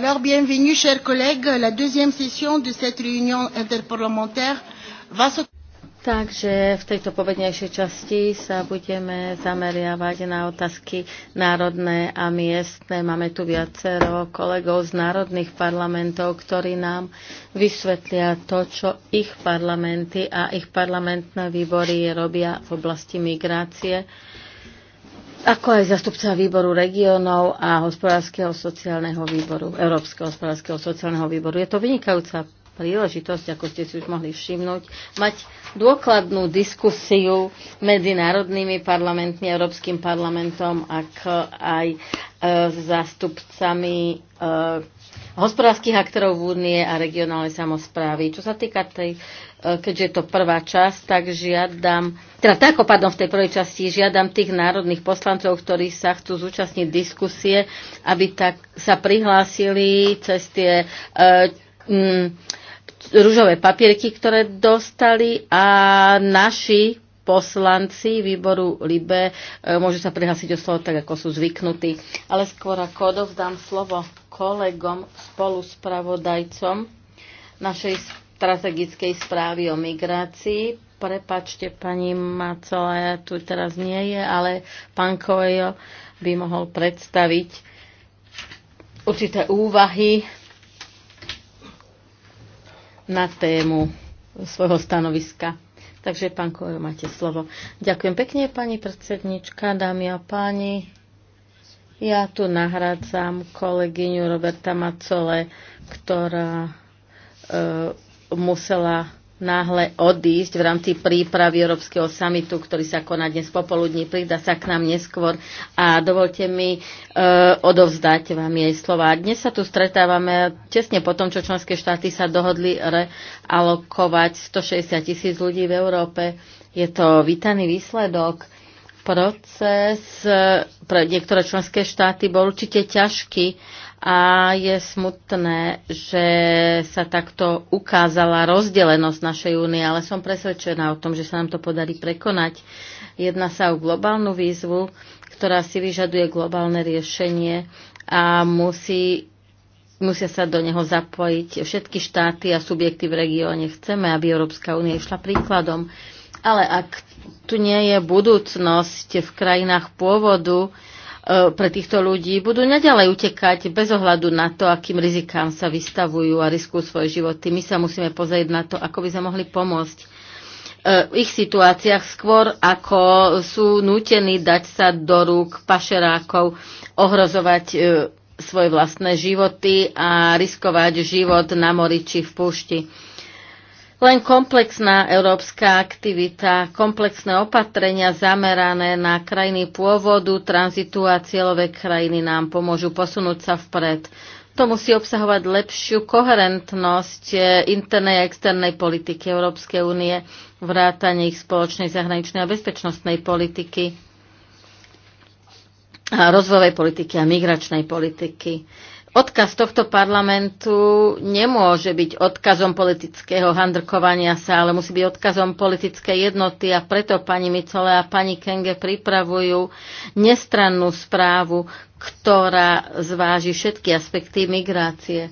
Alors, bienvenue, chers collègues. La deuxième session de cette réunion interparlementaire va se... Takže v tejto povednejšej časti sa budeme zameriavať na otázky národné a miestne. Máme tu viacero kolegov z národných parlamentov, ktorí nám vysvetlia to, čo ich parlamenty a ich parlamentné výbory robia v oblasti migrácie ako aj zastupca výboru regionov a hospodárskeho sociálneho výboru, Európskeho hospodárskeho sociálneho výboru. Je to vynikajúca príležitosť, ako ste si už mohli všimnúť, mať dôkladnú diskusiu medzi národnými parlamentmi, Európskym parlamentom, ako aj e, zastupcami e, hospodárskych aktorov únie a regionálnej samozprávy. Čo sa týka tej, e, keďže je to prvá časť, tak žiadam, teda tak, opadom v tej prvej časti žiadam tých národných poslancov, ktorí sa chcú zúčastniť diskusie, aby tak sa prihlásili cez tie e, rúžové papierky, ktoré dostali a naši poslanci výboru LIBE e, môžu sa prihlásiť o slovo tak, ako sú zvyknutí. Ale skôr ako odovzdám slovo kolegom spoluspravodajcom našej strategickej správy o migrácii. Prepačte, pani Macola, ja tu teraz nie je, ale pán Kojo by mohol predstaviť určité úvahy na tému svojho stanoviska. Takže, pán Kojo, máte slovo. Ďakujem pekne, pani predsednička, dámy a páni. Ja tu nahrádzam kolegyňu Roberta Macole, ktorá e, musela náhle odísť v rámci prípravy Európskeho samitu, ktorý sa koná dnes popoludní, pridá sa k nám neskôr a dovolte mi e, odovzdať vám jej slova. Dnes sa tu stretávame tesne po tom, čo členské štáty sa dohodli realokovať 160 tisíc ľudí v Európe. Je to vítaný výsledok Proces e, pre niektoré členské štáty bol určite ťažký a je smutné, že sa takto ukázala rozdelenosť našej únie, ale som presvedčená o tom, že sa nám to podarí prekonať. Jedná sa o globálnu výzvu, ktorá si vyžaduje globálne riešenie a musí, musia sa do neho zapojiť všetky štáty a subjekty v regióne. Chceme, aby Európska únia išla príkladom. Ale ak tu nie je budúcnosť v krajinách pôvodu, e, pre týchto ľudí budú naďalej utekať bez ohľadu na to, akým rizikám sa vystavujú a riskujú svoje životy. My sa musíme pozrieť na to, ako by sme mohli pomôcť e, v ich situáciách skôr, ako sú nútení dať sa do rúk pašerákov, ohrozovať e, svoje vlastné životy a riskovať život na mori či v púšti. Len komplexná európska aktivita, komplexné opatrenia zamerané na krajiny pôvodu, tranzitu a cieľové krajiny nám pomôžu posunúť sa vpred. To musí obsahovať lepšiu koherentnosť eh, internej a externej politiky Európskej únie, vrátanie ich spoločnej zahraničnej a bezpečnostnej politiky a rozvojovej politiky a migračnej politiky. Odkaz tohto parlamentu nemôže byť odkazom politického handrkovania sa, ale musí byť odkazom politickej jednoty a preto pani Micole a pani Kenge pripravujú nestrannú správu, ktorá zváži všetky aspekty migrácie.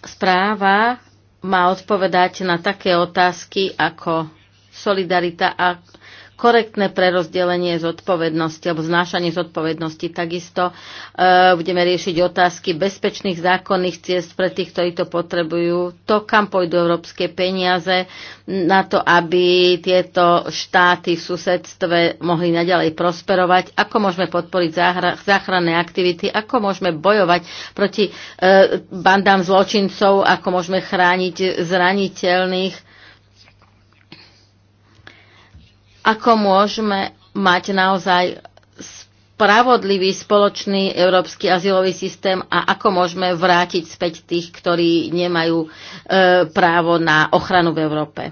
Správa má odpovedať na také otázky ako solidarita a korektné prerozdelenie zodpovednosti alebo znášanie zodpovednosti. Takisto e, budeme riešiť otázky bezpečných zákonných ciest pre tých, ktorí to potrebujú. To, kam pôjdu európske peniaze na to, aby tieto štáty v susedstve mohli naďalej prosperovať, ako môžeme podporiť záchranné aktivity, ako môžeme bojovať proti e, bandám zločincov, ako môžeme chrániť zraniteľných ako môžeme mať naozaj spravodlivý spoločný európsky azylový systém a ako môžeme vrátiť späť tých, ktorí nemajú e, právo na ochranu v Európe.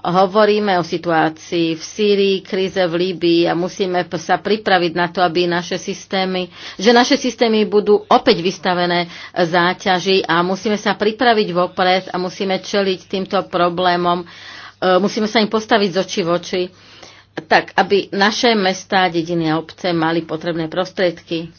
Hovoríme o situácii v Sýrii, kríze v Líbii a musíme sa pripraviť na to, aby naše systémy, že naše systémy budú opäť vystavené záťaži a musíme sa pripraviť vopred a musíme čeliť týmto problémom. E, musíme sa im postaviť z oči v oči tak aby naše mestá, dediny a obce mali potrebné prostriedky.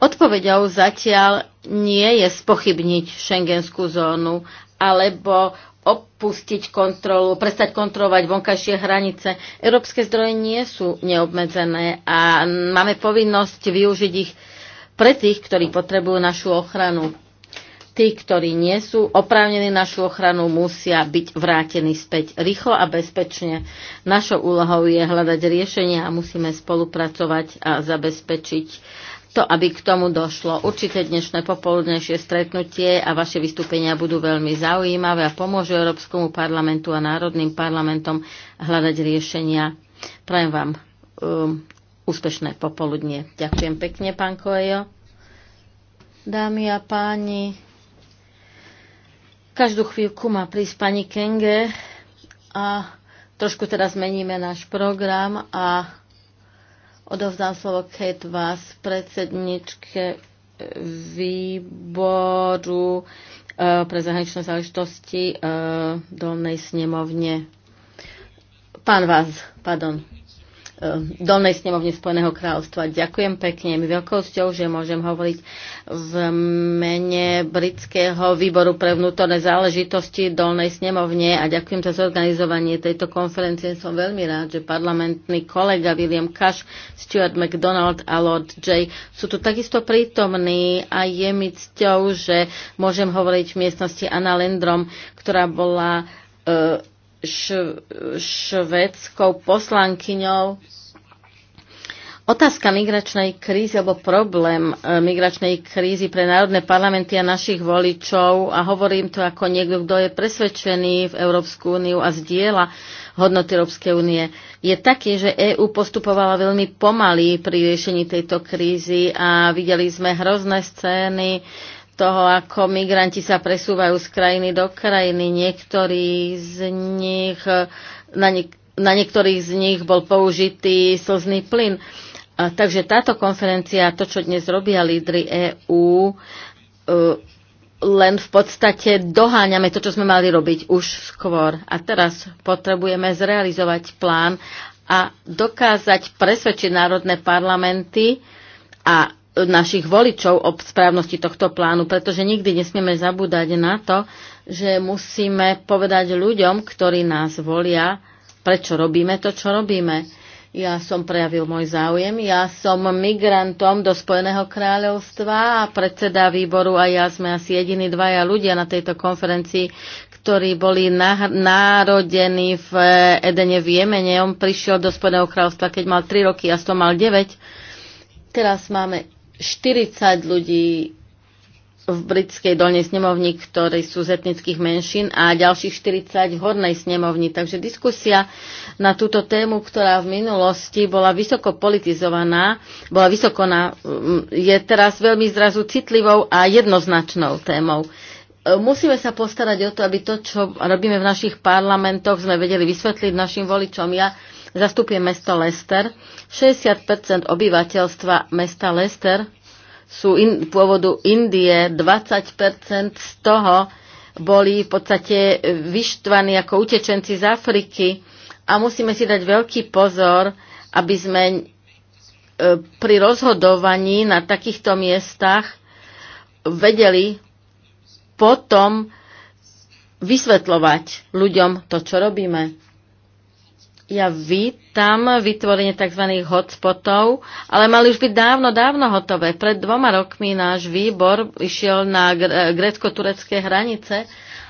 Odpovedou zatiaľ nie je spochybniť šengenskú zónu alebo opustiť kontrolu, prestať kontrolovať vonkajšie hranice. Európske zdroje nie sú neobmedzené a máme povinnosť využiť ich pre tých, ktorí potrebujú našu ochranu. Tí, ktorí nie sú oprávnení našu ochranu, musia byť vrátení späť rýchlo a bezpečne. Našou úlohou je hľadať riešenia a musíme spolupracovať a zabezpečiť to, aby k tomu došlo. Určite dnešné popoludnejšie stretnutie a vaše vystúpenia budú veľmi zaujímavé a pomôžu Európskomu parlamentu a národným parlamentom hľadať riešenia. Prajem vám um, úspešné popoludnie. Ďakujem pekne, pán Kojo. Dámy a páni, Každú chvíľku má prísť pani Kenge a trošku teraz zmeníme náš program a odovzdám slovo Kate vás predsedničke výboru e, pre zahraničné záležitosti e, dolnej snemovne. Pán vás, pardon dolnej snemovne Spojeného kráľovstva. Ďakujem pekne. Mi veľkosťou, že môžem hovoriť v mene britského výboru pre vnútorné záležitosti dolnej snemovne a ďakujem za zorganizovanie tejto konferencie. Som veľmi rád, že parlamentný kolega William Cash, Stuart McDonald a Lord J sú tu takisto prítomní a je mi cťou, že môžem hovoriť v miestnosti Anna Lendrom, ktorá bola uh, švedskou poslankyňou. Otázka migračnej krízy alebo problém e, migračnej krízy pre národné parlamenty a našich voličov a hovorím to ako niekto, kto je presvedčený v Európsku úniu a zdieľa hodnoty Európskej únie, je taký, že EÚ postupovala veľmi pomaly pri riešení tejto krízy a videli sme hrozné scény toho, ako migranti sa presúvajú z krajiny do krajiny. Niektorí z nich, na, niek- na niektorých z nich bol použitý slzný plyn. A, takže táto konferencia, to, čo dnes robia lídry EÚ, e, len v podstate doháňame to, čo sme mali robiť už skôr. A teraz potrebujeme zrealizovať plán a dokázať presvedčiť národné parlamenty a našich voličov o správnosti tohto plánu, pretože nikdy nesmieme zabúdať na to, že musíme povedať ľuďom, ktorí nás volia, prečo robíme to, čo robíme. Ja som prejavil môj záujem, ja som migrantom do Spojeného kráľovstva a predseda výboru a ja sme asi jediní dvaja ľudia na tejto konferencii, ktorí boli národení v Edene v Jemene. On prišiel do Spojeného kráľovstva, keď mal 3 roky, ja som mal 9. Teraz máme 40 ľudí v britskej dolnej snemovni, ktorí sú z etnických menšín a ďalších 40 v hornej snemovni. Takže diskusia na túto tému, ktorá v minulosti bola vysoko politizovaná, bola vysoko na, je teraz veľmi zrazu citlivou a jednoznačnou témou. Musíme sa postarať o to, aby to, čo robíme v našich parlamentoch, sme vedeli vysvetliť našim voličom. Ja zastupuje mesto Lester. 60 obyvateľstva mesta Lester sú in, pôvodu Indie, 20 z toho boli v podstate vyštvaní ako utečenci z Afriky a musíme si dať veľký pozor, aby sme e, pri rozhodovaní na takýchto miestach vedeli potom vysvetľovať ľuďom to, čo robíme. Ja vítam vytvorenie tzv. hotspotov, ale mali už byť dávno, dávno hotové. Pred dvoma rokmi náš výbor išiel na grecko-turecké eh, hranice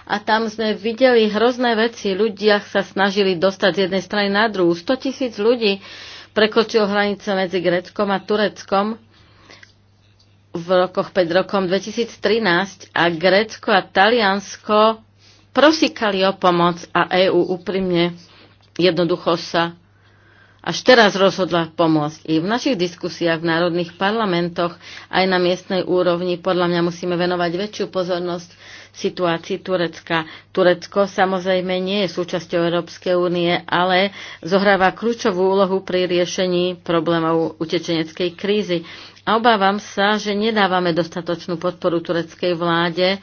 a tam sme videli hrozné veci. Ľudia sa snažili dostať z jednej strany na druhú. 100 tisíc ľudí prekočil hranice medzi Greckom a Tureckom v rokoch 5 rokom 2013 a Grécko a Taliansko prosíkali o pomoc a EÚ úprimne jednoducho sa až teraz rozhodla pomôcť. I v našich diskusiách v národných parlamentoch, aj na miestnej úrovni, podľa mňa musíme venovať väčšiu pozornosť situácii Turecka. Turecko samozrejme nie je súčasťou Európskej únie, ale zohráva kľúčovú úlohu pri riešení problémov utečeneckej krízy. A obávam sa, že nedávame dostatočnú podporu tureckej vláde,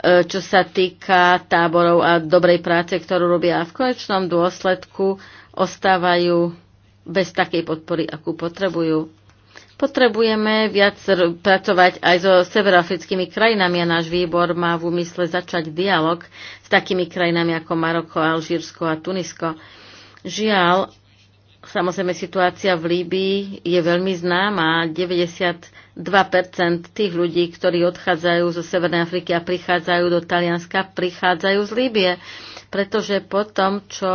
E, čo sa týka táborov a dobrej práce, ktorú robia a v konečnom dôsledku ostávajú bez takej podpory, akú potrebujú. Potrebujeme viac pracovať aj so severoafrickými krajinami a náš výbor má v úmysle začať dialog s takými krajinami ako Maroko, Alžírsko a Tunisko. Žiaľ, samozrejme situácia v Líbii je veľmi známa. 90 2% tých ľudí, ktorí odchádzajú zo Severnej Afriky a prichádzajú do Talianska, prichádzajú z Líbie. Pretože po tom, čo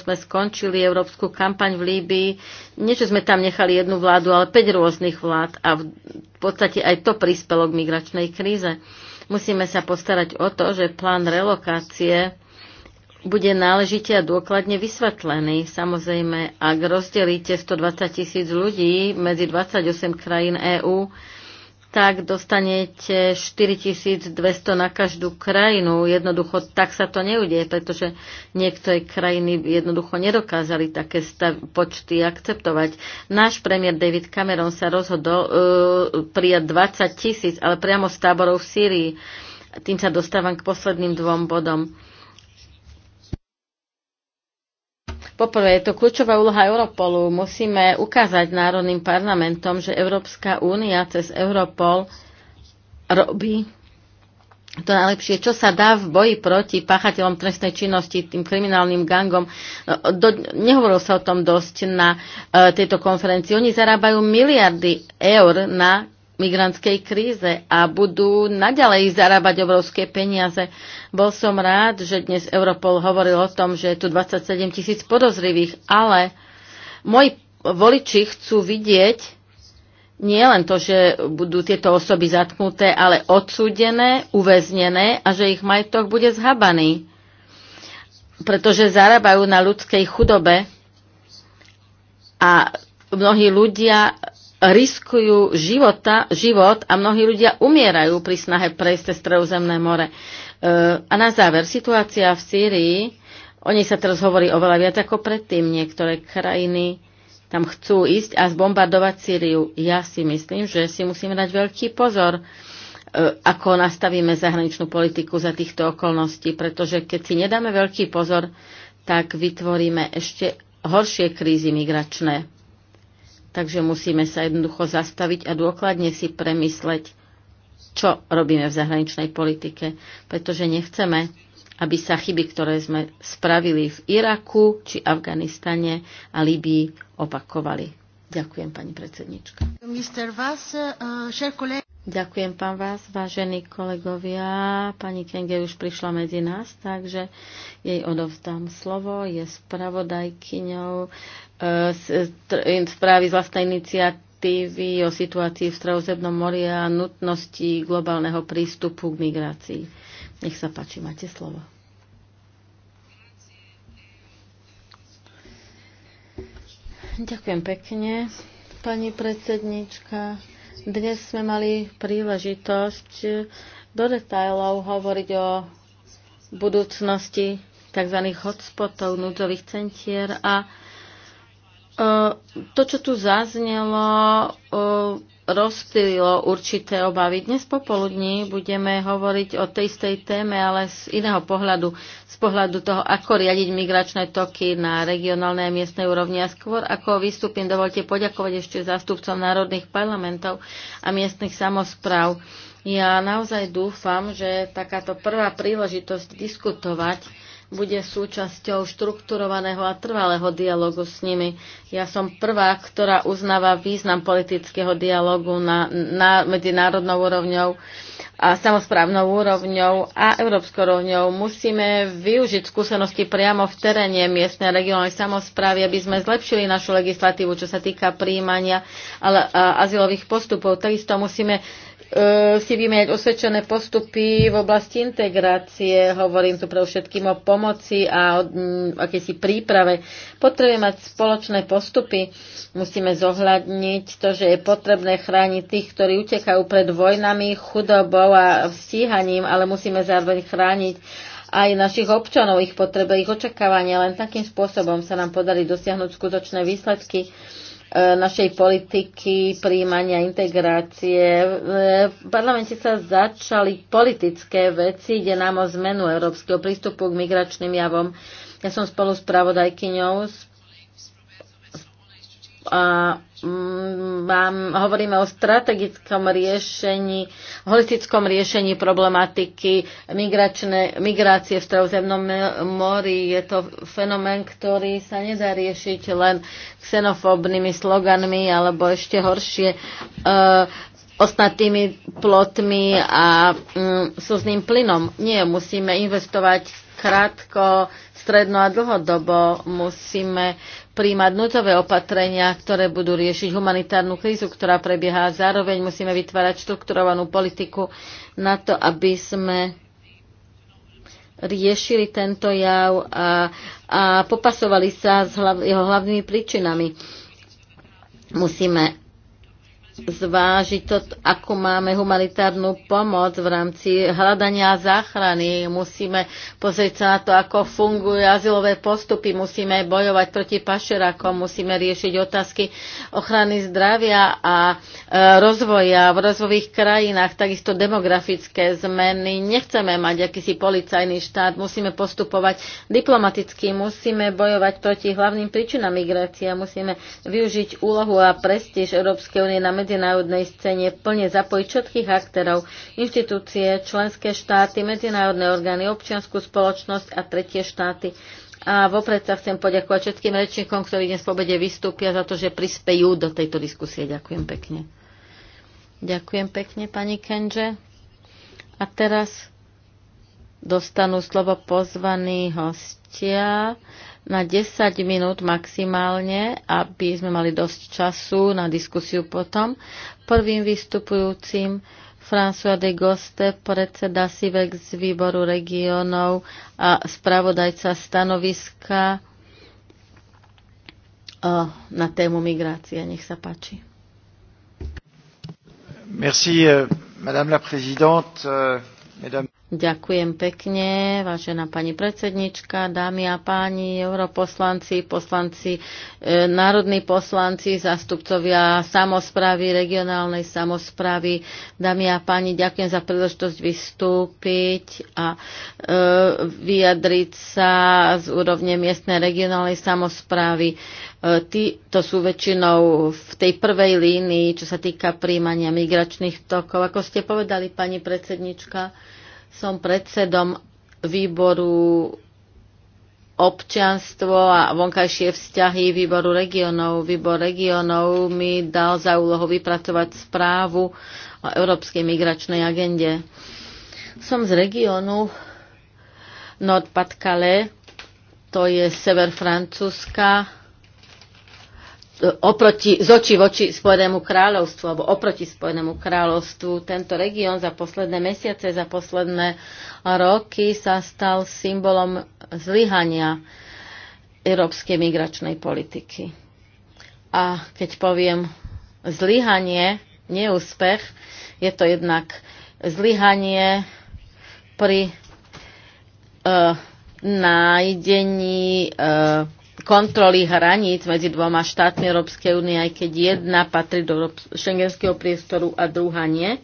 sme skončili európsku kampaň v Líbii, niečo sme tam nechali jednu vládu, ale 5 rôznych vlád a v podstate aj to prispelo k migračnej kríze. Musíme sa postarať o to, že plán relokácie bude náležite a dôkladne vysvetlený. Samozrejme, ak rozdelíte 120 tisíc ľudí medzi 28 krajín EÚ, tak dostanete 4200 na každú krajinu. Jednoducho tak sa to neudie, pretože niektoré krajiny jednoducho nedokázali také stav, počty akceptovať. Náš premiér David Cameron sa rozhodol uh, prijať 20 tisíc, ale priamo z táborov v Sýrii. Tým sa dostávam k posledným dvom bodom. Poprvé, je to kľúčová úloha Europolu. Musíme ukázať národným parlamentom, že Európska únia cez Europol robí to najlepšie, čo sa dá v boji proti páchateľom trestnej činnosti, tým kriminálnym gangom. Do, nehovoril sa o tom dosť na e, tejto konferencii. Oni zarábajú miliardy eur na migrantskej kríze a budú naďalej zarábať obrovské peniaze. Bol som rád, že dnes Europol hovoril o tom, že je tu 27 tisíc podozrivých, ale moji voliči chcú vidieť nie len to, že budú tieto osoby zatknuté, ale odsúdené, uväznené a že ich majetok bude zhabaný, pretože zarábajú na ľudskej chudobe a mnohí ľudia riskujú života, život a mnohí ľudia umierajú pri snahe prejsť cez Stredozemné more. E, a na záver, situácia v Sýrii, o nej sa teraz hovorí oveľa viac ako predtým. Niektoré krajiny tam chcú ísť a zbombardovať Sýriu. Ja si myslím, že si musíme dať veľký pozor, e, ako nastavíme zahraničnú politiku za týchto okolností, pretože keď si nedáme veľký pozor, tak vytvoríme ešte horšie krízy migračné. Takže musíme sa jednoducho zastaviť a dôkladne si premysleť, čo robíme v zahraničnej politike, pretože nechceme, aby sa chyby, ktoré sme spravili v Iraku či Afganistane a Líbii, opakovali. Ďakujem, pani predsednička. Eh, Ďakujem, pán Vás, vážení kolegovia. Pani Kenge už prišla medzi nás, takže jej odovzdám slovo. Je spravodajkyňou správy z vlastnej iniciatívy o situácii v Stredozemnom mori a nutnosti globálneho prístupu k migrácii. Nech sa páči, máte slovo. Ďakujem pekne, pani predsednička. Dnes sme mali príležitosť do detajlov hovoriť o budúcnosti tzv. hotspotov, núdzových centier a Eh, to, čo tu zaznelo, eh, rozptýlilo určité obavy. Dnes popoludní budeme hovoriť o tej istej téme, ale z iného pohľadu, z pohľadu toho, ako riadiť migračné toky na regionálnej a miestnej úrovni. A skôr, ako vystúpim, dovolte poďakovať ešte zástupcom národných parlamentov a miestnych samozpráv. Ja naozaj dúfam, že takáto prvá príležitosť diskutovať bude súčasťou štrukturovaného a trvalého dialogu s nimi. Ja som prvá, ktorá uznáva význam politického dialogu na, na medzinárodnou úrovňou a samozprávnou úrovňou a európskou úrovňou. Musíme využiť skúsenosti priamo v teréne miestnej a regionálnej samozprávy, aby sme zlepšili našu legislatívu, čo sa týka príjmania ale, a, azylových postupov. Takisto musíme E, si vymeniať osvedčené postupy v oblasti integrácie. Hovorím tu pre všetkým o pomoci a o mm, akejsi príprave. Potrebujeme mať spoločné postupy. Musíme zohľadniť to, že je potrebné chrániť tých, ktorí utekajú pred vojnami, chudobou a stíhaním, ale musíme zároveň chrániť aj našich občanov, ich potrebe, ich očakávania. Len takým spôsobom sa nám podarí dosiahnuť skutočné výsledky. Eh, našej politiky príjmania integrácie. V parlamente sa začali politické veci, ide nám o zmenu európskeho prístupu k migračným javom. Ja som spolu s pravodajkyňou a vám mm, hovoríme o strategickom riešení, holistickom riešení problematiky migračné, migrácie v Stredozemnom mori. Je to fenomén, ktorý sa nedá riešiť len xenofóbnymi sloganmi alebo ešte horšie e, ostatnými plotmi a mm, súzným plynom. Nie, musíme investovať krátko, stredno a dlhodobo. Musíme príjmať núdzové opatrenia, ktoré budú riešiť humanitárnu krízu, ktorá prebieha. Zároveň musíme vytvárať štrukturovanú politiku na to, aby sme riešili tento jav a, a popasovali sa s hlav, jeho hlavnými príčinami. Musíme zvážiť to, ako máme humanitárnu pomoc v rámci hľadania a záchrany. Musíme pozrieť sa na to, ako fungujú azylové postupy, musíme bojovať proti pašerakom, musíme riešiť otázky ochrany zdravia a e, rozvoja v rozvojových krajinách, takisto demografické zmeny. Nechceme mať akýsi policajný štát, musíme postupovať diplomaticky, musíme bojovať proti hlavným príčinám migrácie, musíme využiť úlohu a prestíž Európskej únie na medzi medzinárodnej scéne plne zapojiť všetkých aktérov, inštitúcie, členské štáty, medzinárodné orgány, občianskú spoločnosť a tretie štáty. A vopred sa chcem poďakovať všetkým rečníkom, ktorí dnes v obede vystúpia za to, že prispejú do tejto diskusie. Ďakujem pekne. Ďakujem pekne, pani Kenže. A teraz dostanú slovo pozvaní hostia na 10 minút maximálne, aby sme mali dosť času na diskusiu potom. Prvým vystupujúcim François de Goste, predseda SIVEX z výboru regionov a spravodajca stanoviska na tému migrácie. Nech sa páči. Merci, euh, madame la présidente. Euh, mesdames... Ďakujem pekne, vážená pani predsednička, dámy a páni, europoslanci, poslanci, e, národní poslanci, zástupcovia samozprávy, regionálnej samozprávy. Dámy a páni, ďakujem za príležitosť vystúpiť a e, vyjadriť sa z úrovne miestnej regionálnej samozprávy. E, tí, to sú väčšinou v tej prvej línii, čo sa týka príjmania migračných tokov. Ako ste povedali, pani predsednička, som predsedom výboru občianstvo a vonkajšie vzťahy výboru regionov. Výbor regionov mi dal za úlohu vypracovať správu o európskej migračnej agende. Som z regiónu Nord-Pas-de-Calais, to je sever Francúzska, oproti, z voči Spojenému kráľovstvu alebo oproti Spojenému kráľovstvu. Tento región za posledné mesiace, za posledné roky sa stal symbolom zlyhania európskej migračnej politiky. A keď poviem zlyhanie, neúspech, je to jednak zlyhanie pri e, nájdení e, kontroly hraníc medzi dvoma štátmi Európskej únie, aj keď jedna patrí do šengenského priestoru a druhá nie.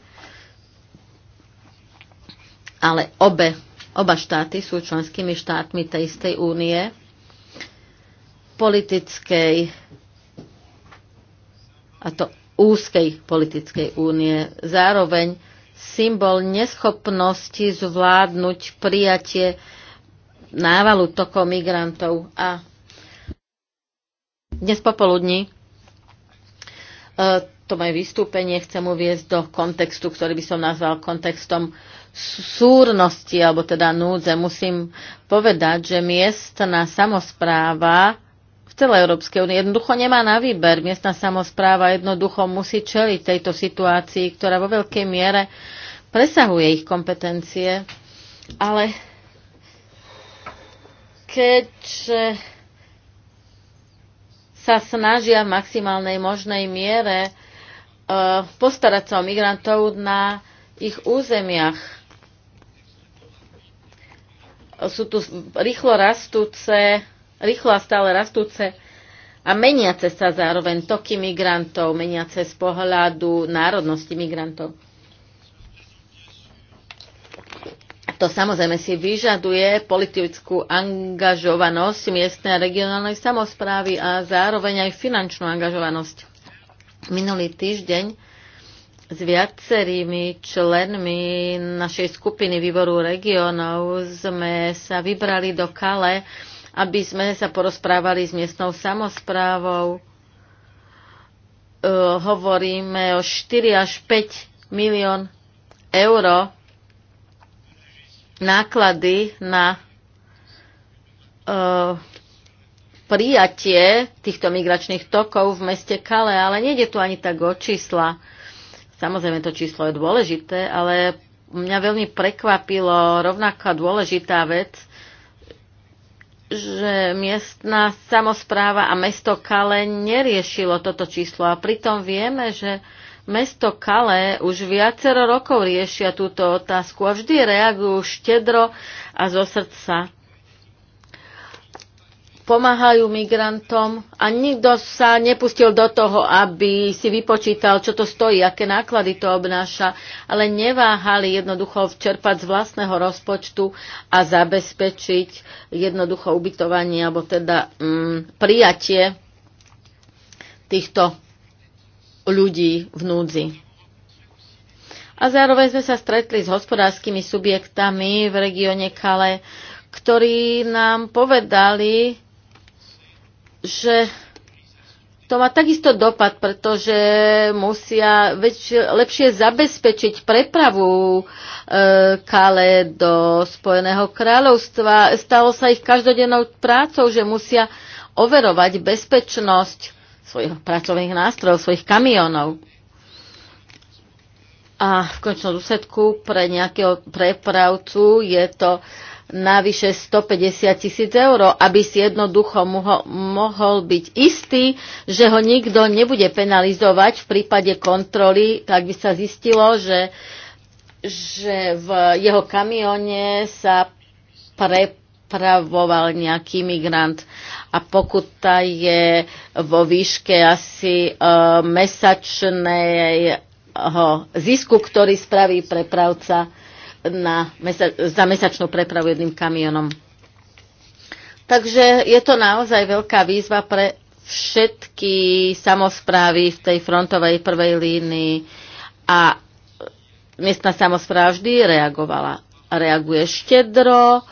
Ale obe, oba štáty sú členskými štátmi tej istej únie politickej a to úzkej politickej únie. Zároveň symbol neschopnosti zvládnuť prijatie návalu tokov migrantov a dnes popoludní e, to moje vystúpenie chcem uviezť do kontextu, ktorý by som nazval kontextom súrnosti, alebo teda núdze. Musím povedať, že miestna samozpráva v celej Európskej únii jednoducho nemá na výber. Miestna samozpráva jednoducho musí čeliť tejto situácii, ktorá vo veľkej miere presahuje ich kompetencie. Ale keďže sa snažia v maximálnej možnej miere e, postarať sa o migrantov na ich územiach. Sú tu rýchlo rastúce, rýchlo a stále rastúce a meniace sa zároveň toky migrantov, meniace z pohľadu národnosti migrantov. to samozrejme si vyžaduje politickú angažovanosť miestnej a regionálnej samozprávy a zároveň aj finančnú angažovanosť. Minulý týždeň s viacerými členmi našej skupiny výboru regionov sme sa vybrali do Kale, aby sme sa porozprávali s miestnou samozprávou. E, hovoríme o 4 až 5 milión eur náklady na e, prijatie týchto migračných tokov v meste Kale, ale nejde tu ani tak o čísla. Samozrejme, to číslo je dôležité, ale mňa veľmi prekvapilo rovnaká dôležitá vec, že miestna samozpráva a mesto Kale neriešilo toto číslo. A pritom vieme, že Mesto Kale už viacero rokov riešia túto otázku a vždy reagujú štedro a zo srdca. Pomáhajú migrantom a nikto sa nepustil do toho, aby si vypočítal, čo to stojí, aké náklady to obnáša, ale neváhali jednoducho včerpať z vlastného rozpočtu a zabezpečiť jednoducho ubytovanie alebo teda mm, prijatie týchto ľudí v núdzi. A zároveň sme sa stretli s hospodárskymi subjektami v regióne Kale, ktorí nám povedali, že to má takisto dopad, pretože musia väčšie, lepšie zabezpečiť prepravu e, kale do Spojeného kráľovstva. Stalo sa ich každodennou prácou, že musia overovať bezpečnosť svojich pracovných nástrojov, svojich kamionov. A v končnom dôsledku pre nejakého prepravcu je to navyše 150 tisíc eur, aby si jednoducho mohol, mohol byť istý, že ho nikto nebude penalizovať v prípade kontroly, tak by sa zistilo, že, že v jeho kamióne sa prepravuje pravoval nejaký migrant a pokuta je vo výške asi e, ho, zisku, ktorý spraví prepravca na, mesa, za mesačnú prepravu jedným kamionom. Takže je to naozaj veľká výzva pre všetky samozprávy v tej frontovej prvej línii a miestna samozpráva vždy reagovala. Reaguje štedro,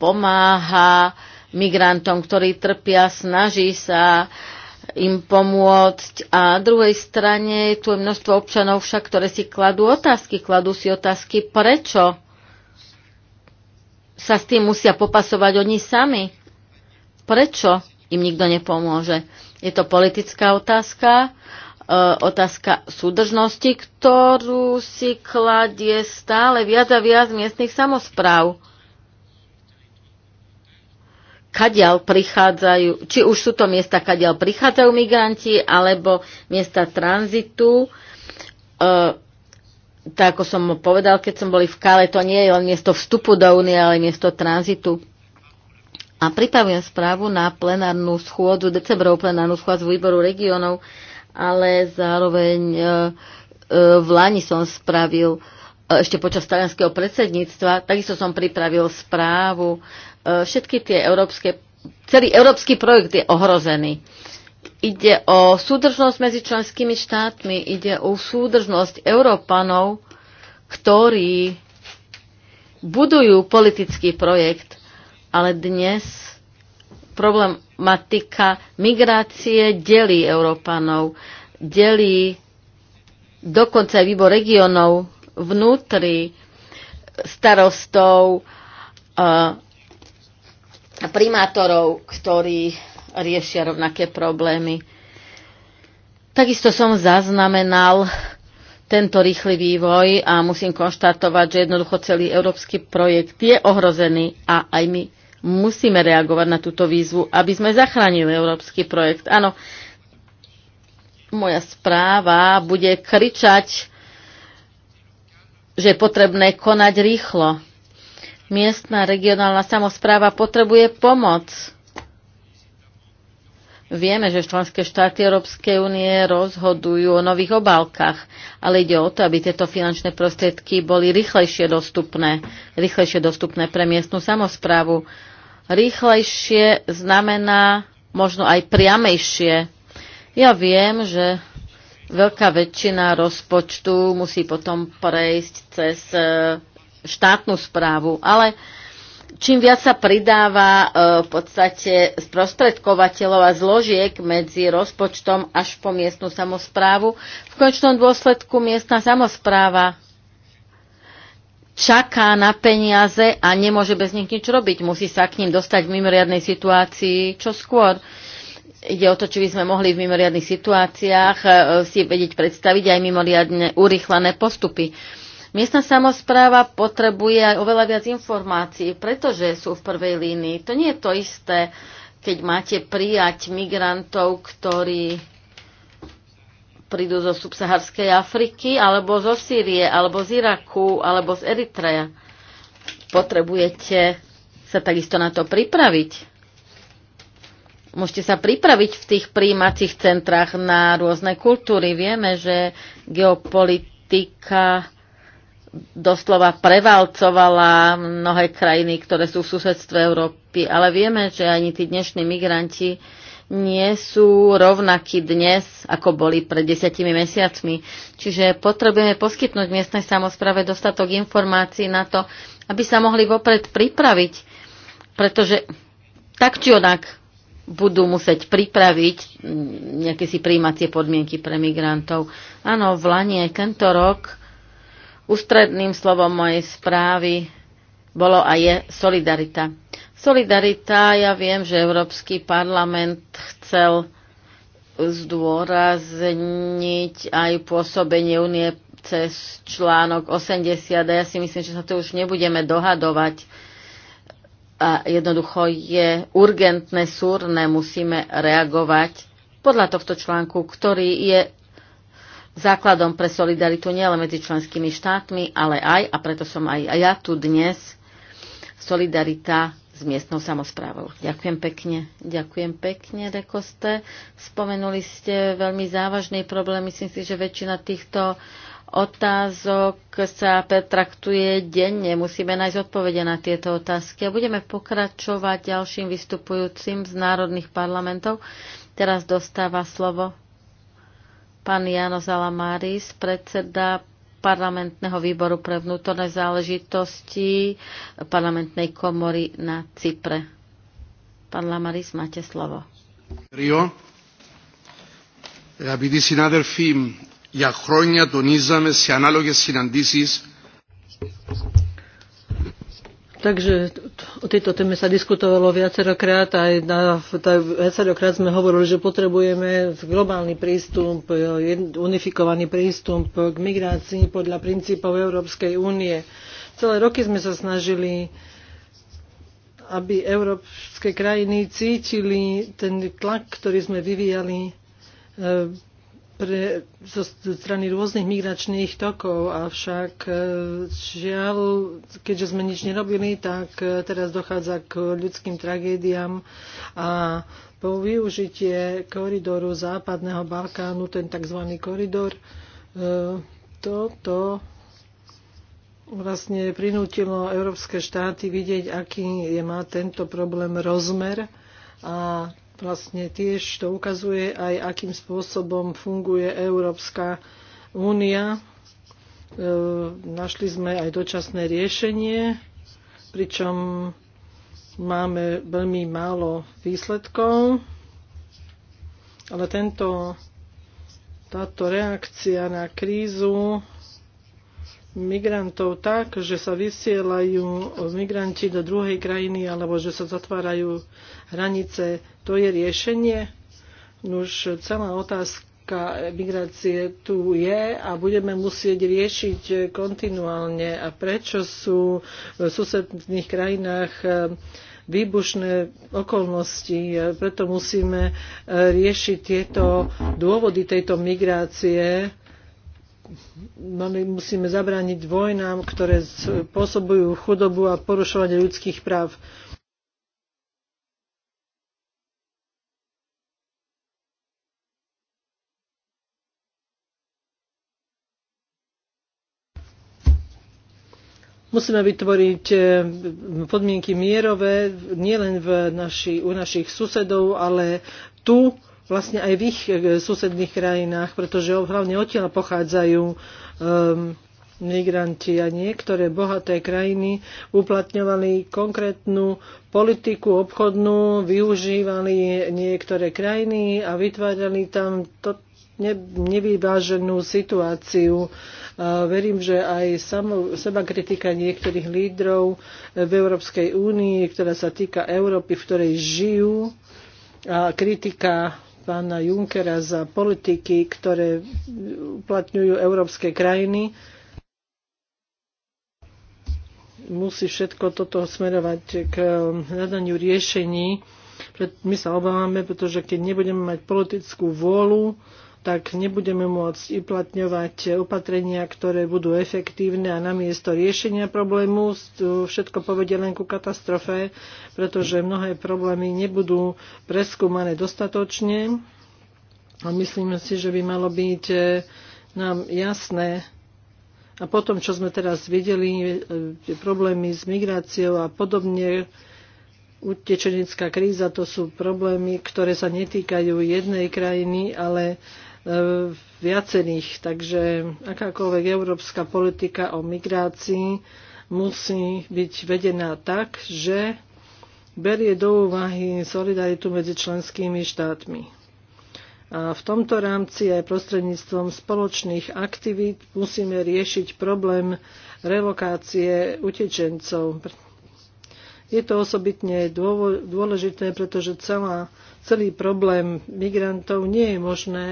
pomáha migrantom, ktorí trpia, snaží sa im pomôcť. A na druhej strane tu je množstvo občanov však, ktoré si kladú otázky. Kladú si otázky, prečo sa s tým musia popasovať oni sami. Prečo im nikto nepomôže? Je to politická otázka, e, otázka súdržnosti, ktorú si kladie stále viac a viac miestnych samozpráv kadiaľ prichádzajú, či už sú to miesta, kadiaľ prichádzajú migranti, alebo miesta tranzitu. E, tak ako som povedal, keď som boli v Kale, to nie je len miesto vstupu do únie, ale miesto tranzitu. A pripravujem správu na plenárnu schôdzu, decembrovú plenárnu schôdzu výboru regionov, ale zároveň e, e, v Lani som spravil e, ešte počas talianského predsedníctva, takisto som pripravil správu e, E, všetky tie európske, celý európsky projekt je ohrozený. Ide o súdržnosť medzi členskými štátmi, ide o súdržnosť Európanov, ktorí budujú politický projekt, ale dnes problematika migrácie delí Európanov, delí dokonca aj výbor regionov vnútri starostov, e, primátorov, ktorí riešia rovnaké problémy. Takisto som zaznamenal tento rýchly vývoj a musím konštatovať, že jednoducho celý európsky projekt je ohrozený a aj my musíme reagovať na túto výzvu, aby sme zachránili európsky projekt. Áno, moja správa bude kričať, že je potrebné konať rýchlo miestna regionálna samozpráva potrebuje pomoc. Vieme, že členské štáty Európskej únie rozhodujú o nových obálkach, ale ide o to, aby tieto finančné prostriedky boli rýchlejšie dostupné, rýchlejšie dostupné pre miestnu samozprávu. Rýchlejšie znamená možno aj priamejšie. Ja viem, že veľká väčšina rozpočtu musí potom prejsť cez eh, štátnu správu, ale čím viac sa pridáva e, v podstate sprostredkovateľov a zložiek medzi rozpočtom až po miestnu samozprávu, v končnom dôsledku miestna samozpráva čaká na peniaze a nemôže bez nich nič robiť. Musí sa k ním dostať v mimoriadnej situácii čo skôr. Ide o to, či by sme mohli v mimoriadných situáciách e, si vedieť predstaviť aj mimoriadne urychlené postupy. Miestna samozpráva potrebuje aj oveľa viac informácií, pretože sú v prvej línii. To nie je to isté, keď máte prijať migrantov, ktorí prídu zo subsaharskej Afriky, alebo zo Sýrie, alebo z Iraku, alebo z Eritreja. Potrebujete sa takisto na to pripraviť. Môžete sa pripraviť v tých príjímacích centrách na rôzne kultúry. Vieme, že geopolitika doslova prevalcovala mnohé krajiny, ktoré sú v susedstve Európy. Ale vieme, že ani tí dnešní migranti nie sú rovnakí dnes, ako boli pred desiatimi mesiacmi. Čiže potrebujeme poskytnúť miestnej samozprave dostatok informácií na to, aby sa mohli vopred pripraviť, pretože tak či onak budú musieť pripraviť nejaké si príjímacie podmienky pre migrantov. Áno, v Lani aj tento rok Ústredným slovom mojej správy bolo a je solidarita. Solidarita, ja viem, že Európsky parlament chcel zdôrazniť aj pôsobenie únie cez článok 80 a ja si myslím, že sa tu už nebudeme dohadovať. A jednoducho je urgentné, súrne, musíme reagovať podľa tohto článku, ktorý je základom pre solidaritu nielen medzi členskými štátmi, ale aj, a preto som aj ja tu dnes, solidarita s miestnou samozprávou. Ďakujem pekne. Ďakujem pekne, Rekoste. Spomenuli ste veľmi závažný problém. Myslím si, že väčšina týchto otázok sa pretraktuje denne. Musíme nájsť odpovede na tieto otázky. A budeme pokračovať ďalším vystupujúcim z národných parlamentov. Teraz dostáva slovo pán Jano Zalamáris, predseda parlamentného výboru pre vnútorné záležitosti parlamentnej komory na Cypre. Pán Lamaris, máte slovo. Rio. Αγαπητοί συνάδελφοι, για χρόνια τονίζαμε σε ανάλογες συναντήσεις Takže o tejto téme sa diskutovalo viacerokrát a viacerokrát sme hovorili, že potrebujeme globálny prístup, eh, unifikovaný prístup k migrácii podľa princípov Európskej únie. Celé roky sme sa snažili aby európske krajiny cítili ten tlak, ktorý sme vyvíjali eh, pre, zo strany rôznych migračných tokov, avšak e, žiaľ, keďže sme nič nerobili, tak e, teraz dochádza k ľudským tragédiám a po využitie koridoru Západného Balkánu, ten tzv. koridor, e, toto vlastne prinútilo európske štáty vidieť, aký je, má tento problém rozmer a vlastne tiež to ukazuje aj, akým spôsobom funguje Európska únia. E, našli sme aj dočasné riešenie, pričom máme veľmi málo výsledkov, ale tento, táto reakcia na krízu migrantov tak, že sa vysielajú migranti do druhej krajiny alebo že sa zatvárajú hranice to je riešenie? Už celá otázka migrácie tu je a budeme musieť riešiť kontinuálne. A prečo sú v susedných krajinách eh, výbušné okolnosti? Preto musíme eh, riešiť tieto dôvody tejto migrácie My musíme zabrániť vojnám, ktoré spôsobujú chudobu a porušovanie ľudských práv. Musíme vytvoriť e, podmienky mierové nielen v naši, u našich susedov, ale tu vlastne aj v ich e, susedných krajinách, pretože hlavne odtiaľ pochádzajú um, migranti a niektoré bohaté krajiny uplatňovali konkrétnu politiku obchodnú, využívali niektoré krajiny a vytvárali tam to, ne, nevyváženú situáciu. A verím, že aj samo, seba kritika niektorých lídrov v Európskej únii, ktorá sa týka Európy, v ktorej žijú, a kritika pána Junckera za politiky, ktoré uplatňujú európske krajiny, musí všetko toto smerovať k um, hľadaniu riešení. My sa obávame, pretože keď nebudeme mať politickú vôľu, tak nebudeme môcť uplatňovať opatrenia, ktoré budú efektívne a namiesto riešenia problému všetko povedie len ku katastrofe, pretože mnohé problémy nebudú preskúmané dostatočne. A myslím si, že by malo byť e, nám jasné, a potom, čo sme teraz videli, e, problémy s migráciou a podobne, utečenecká kríza, to sú problémy, ktoré sa netýkajú jednej krajiny, ale E, viacerých. Takže akákoľvek európska politika o migrácii musí byť vedená tak, že berie do úvahy solidaritu medzi členskými štátmi. A v tomto rámci aj prostredníctvom spoločných aktivít musíme riešiť problém relokácie utečencov. Je to osobitne dôležité, pretože celá, celý problém migrantov nie je možné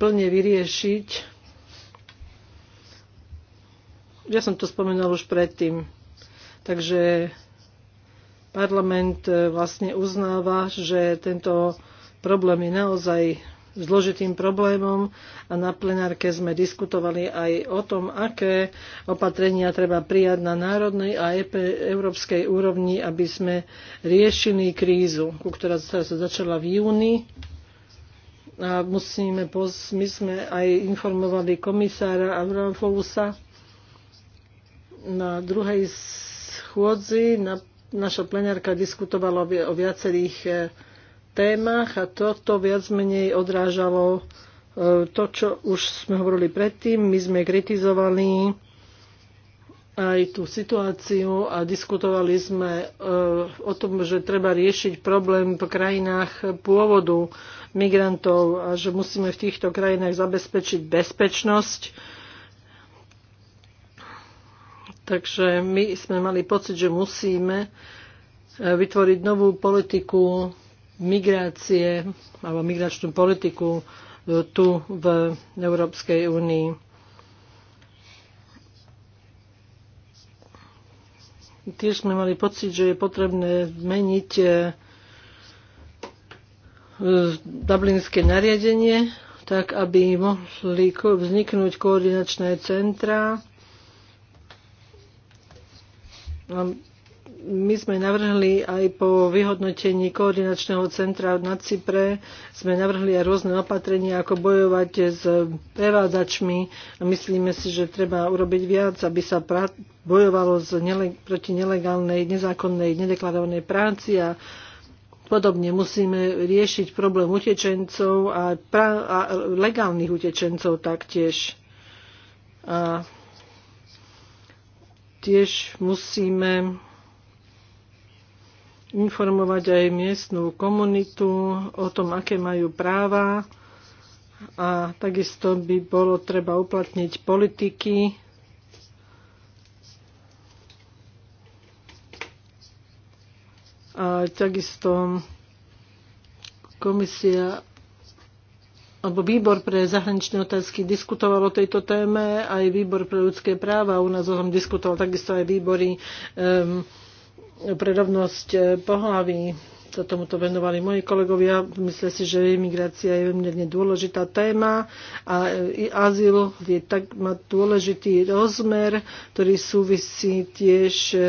plne vyriešiť. Ja som to spomenul už predtým. Takže parlament e, vlastne uznáva, že tento problém je naozaj zložitým problémom a na plenárke sme diskutovali aj o tom, aké opatrenia treba prijať na národnej a e európskej úrovni, aby sme riešili krízu, ktorá sa začala v júni a musíme, my sme aj informovali komisára Avramfousa na druhej schôdzi. Na, naša plenárka diskutovala o viacerých e, témach a toto viac menej odrážalo e, to, čo už sme hovorili predtým. My sme kritizovali aj tú situáciu a diskutovali sme e, o tom, že treba riešiť problém v krajinách pôvodu migrantov a že musíme v týchto krajinách zabezpečiť bezpečnosť. Takže my sme mali pocit, že musíme e, vytvoriť novú politiku migrácie alebo migračnú politiku e, tu v Európskej únii tiež sme mali pocit, že je potrebné zmeniť e, e, dublinské nariadenie, tak aby mohli vzniknúť koordinačné centra my sme navrhli aj po vyhodnotení koordinačného centra na Cypre, sme navrhli aj rôzne opatrenia, ako bojovať s prevádzačmi. Myslíme si, že treba urobiť viac, aby sa bojovalo z nele- proti nelegálnej, nezákonnej, nedeklarovanej práci a Podobne musíme riešiť problém utečencov a, pra- a legálnych utečencov taktiež. A tiež musíme informovať aj miestnú komunitu o tom, aké majú práva a takisto by bolo treba uplatniť politiky, a takisto komisia alebo výbor pre zahraničné otázky diskutoval o tejto téme, aj výbor pre ľudské práva u nás o tom diskutoval, takisto aj výbory um, pre rovnosť e, pohlaví sa tomuto venovali moji kolegovia. Myslím si, že imigrácia je veľmi dôležitá téma a e, azyl je tak, má dôležitý rozmer, ktorý súvisí tiež e,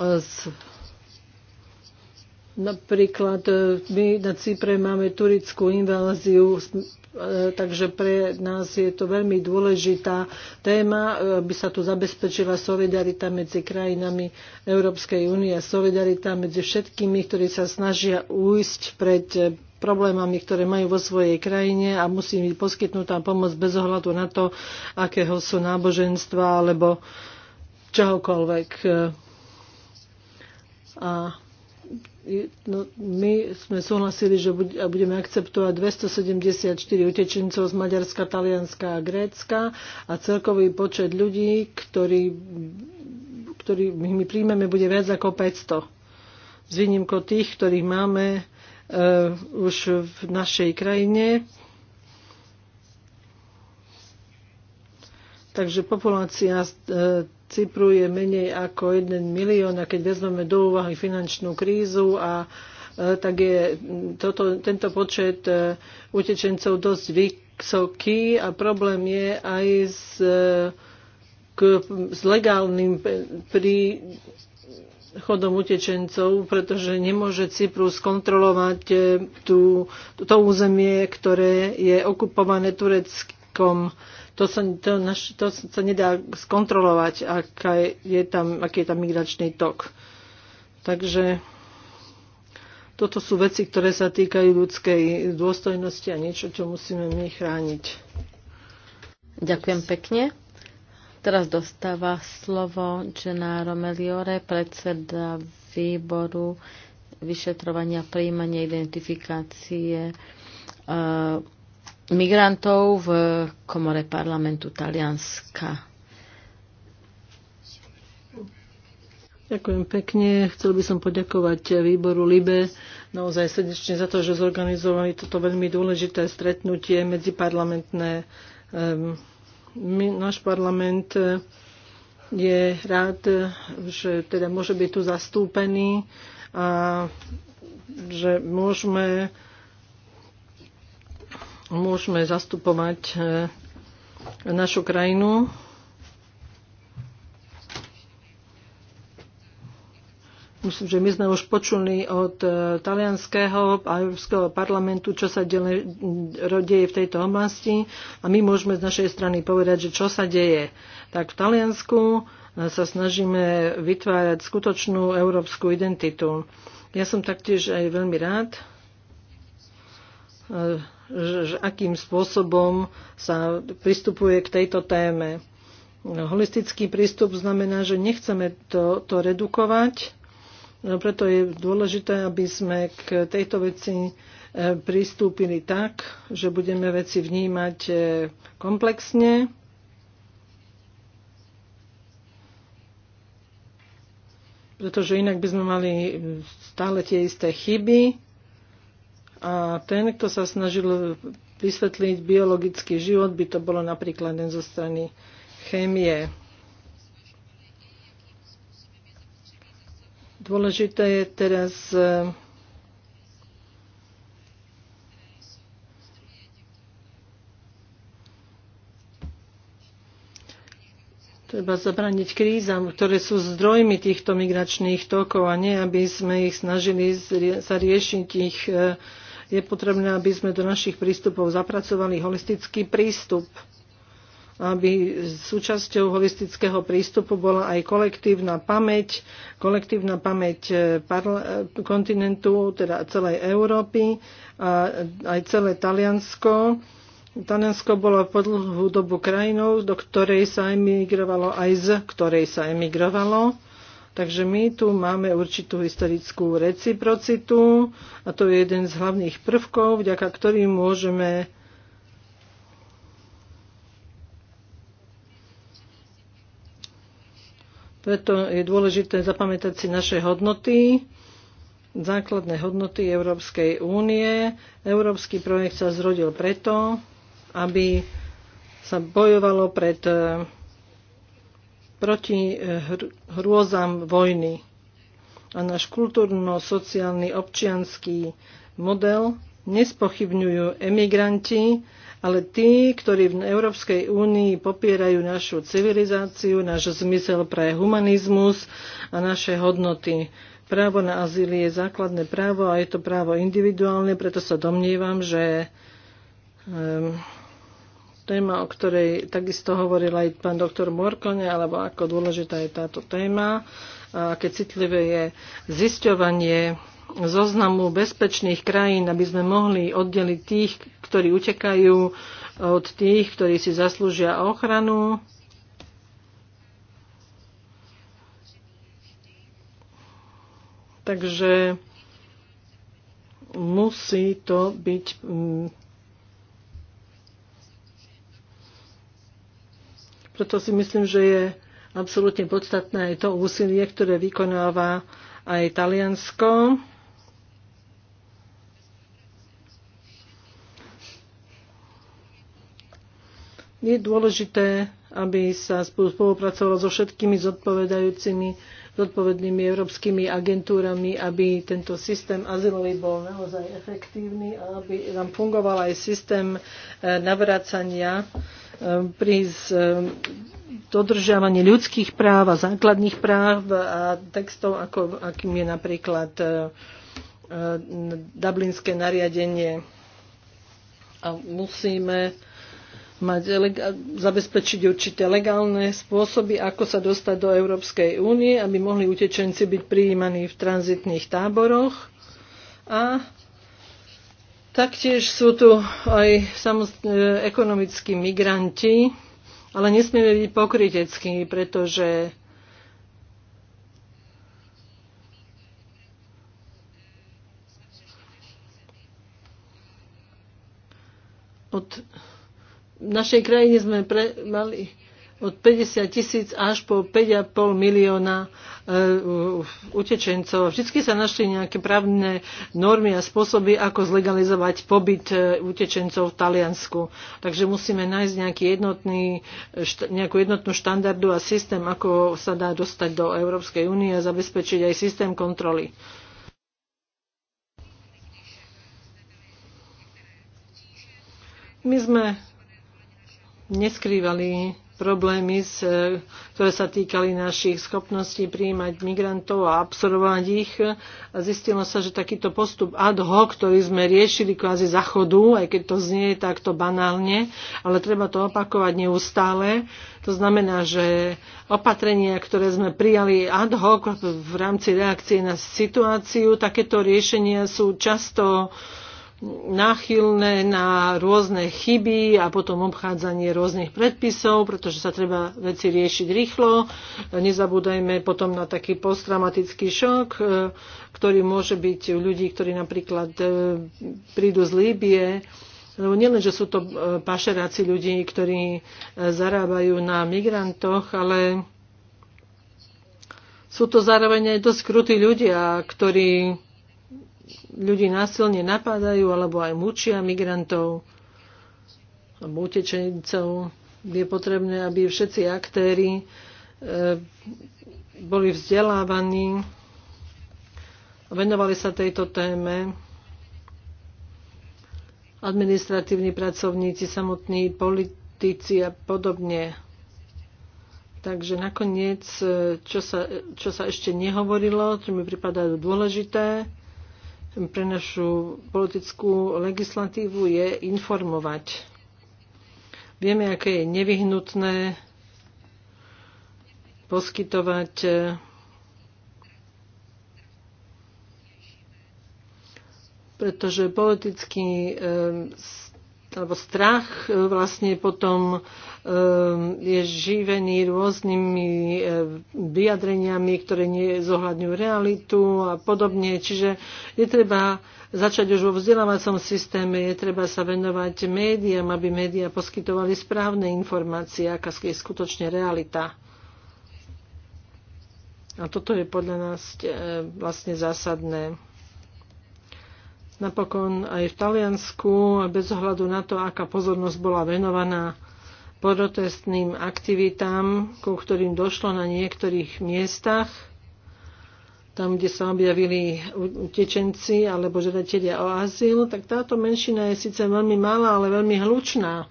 s Napríklad my na Cypre máme turickú inváziu E, takže pre nás je to veľmi dôležitá téma, e, aby sa tu zabezpečila solidarita medzi krajinami Európskej únie a solidarita medzi všetkými, ktorí sa snažia újsť pred e, problémami, ktoré majú vo svojej krajine a musí byť poskytnutá pomoc bez ohľadu na to, akého sú náboženstva alebo čohokoľvek. A no, my sme súhlasili, že budeme akceptovať 274 utečencov z Maďarska, Talianska a Grécka a celkový počet ľudí, ktorý, ktorý my príjmeme, bude viac ako 500. S výnimkou tých, ktorých máme e, už v našej krajine. Takže populácia e, Cypru je menej ako 1 milión a keď vezmeme do úvahy finančnú krízu a e, tak je toto, tento počet e, utečencov dosť vysoký a problém je aj s, e, k, s legálnym príchodom utečencov, pretože nemôže Cyprus kontrolovať tú, to územie, ktoré je okupované turecky majetkom. To sa, to, naš, to sa nedá skontrolovať, aká je tam, aký je tam migračný tok. Takže toto sú veci, ktoré sa týkajú ľudskej dôstojnosti a niečo, čo musíme my chrániť. Ďakujem pekne. Teraz dostáva slovo Gennaro Meliore, predseda výboru vyšetrovania, príjmania, identifikácie eh, migrantov v komore parlamentu Talianska. Ďakujem pekne. Chcel by som poďakovať výboru LIBE naozaj srdečne za to, že zorganizovali toto veľmi dôležité stretnutie medziparlamentné. Ehm, my, náš parlament je rád, že teda môže byť tu zastúpený a že môžeme môžeme zastupovať eh, našu krajinu. Myslím, že my sme už počuli od eh, talianského a európskeho parlamentu, čo sa dele, deje v tejto oblasti a my môžeme z našej strany povedať, že čo sa deje. Tak v Taliansku eh, sa snažíme vytvárať skutočnú európsku identitu. Ja som taktiež aj veľmi rád, že, že akým spôsobom sa pristupuje k tejto téme. No, holistický prístup znamená, že nechceme to, to redukovať, no preto je dôležité, aby sme k tejto veci e, pristúpili tak, že budeme veci vnímať e, komplexne. Pretože inak by sme mali stále tie isté chyby, a ten, kto sa snažil vysvetliť biologický život, by to bolo napríklad len zo strany chémie. Dôležité je teraz e, treba zabraniť krízam, ktoré sú zdrojmi týchto migračných tokov a nie, aby sme ich snažili sa riešiť ich e, je potrebné, aby sme do našich prístupov zapracovali holistický prístup aby súčasťou holistického prístupu bola aj kolektívna pamäť, kolektívna pamäť eh, eh, kontinentu, teda celej Európy a aj celé Taliansko. Taliansko bolo po dlhú dobu krajinou, do ktorej sa emigrovalo, aj z ktorej sa emigrovalo. Takže my tu máme určitú historickú reciprocitu a to je jeden z hlavných prvkov, vďaka ktorým môžeme Preto je dôležité zapamätať si naše hodnoty, základné hodnoty Európskej únie. Európsky projekt sa zrodil preto, aby sa bojovalo pred proti e, hrôzam vojny. A náš kultúrno-sociálny občianský model nespochybňujú emigranti, ale tí, ktorí v Európskej únii popierajú našu civilizáciu, náš zmysel pre humanizmus a naše hodnoty. Právo na azyl je základné právo a je to právo individuálne, preto sa domnievam, že um, téma, o ktorej takisto hovoril aj pán doktor Morkone, alebo ako dôležitá je táto téma, a aké citlivé je zisťovanie zoznamu bezpečných krajín, aby sme mohli oddeliť tých, ktorí utekajú od tých, ktorí si zaslúžia ochranu. Takže musí to byť mm, Preto si myslím, že je absolútne podstatné aj to úsilie, ktoré vykonáva aj Taliansko. Je dôležité, aby sa spolupracovalo so všetkými zodpovedajúcimi zodpovednými európskymi agentúrami, aby tento systém azylový bol naozaj efektívny a aby tam fungoval aj systém e, navracania e, pri e, dodržiavaní ľudských práv a základných práv a textov, ako, akým je napríklad Dublinské nariadenie. A musíme mať, zabezpečiť určité legálne spôsoby, ako sa dostať do Európskej únie, aby mohli utečenci byť prijímaní v tranzitných táboroch. A taktiež sú tu aj eh, ekonomickí migranti, ale nesmieme byť pokriteckí, pretože od v našej krajine sme pre, mali od 50 tisíc až po 5,5 milióna e, utečencov. Vždy sa našli nejaké právne normy a spôsoby, ako zlegalizovať pobyt e, utečencov v Taliansku. Takže musíme nájsť nejaký jednotný, nejakú jednotnú štandardu a systém, ako sa dá dostať do Európskej únie a zabezpečiť aj systém kontroly. My sme neskrývali problémy, e, ktoré sa týkali našich schopností príjmať migrantov a absorbovať ich. A zistilo sa, že takýto postup ad hoc, ktorý sme riešili kvázi zachodu, aj keď to znie takto banálne, ale treba to opakovať neustále. To znamená, že opatrenia, ktoré sme prijali ad hoc v rámci reakcie na situáciu, takéto riešenia sú často uh, náchylné na rôzne chyby a potom obchádzanie rôznych predpisov, pretože sa treba veci riešiť rýchlo. Nezabúdajme potom na taký posttraumatický šok, e, ktorý môže byť u ľudí, ktorí napríklad e, prídu z Líbie, lebo nielen, že sú to e, pašeráci ľudí, ktorí zarábajú na migrantoch, ale sú to zároveň aj dosť krutí ľudia, ktorí ľudí násilne napádajú alebo aj mučia migrantov alebo utečencov. Je potrebné, aby všetci aktéry e, boli vzdelávaní a venovali sa tejto téme. Administratívni pracovníci, samotní politici a podobne. Takže nakoniec, e, čo sa, e, čo sa ešte nehovorilo, čo mi pripadá dôležité, pre našu politickú legislatívu je informovať. Vieme, aké je nevyhnutné poskytovať eh, pretože politický eh, alebo strach eh, vlastne potom Ehm, je živený rôznymi e, vyjadreniami, ktoré nezohľadňujú realitu a podobne. Čiže je treba začať už vo vzdelávacom systéme, je treba sa venovať médiám, aby médiá poskytovali správne informácie, aká je skutočne realita. A toto je podľa nás e, vlastne zásadné. Napokon aj v Taliansku, bez ohľadu na to, aká pozornosť bola venovaná protestným aktivitám, ku ktorým došlo na niektorých miestach, tam, kde sa objavili utečenci alebo žiadatelia o azyl, tak táto menšina je síce veľmi malá, ale veľmi hlučná.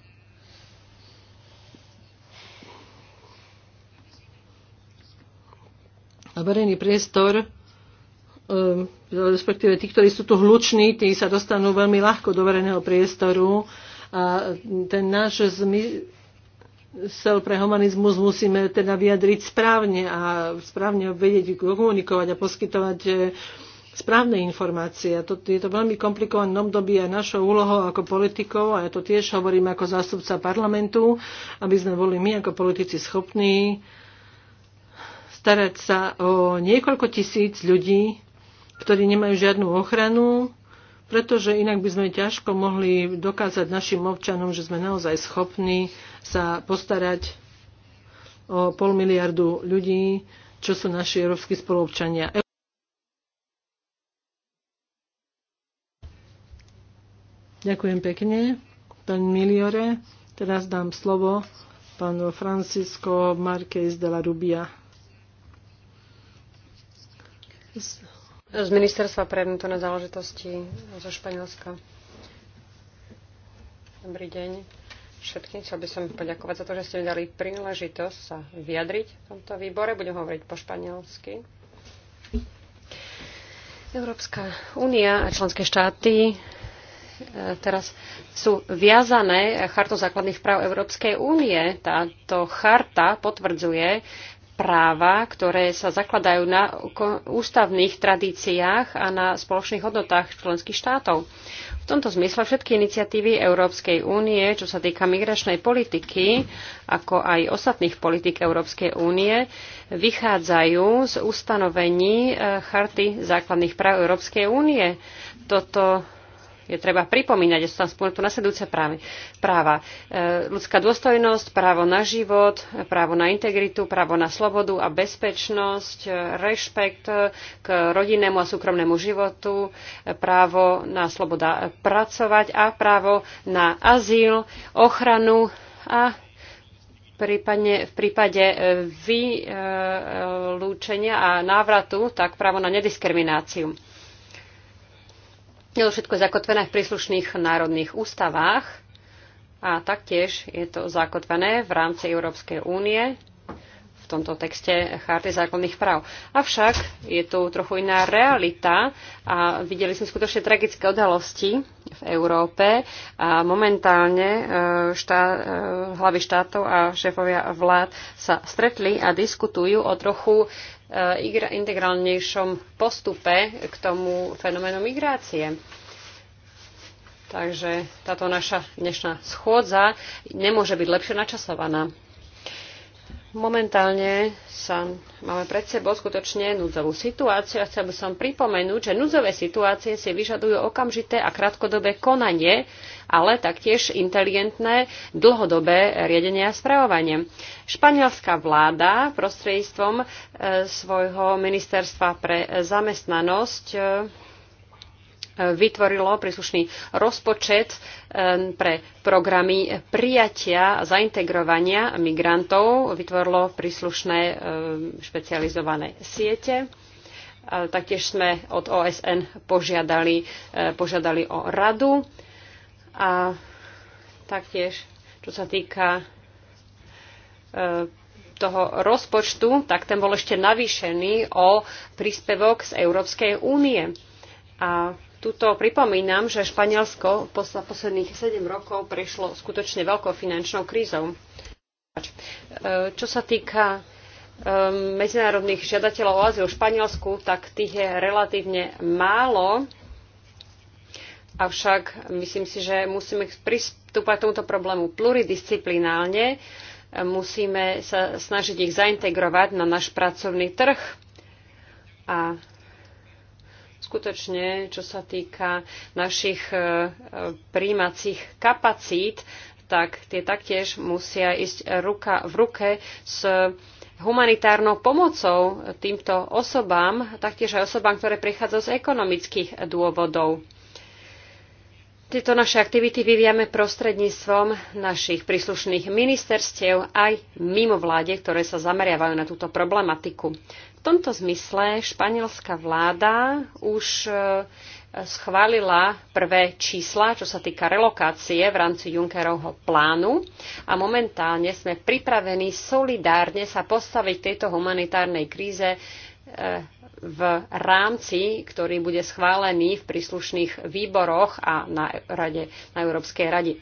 A verejný priestor ehm, respektíve tí, ktorí sú tu hluční, tí sa dostanú veľmi ľahko do verejného priestoru. A ten náš zmysel, sel pre humanizmus musíme teda vyjadriť správne a správne vedieť komunikovať a poskytovať e, správne informácie. To, je to veľmi komplikované období a našou úlohou ako politikov, a ja to tiež hovorím ako zástupca parlamentu, aby sme boli my ako politici schopní starať sa o niekoľko tisíc ľudí, ktorí nemajú žiadnu ochranu, pretože inak by sme ťažko mohli dokázať našim občanom, že sme naozaj schopní sa postarať o pol miliardu ľudí, čo sú naši európsky spoluobčania. Ďakujem pekne, pán Miliore. Teraz dám slovo pánu Francisco Marquez de la Rubia z Ministerstva pre vnútorné záležitosti zo Španielska. Dobrý deň všetkým. Chcel by som poďakovať za to, že ste mi dali príležitosť sa vyjadriť v tomto výbore. Budem hovoriť po španielsky. Európska únia a členské štáty e, teraz sú viazané chartou základných práv Európskej únie. Táto charta potvrdzuje práva, ktoré sa zakladajú na ústavných tradíciách a na spoločných hodnotách členských štátov. V tomto zmysle všetky iniciatívy Európskej únie, čo sa týka migračnej politiky, ako aj ostatných politik Európskej únie, vychádzajú z ustanovení e, Charty základných práv Európskej únie. Toto je treba pripomínať, že sú tam spomenuté nasledujúce práve, práva. E, ľudská dôstojnosť, právo na život, právo na integritu, právo na slobodu a bezpečnosť, e, rešpekt k rodinnému a súkromnému životu, e, právo na sloboda pracovať a právo na azyl, ochranu a prípadne v prípade vylúčenia a návratu, tak právo na nediskrimináciu. Je to všetko zakotvené v príslušných národných ústavách a taktiež je to zakotvené v rámci Európskej únie v tomto texte Charty základných práv. Avšak je tu trochu iná realita a videli sme skutočne tragické odhalosti v Európe a momentálne e, štá, e, hlavy štátov a šéfovia vlád sa stretli a diskutujú o trochu Eh, integrálnejšom postupe k tomu fenoménu migrácie. Takže táto naša dnešná schôdza nemôže byť lepšie načasovaná. Momentálne sa máme pred sebou skutočne núdzovú situáciu a chcel by som pripomenúť, že núdzové situácie si vyžadujú okamžité a krátkodobé konanie, ale taktiež inteligentné dlhodobé riadenie a spravovanie. Španielská vláda prostredníctvom e, svojho ministerstva pre zamestnanosť e, vytvorilo príslušný rozpočet eh, pre programy prijatia a zaintegrovania migrantov, vytvorilo príslušné eh, špecializované siete. Taktiež sme od OSN požiadali, eh, požiadali o radu a taktiež, čo sa týka toho rozpočtu, tak ten bol ešte navýšený o príspevok z Európskej únie. A Tuto pripomínam, že Španielsko posledných 7 rokov prešlo skutočne veľkou finančnou krízou. E, čo sa týka e, medzinárodných žiadateľov o azyl v Španielsku, tak tých je relatívne málo. Avšak myslím si, že musíme pristúpať k tomuto problému pluridisciplinálne. Musíme sa snažiť ich zaintegrovať na náš pracovný trh. A skutočne, čo sa týka našich e, príjmacích kapacít, tak tie taktiež musia ísť ruka v ruke s humanitárnou pomocou týmto osobám, taktiež aj osobám, ktoré prichádzajú z ekonomických dôvodov. Tieto naše aktivity vyvíjame prostredníctvom našich príslušných ministerstiev aj mimo vláde, ktoré sa zameriavajú na túto problematiku tomto zmysle španielská vláda už e, schválila prvé čísla, čo sa týka relokácie v rámci Junckerovho plánu a momentálne sme pripravení solidárne sa postaviť tejto humanitárnej kríze e, v rámci, ktorý bude schválený v príslušných výboroch a na, rade, na Európskej rade.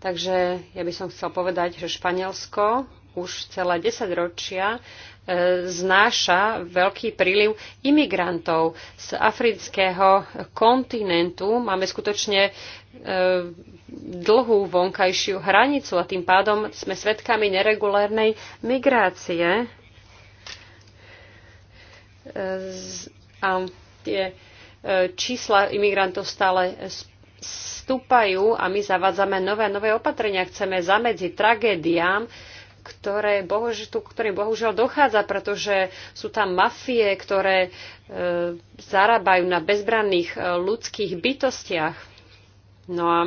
Takže ja by som chcel povedať, že Španielsko už celé 10 ročia znáša veľký príliv imigrantov z afrického kontinentu. Máme skutočne e, dlhú vonkajšiu hranicu a tým pádom sme svedkami neregulérnej migrácie. E, a tie e, čísla imigrantov stále stúpajú a my zavádzame nové a nové opatrenia. Chceme zamedziť tragédiám, ktoré bohužiaľ, ktoré bohužiaľ dochádza, pretože sú tam mafie, ktoré e, zarábajú na bezbranných e, ľudských bytostiach. No a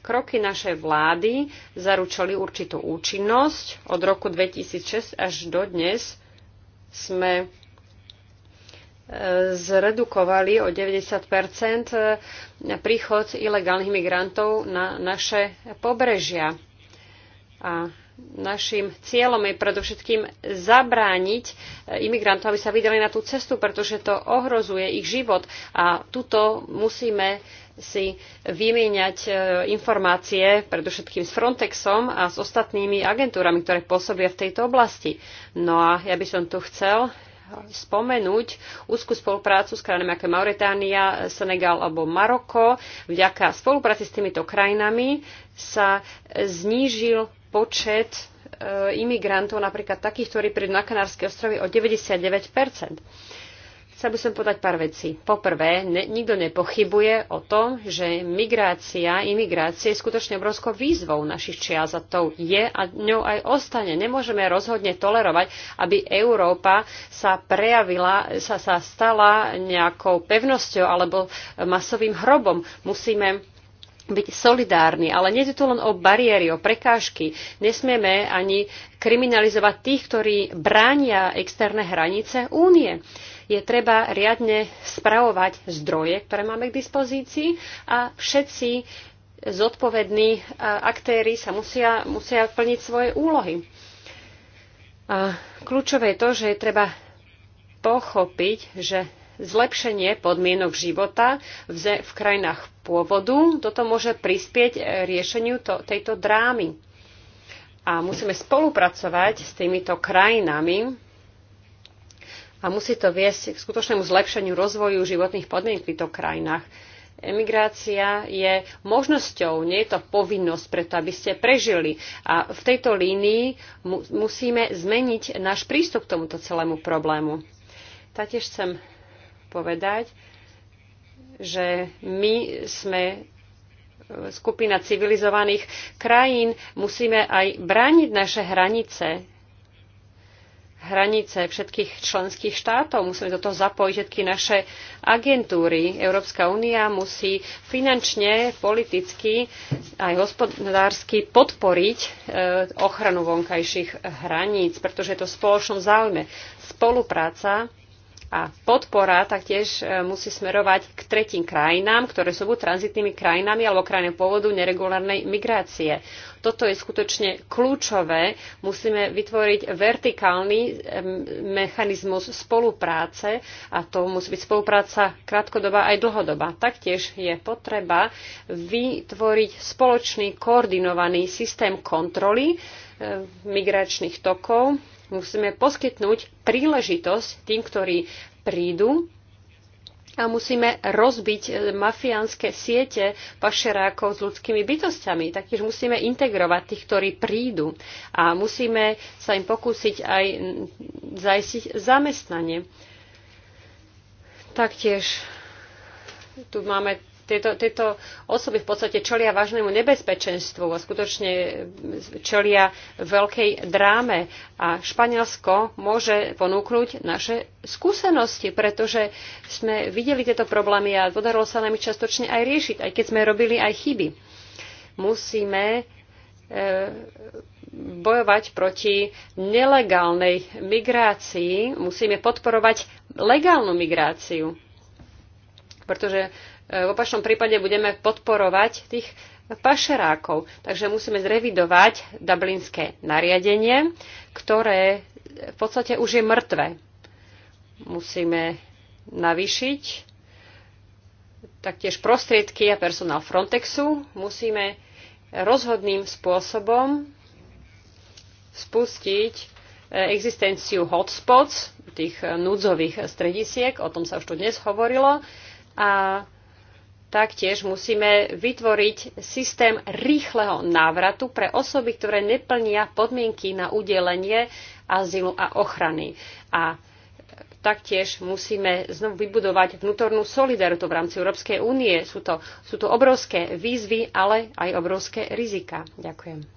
kroky našej vlády zaručili určitú účinnosť. Od roku 2006 až do dnes sme e, zredukovali o 90 e, príchod ilegálnych migrantov na naše pobrežia. A našim cieľom je predovšetkým zabrániť e, imigrantom, aby sa vydali na tú cestu, pretože to ohrozuje ich život. A tuto musíme si vymieňať e, informácie predovšetkým s Frontexom a s ostatnými agentúrami, ktoré pôsobia v tejto oblasti. No a ja by som tu chcel spomenúť úzkú spoluprácu s krajinami ako Mauritánia, Senegal alebo Maroko. Vďaka spolupráci s týmito krajinami sa znížil počet e, imigrantov, napríklad takých, ktorí prídu na Kanárske ostrovy, o 99 Chcel by som podať pár vecí. Poprvé, ne, nikto nepochybuje o tom, že migrácia, imigrácia je skutočne obrovskou výzvou našich čias a to je a ňou aj ostane. Nemôžeme rozhodne tolerovať, aby Európa sa prejavila, sa, sa stala nejakou pevnosťou alebo masovým hrobom. Musíme byť solidárni. Ale nie je to len o bariéry, o prekážky. Nesmieme ani kriminalizovať tých, ktorí bránia externé hranice únie. Je treba riadne spravovať zdroje, ktoré máme k dispozícii a všetci zodpovední e, aktéry sa musia, musia plniť svoje úlohy. A kľúčové je to, že je treba pochopiť, že zlepšenie podmienok života v, krajinách pôvodu. Toto môže prispieť eh, riešeniu to, tejto drámy. A musíme spolupracovať s týmito krajinami a musí to viesť k skutočnému zlepšeniu rozvoju životných podmienok v týchto krajinách. Emigrácia je možnosťou, nie je to povinnosť preto, aby ste prežili. A v tejto línii mu, musíme zmeniť náš prístup k tomuto celému problému. Taktiež chcem povedať, že my sme skupina civilizovaných krajín, musíme aj brániť naše hranice, hranice všetkých členských štátov. Musíme do toho zapojiť všetky naše agentúry. Európska únia musí finančne, politicky aj hospodársky podporiť e, ochranu vonkajších hraníc, pretože je to v spoločnom záujme. Spolupráca a podpora taktiež e, musí smerovať k tretím krajinám, ktoré sú buď tranzitnými krajinami alebo krajinami pôvodu neregulárnej migrácie. Toto je skutočne kľúčové. Musíme vytvoriť vertikálny e, mechanizmus spolupráce a to musí byť spolupráca krátkodoba aj dlhodoba. Taktiež je potreba vytvoriť spoločný koordinovaný systém kontroly e, migračných tokov Musíme poskytnúť príležitosť tým, ktorí prídu a musíme rozbiť e, mafiánske siete pašerákov s ľudskými bytostiami. Taktiež musíme integrovať tých, ktorí prídu a musíme sa im pokúsiť aj zajistiť zamestnanie. Taktiež tu máme tieto, tieto osoby v podstate čelia vážnemu nebezpečenstvu a skutočne čelia veľkej dráme. A Španielsko môže ponúknuť naše skúsenosti, pretože sme videli tieto problémy a podarilo sa nám ich častočne aj riešiť, aj keď sme robili aj chyby. Musíme e, bojovať proti nelegálnej migrácii, musíme podporovať legálnu migráciu. Pretože E, v opačnom prípade budeme podporovať tých pašerákov. Takže musíme zrevidovať dublinské nariadenie, ktoré v podstate už je mŕtve. Musíme navýšiť taktiež prostriedky a personál Frontexu. Musíme rozhodným spôsobom spustiť e, existenciu hotspots, tých núdzových stredisiek, o tom sa už tu dnes hovorilo, a taktiež musíme vytvoriť systém rýchleho návratu pre osoby, ktoré neplnia podmienky na udelenie azylu a ochrany. A taktiež musíme znovu vybudovať vnútornú solidaritu v rámci Európskej únie. Sú to, sú to obrovské výzvy, ale aj obrovské rizika. Ďakujem.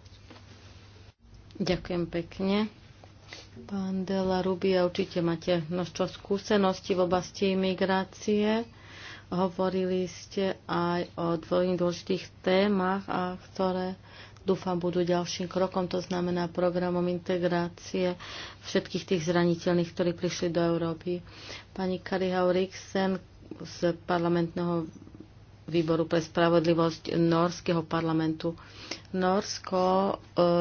Ďakujem pekne. Pán Dela Rubia, určite máte množstvo skúseností v oblasti migrácie. Hovorili ste aj o dvojných dôležitých témach, a ktoré dúfam budú ďalším krokom, to znamená programom integrácie všetkých tých zraniteľných, ktorí prišli do Európy. Pani Kariha Riksen z parlamentného výboru pre spravodlivosť Norského parlamentu. Norsko e,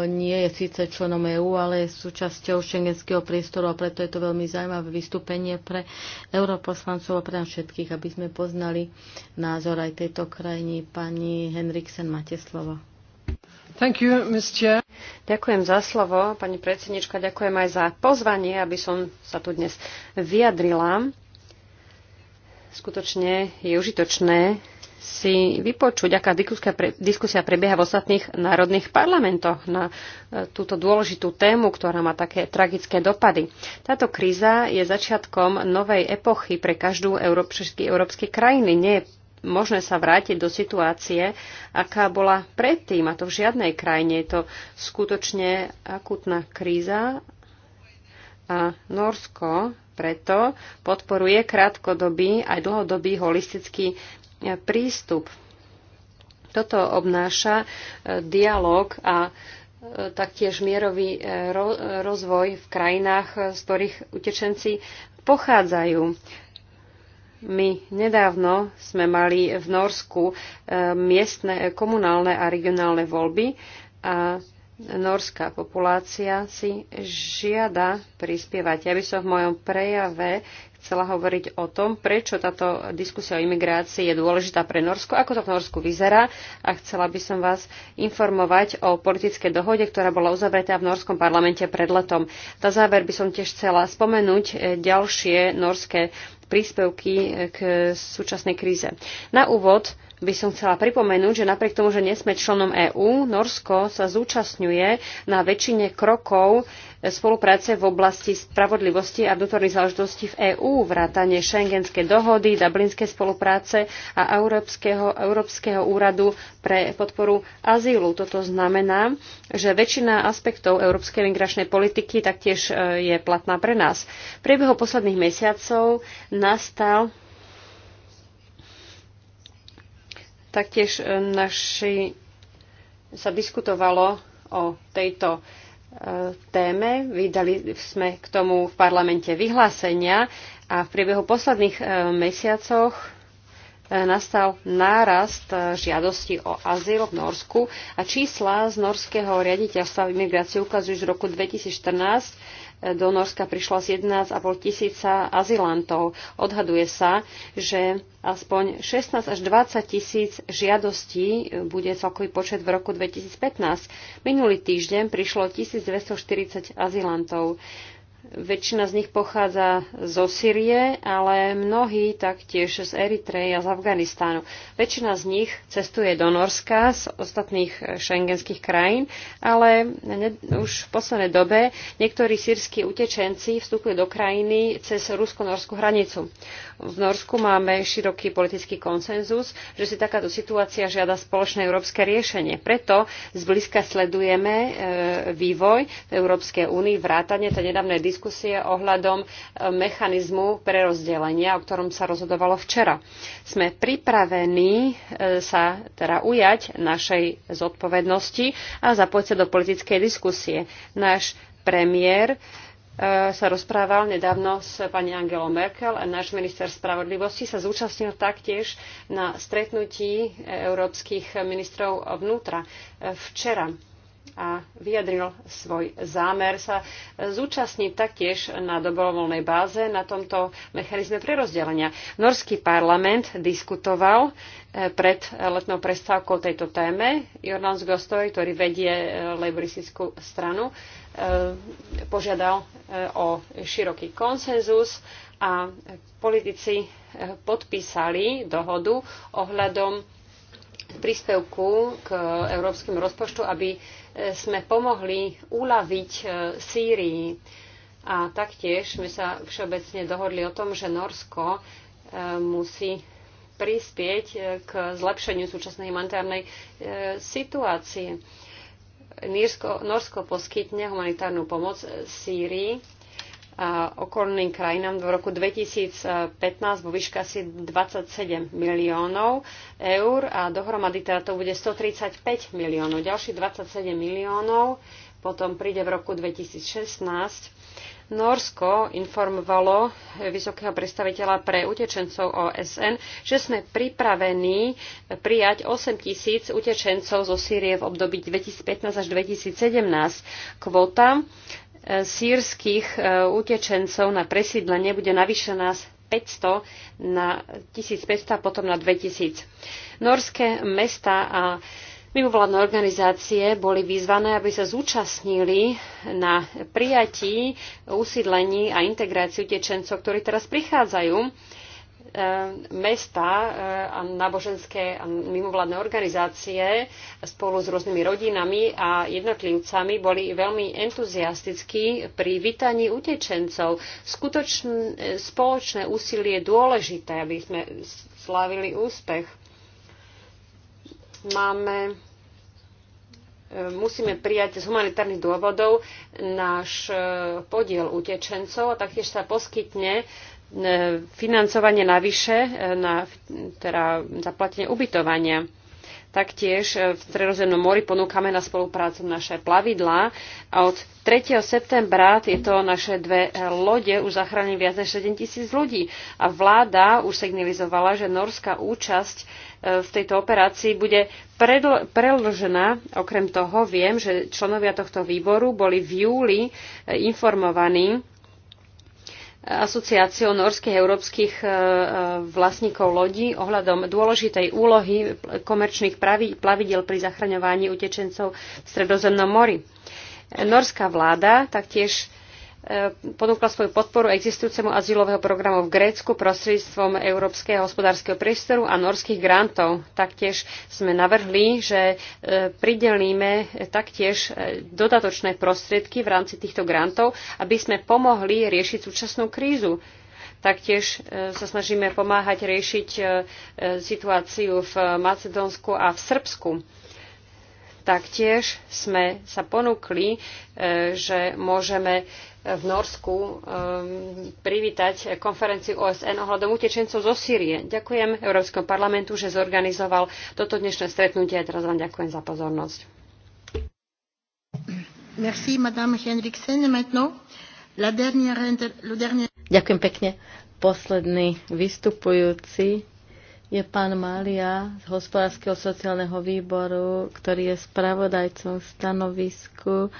nie je síce členom EÚ, ale je súčasťou šengenského priestoru a preto je to veľmi zaujímavé vystúpenie pre europoslancov a pre nás všetkých, aby sme poznali názor aj tejto krajiny. Pani Henriksen, máte slovo. Thank you, Mr. Ďakujem za slovo, pani predsednička. Ďakujem aj za pozvanie, aby som sa tu dnes vyjadrila skutočne je užitočné si vypočuť, aká diskusia prebieha v ostatných národných parlamentoch na e, túto dôležitú tému, ktorá má také tragické dopady. Táto kríza je začiatkom novej epochy pre každú európsky, európske krajiny. Nie je možné sa vrátiť do situácie, aká bola predtým, a to v žiadnej krajine. Je to skutočne akutná kríza a Norsko preto podporuje krátkodobý aj dlhodobý holistický prístup. Toto obnáša e, dialog a e, taktiež mierový e, rozvoj v krajinách, z ktorých utečenci pochádzajú. My nedávno sme mali v Norsku miestne komunálne a regionálne voľby a norská populácia si žiada prispievať. Ja by som v mojom prejave chcela hovoriť o tom, prečo táto diskusia o imigrácii je dôležitá pre Norsko, ako to v Norsku vyzerá a chcela by som vás informovať o politickej dohode, ktorá bola uzavretá v Norskom parlamente pred letom. Na záver by som tiež chcela spomenúť e, ďalšie norské príspevky e, k súčasnej kríze. Na úvod by som chcela pripomenúť, že napriek tomu, že nie sme členom EÚ, Norsko sa zúčastňuje na väčšine krokov spolupráce v oblasti spravodlivosti a vnútorných záležitostí v EÚ, vrátane Schengenskej dohody, Dublinskej spolupráce a Európskeho, Európskeho úradu pre podporu azylu. Toto znamená, že väčšina aspektov európskej migračnej politiky taktiež e, je platná pre nás. V priebehu posledných mesiacov nastal Taktiež e, naši, sa diskutovalo o tejto e, téme. Vydali sme k tomu v parlamente vyhlásenia a v priebehu posledných e, mesiacoch nastal nárast žiadosti o azyl v Norsku a čísla z norského riaditeľstva imigrácie ukazujú, že z roku 2014 do Norska prišlo z 11,5 tisíca azylantov. Odhaduje sa, že aspoň 16 až 20 tisíc žiadostí bude celkový počet v roku 2015. Minulý týždeň prišlo 1240 azylantov. Väčšina z nich pochádza zo Syrie, ale mnohí taktiež z Eritreje a z Afganistánu. Väčšina z nich cestuje do Norska z ostatných šengenských krajín, ale už v poslednej dobe niektorí sírsky utečenci vstúpili do krajiny cez rusko-norskú hranicu. V Norsku máme široký politický konsenzus, že si takáto situácia žiada spoločné európske riešenie. Preto zblízka sledujeme e, vývoj v Európskej únii, vrátane tej nedávnej diskusie ohľadom e, mechanizmu prerozdelenia, o ktorom sa rozhodovalo včera. Sme pripravení e, sa teda ujať našej zodpovednosti a zapojiť sa do politickej diskusie. Náš premiér e, sa rozprával nedávno s pani Angelou Merkel a náš minister spravodlivosti sa zúčastnil taktiež na stretnutí európskych ministrov vnútra včera a vyjadril svoj zámer sa zúčastniť taktiež na dobrovoľnej báze na tomto mechanizme prerozdelenia. Norský parlament diskutoval e, pred letnou prestávkou tejto téme. Jordan Gostoj, ktorý vedie e, lejbristickú stranu, e, požiadal o široký konsenzus a politici podpísali dohodu ohľadom príspevku k európskym rozpočtu, aby sme pomohli uľaviť e, Sýrii. A taktiež sme sa všeobecne dohodli o tom, že Norsko e, musí prispieť e, k zlepšeniu súčasnej humanitárnej situácie. Norsko poskytne humanitárnu pomoc Sýrii a okolným krajinám v roku 2015 vo výške asi 27 miliónov eur a dohromady teda to bude 135 miliónov. Ďalších 27 miliónov potom príde v roku 2016. Norsko informovalo vysokého predstaviteľa pre utečencov OSN, že sme pripravení prijať 8 tisíc utečencov zo Sýrie v období 2015 až 2017. Kvota E, sírskych e, utečencov na presídlenie bude navýšená z 500 na 1500 a potom na 2000. Norské mesta a mimovládne organizácie boli vyzvané, aby sa zúčastnili na prijatí, usídlení a integrácii utečencov, ktorí teraz prichádzajú Eh, mesta eh, a náboženské a mimovládne organizácie spolu s rôznymi rodinami a jednotlivcami boli veľmi entuziastickí pri vítaní utečencov. Skutočné spoločné úsilie je dôležité, aby sme slávili úspech. Máme eh, musíme prijať z humanitárnych dôvodov náš podiel utečencov a taktiež sa poskytne E, financovanie navyše e, na teda zaplatenie ubytovania. Taktiež e, v Stredozemnom mori ponúkame na spoluprácu naše plavidlá a od 3. septembra tieto naše dve lode už zachránili viac než 7 tisíc ľudí a vláda už signalizovala, že norská účasť v tejto operácii bude preložená. Okrem toho viem, že členovia tohto výboru boli v júli informovaní asociáciou norských európskych e, e, vlastníkov lodí ohľadom dôležitej úlohy komerčných plavidel pri zachraňovaní utečencov v Stredozemnom mori. Norská vláda taktiež E, ponúkla svoju podporu existujúcemu azylového programu v Grécku prostredstvom Európskeho hospodárskeho priestoru a norských grantov. Taktiež sme navrhli, že e, pridelíme taktiež e, dodatočné prostriedky v rámci týchto grantov, aby sme pomohli riešiť súčasnú krízu. Taktiež sa snažíme pomáhať riešiť situáciu v Macedónsku a v Srbsku. Taktiež sme sa ponúkli, že môžeme v Norsku um, privítať konferenciu OSN ohľadom utečencov zo Sýrie. Ďakujem Európskom parlamentu, že zorganizoval toto dnešné stretnutie a teraz vám ďakujem za pozornosť. Merci, madame Henriksen. Maintenant, la dernière, le Ďakujem pekne. Posledný vystupujúci je pán Malia z hospodárskeho sociálneho výboru, ktorý je spravodajcom stanovisku e,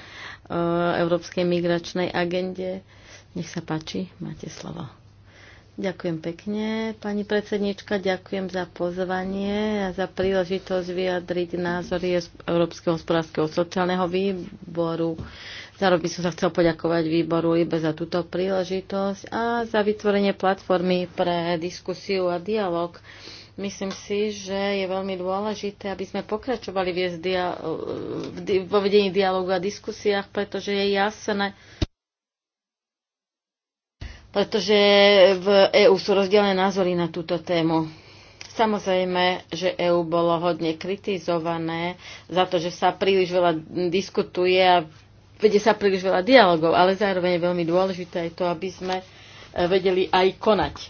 Európskej migračnej agende. Nech sa páči, máte slovo. Ďakujem pekne, pani predsednička, ďakujem za pozvanie a za príležitosť vyjadriť názory Európskeho hospodárskeho sociálneho výboru. Zároveň som sa chcel poďakovať výboru IBE za túto príležitosť a za vytvorenie platformy pre diskusiu a dialog. Myslím si, že je veľmi dôležité, aby sme pokračovali v, v, di- vedení dialogu a diskusiách, pretože je jasné, pretože v EÚ sú rozdelené názory na túto tému. Samozrejme, že EÚ bolo hodne kritizované za to, že sa príliš veľa diskutuje a vedie sa príliš veľa dialogov, ale zároveň je veľmi dôležité aj to, aby sme e, vedeli aj konať. E,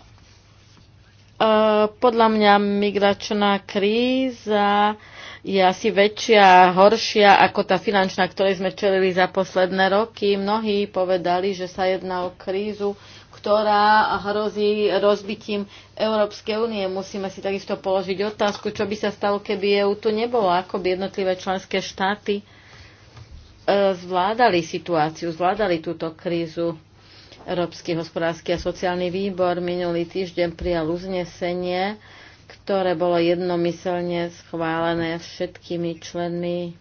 podľa mňa migračná kríza je asi väčšia, horšia ako tá finančná, ktorej sme čelili za posledné roky. Mnohí povedali, že sa jedná o krízu, ktorá hrozí rozbitím Európskej únie. Musíme si takisto položiť otázku, čo by sa stalo, keby EU tu nebolo, ako by jednotlivé členské štáty e, zvládali situáciu, zvládali túto krízu. Európsky hospodársky a sociálny výbor minulý týždeň prijal uznesenie, ktoré bolo jednomyselne schválené všetkými členmi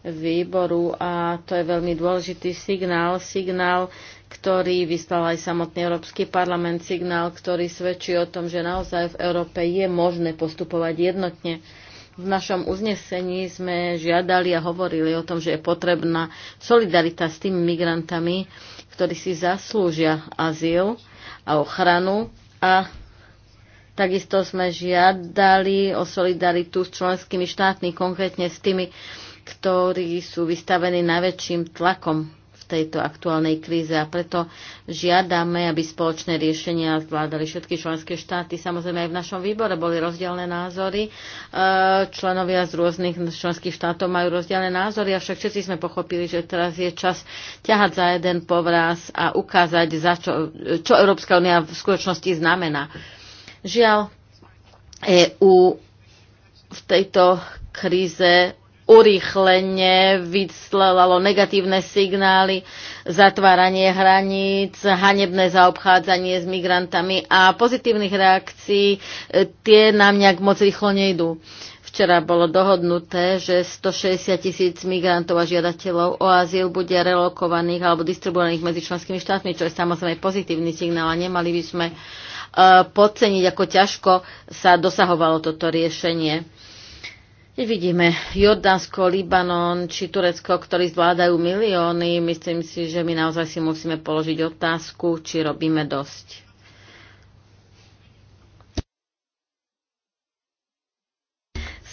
výboru a to je veľmi dôležitý signál, signál ktorý vyslal aj samotný Európsky parlament signál, ktorý svedčí o tom, že naozaj v Európe je možné postupovať jednotne. V našom uznesení sme žiadali a hovorili o tom, že je potrebná solidarita s tými migrantami, ktorí si zaslúžia azyl a ochranu a takisto sme žiadali o solidaritu s členskými štátmi, konkrétne s tými, ktorí sú vystavení najväčším tlakom tejto aktuálnej kríze a preto žiadame, aby spoločné riešenia zvládali všetky členské štáty. Samozrejme aj v našom výbore boli rozdielne názory. E, členovia z rôznych členských štátov majú rozdielne názory, avšak všetci sme pochopili, že teraz je čas ťahať za jeden povraz a ukázať, za čo, čo Európska únia v skutočnosti znamená. Žiaľ, EU v tejto kríze urýchlenie vyslalo negatívne signály, zatváranie hraníc, hanebné zaobchádzanie s migrantami a pozitívnych reakcií e, tie nám nejak moc rýchlo nejdú. Včera bolo dohodnuté, že 160 tisíc migrantov a žiadateľov o azyl bude relokovaných alebo distribuovaných medzi členskými štátmi, čo je samozrejme pozitívny signál a nemali by sme e, podceniť, ako ťažko sa dosahovalo toto riešenie Vidíme Jordánsko, Libanon či Turecko, ktorí zvládajú milióny. Myslím si, že my naozaj si musíme položiť otázku, či robíme dosť.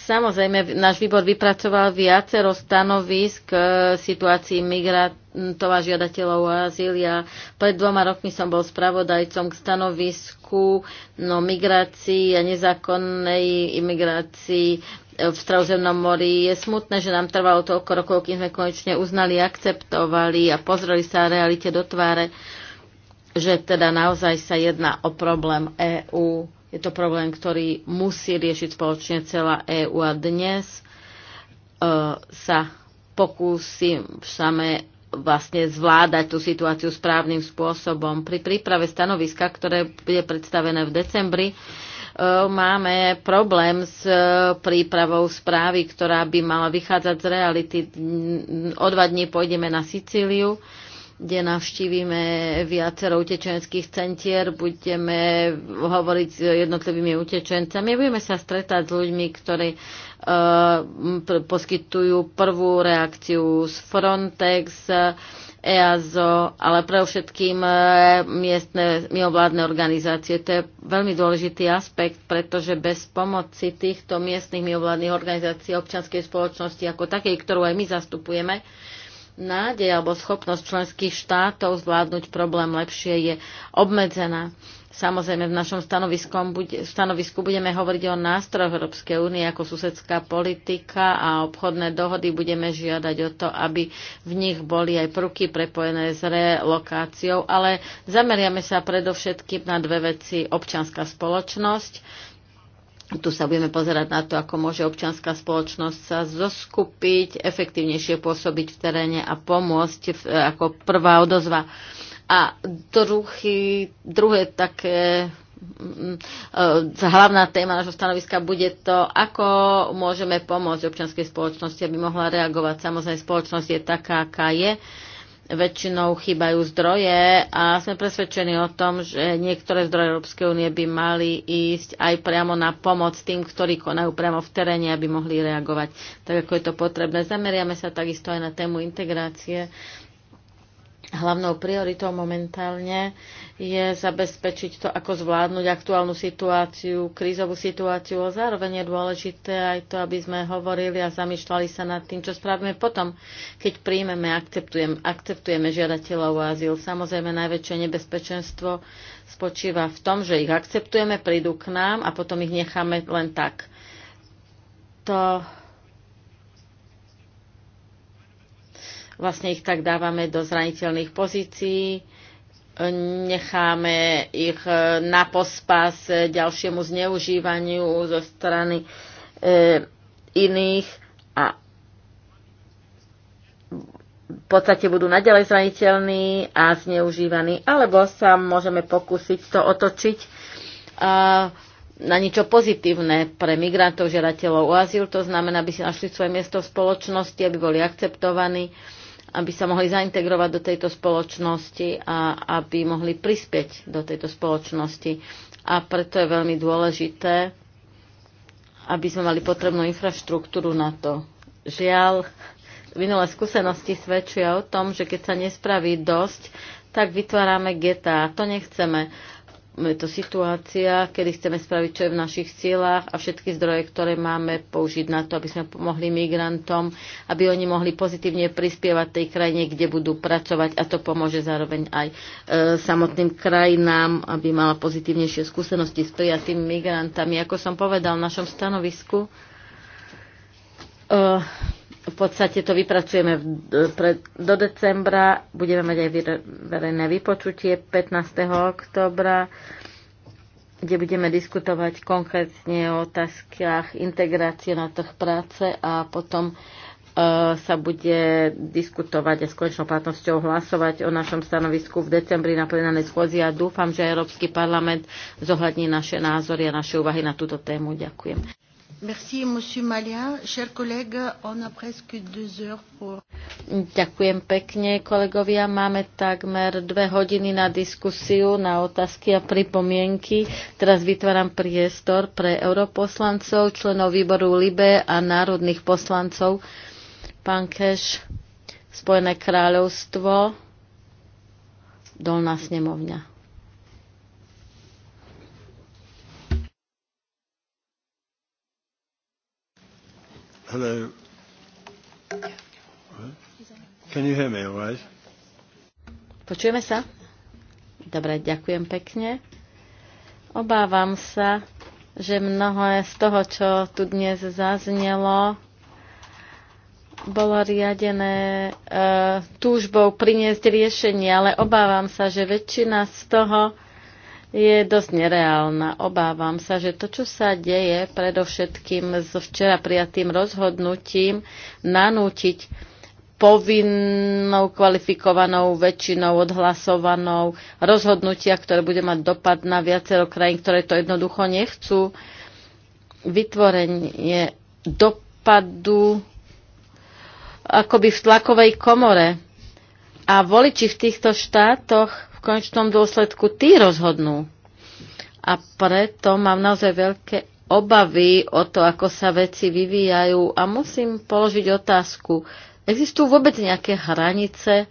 Samozrejme, náš výbor vypracoval viacero stanovisk k e, situácii migrantov a žiadateľov o azylia. pred dvoma rokmi som bol spravodajcom k stanovisku no, migrácii a nezákonnej imigrácii v Strauzemnom mori. Je smutné, že nám trvalo toľko rokov, kým sme konečne uznali, akceptovali a pozreli sa realite do tváre, že teda naozaj sa jedná o problém EÚ. Je to problém, ktorý musí riešiť spoločne celá EÚ a dnes e, sa pokúsim samé vlastne zvládať tú situáciu správnym spôsobom. Pri príprave stanoviska, ktoré bude predstavené v decembri, e, Eh, máme problém s eh, prípravou správy, ktorá by mala vychádzať z reality. Mm, o dva dní pôjdeme na Sicíliu kde navštívime viacero utečenských centier, budeme hovoriť s jednotlivými utečencami, budeme sa stretať s ľuďmi, ktorí uh, poskytujú prvú reakciu z Frontex, uh, EASO, ale pre všetkým e, miestne mimovládne organizácie. To je veľmi dôležitý aspekt, pretože bez pomoci týchto miestnych mimovládnych organizácií občianskej spoločnosti ako takej, ktorú aj my zastupujeme, nádej alebo schopnosť členských štátov zvládnuť problém lepšie je obmedzená. Samozrejme, v našom stanovisku budeme hovoriť o nástrojoch Európskej únie ako susedská politika a obchodné dohody. Budeme žiadať o to, aby v nich boli aj prvky prepojené s relokáciou, ale zameriame sa predovšetkým na dve veci. Občanská spoločnosť, tu sa budeme pozerať na to, ako môže občianská spoločnosť sa zoskupiť, efektívnejšie pôsobiť v teréne a pomôcť ako prvá odozva. A druhý, druhé také mm, mm, e, hlavná téma nášho stanoviska bude to, ako môžeme pomôcť občianskej spoločnosti, aby mohla reagovať. Samozrejme, spoločnosť je taká, aká je. Väčšinou chýbajú zdroje a sme presvedčení o tom, že niektoré zdroje Európskej únie by mali ísť aj priamo na pomoc tým, ktorí konajú priamo v teréne, aby mohli reagovať tak, ako je to potrebné. Zameriame sa takisto aj na tému integrácie Hlavnou prioritou momentálne je zabezpečiť to, ako zvládnuť aktuálnu situáciu, krízovú situáciu. A zároveň je dôležité aj to, aby sme hovorili a zamýšľali sa nad tým, čo spravíme potom, keď príjmeme, akceptujeme, akceptujeme žiadateľov o azyl. Samozrejme, najväčšie nebezpečenstvo spočíva v tom, že ich akceptujeme, prídu k nám a potom ich necháme len tak. To vlastne ich tak dávame do zraniteľných pozícií, necháme ich e, na pospas ďalšiemu zneužívaniu zo strany e, iných a v podstate budú nadalej zraniteľní a zneužívaní, alebo sa môžeme pokúsiť to otočiť a, e, na niečo pozitívne pre migrantov, žiadateľov o azyl. To znamená, aby si našli svoje miesto v spoločnosti, aby boli akceptovaní aby sa mohli zaintegrovať do tejto spoločnosti a aby mohli prispieť do tejto spoločnosti. A preto je veľmi dôležité, aby sme mali potrebnú infraštruktúru na to. Žiaľ, minulé skúsenosti svedčia o tom, že keď sa nespraví dosť, tak vytvárame getá. a to nechceme je to situácia, kedy chceme spraviť, čo je v našich cieľach a všetky zdroje, ktoré máme, použiť na to, aby sme pomohli migrantom, aby oni mohli pozitívne prispievať tej krajine, kde budú pracovať a to pomôže zároveň aj e, samotným krajinám, aby mala pozitívnejšie skúsenosti s prijatými migrantami. Ako som povedal v našom stanovisku, e, v podstate to vypracujeme v, e, pre, do decembra, budeme mať aj verejné vypočutie 15. oktobra, kde budeme diskutovať konkrétne o otázkach integrácie na trh práce a potom e, sa bude diskutovať a s konečnou platnosťou hlasovať o našom stanovisku v decembri na plenárnej schôzi a dúfam, že Európsky parlament zohľadní naše názory a naše úvahy na túto tému. Ďakujem. Merci, monsieur Malia. Chers collègues, on a presque deux heures pour... Ďakujem pekne, kolegovia. Máme takmer dve hodiny na diskusiu, na otázky a pripomienky. Teraz vytváram priestor pre europoslancov, členov výboru LIBE a národných poslancov. Pán Keš, Spojené kráľovstvo, Dolná snemovňa. Hello. Can you hear me all right? Počujeme sa? Dobre, ďakujem pekne. Obávam sa, že mnoho z toho, čo tu dnes zaznelo, bolo riadené e, túžbou priniesť riešenie, ale obávam sa, že väčšina z toho, je dosť nereálna. Obávam sa, že to, čo sa deje predovšetkým s včera prijatým rozhodnutím nanútiť povinnou kvalifikovanou väčšinou odhlasovanou rozhodnutia, ktoré bude mať dopad na viacero krajín, ktoré to jednoducho nechcú, vytvorenie dopadu akoby v tlakovej komore. A voliči v týchto štátoch konečnom dôsledku tí rozhodnú. A preto mám naozaj veľké obavy o to, ako sa veci vyvíjajú a musím položiť otázku. Existujú vôbec nejaké hranice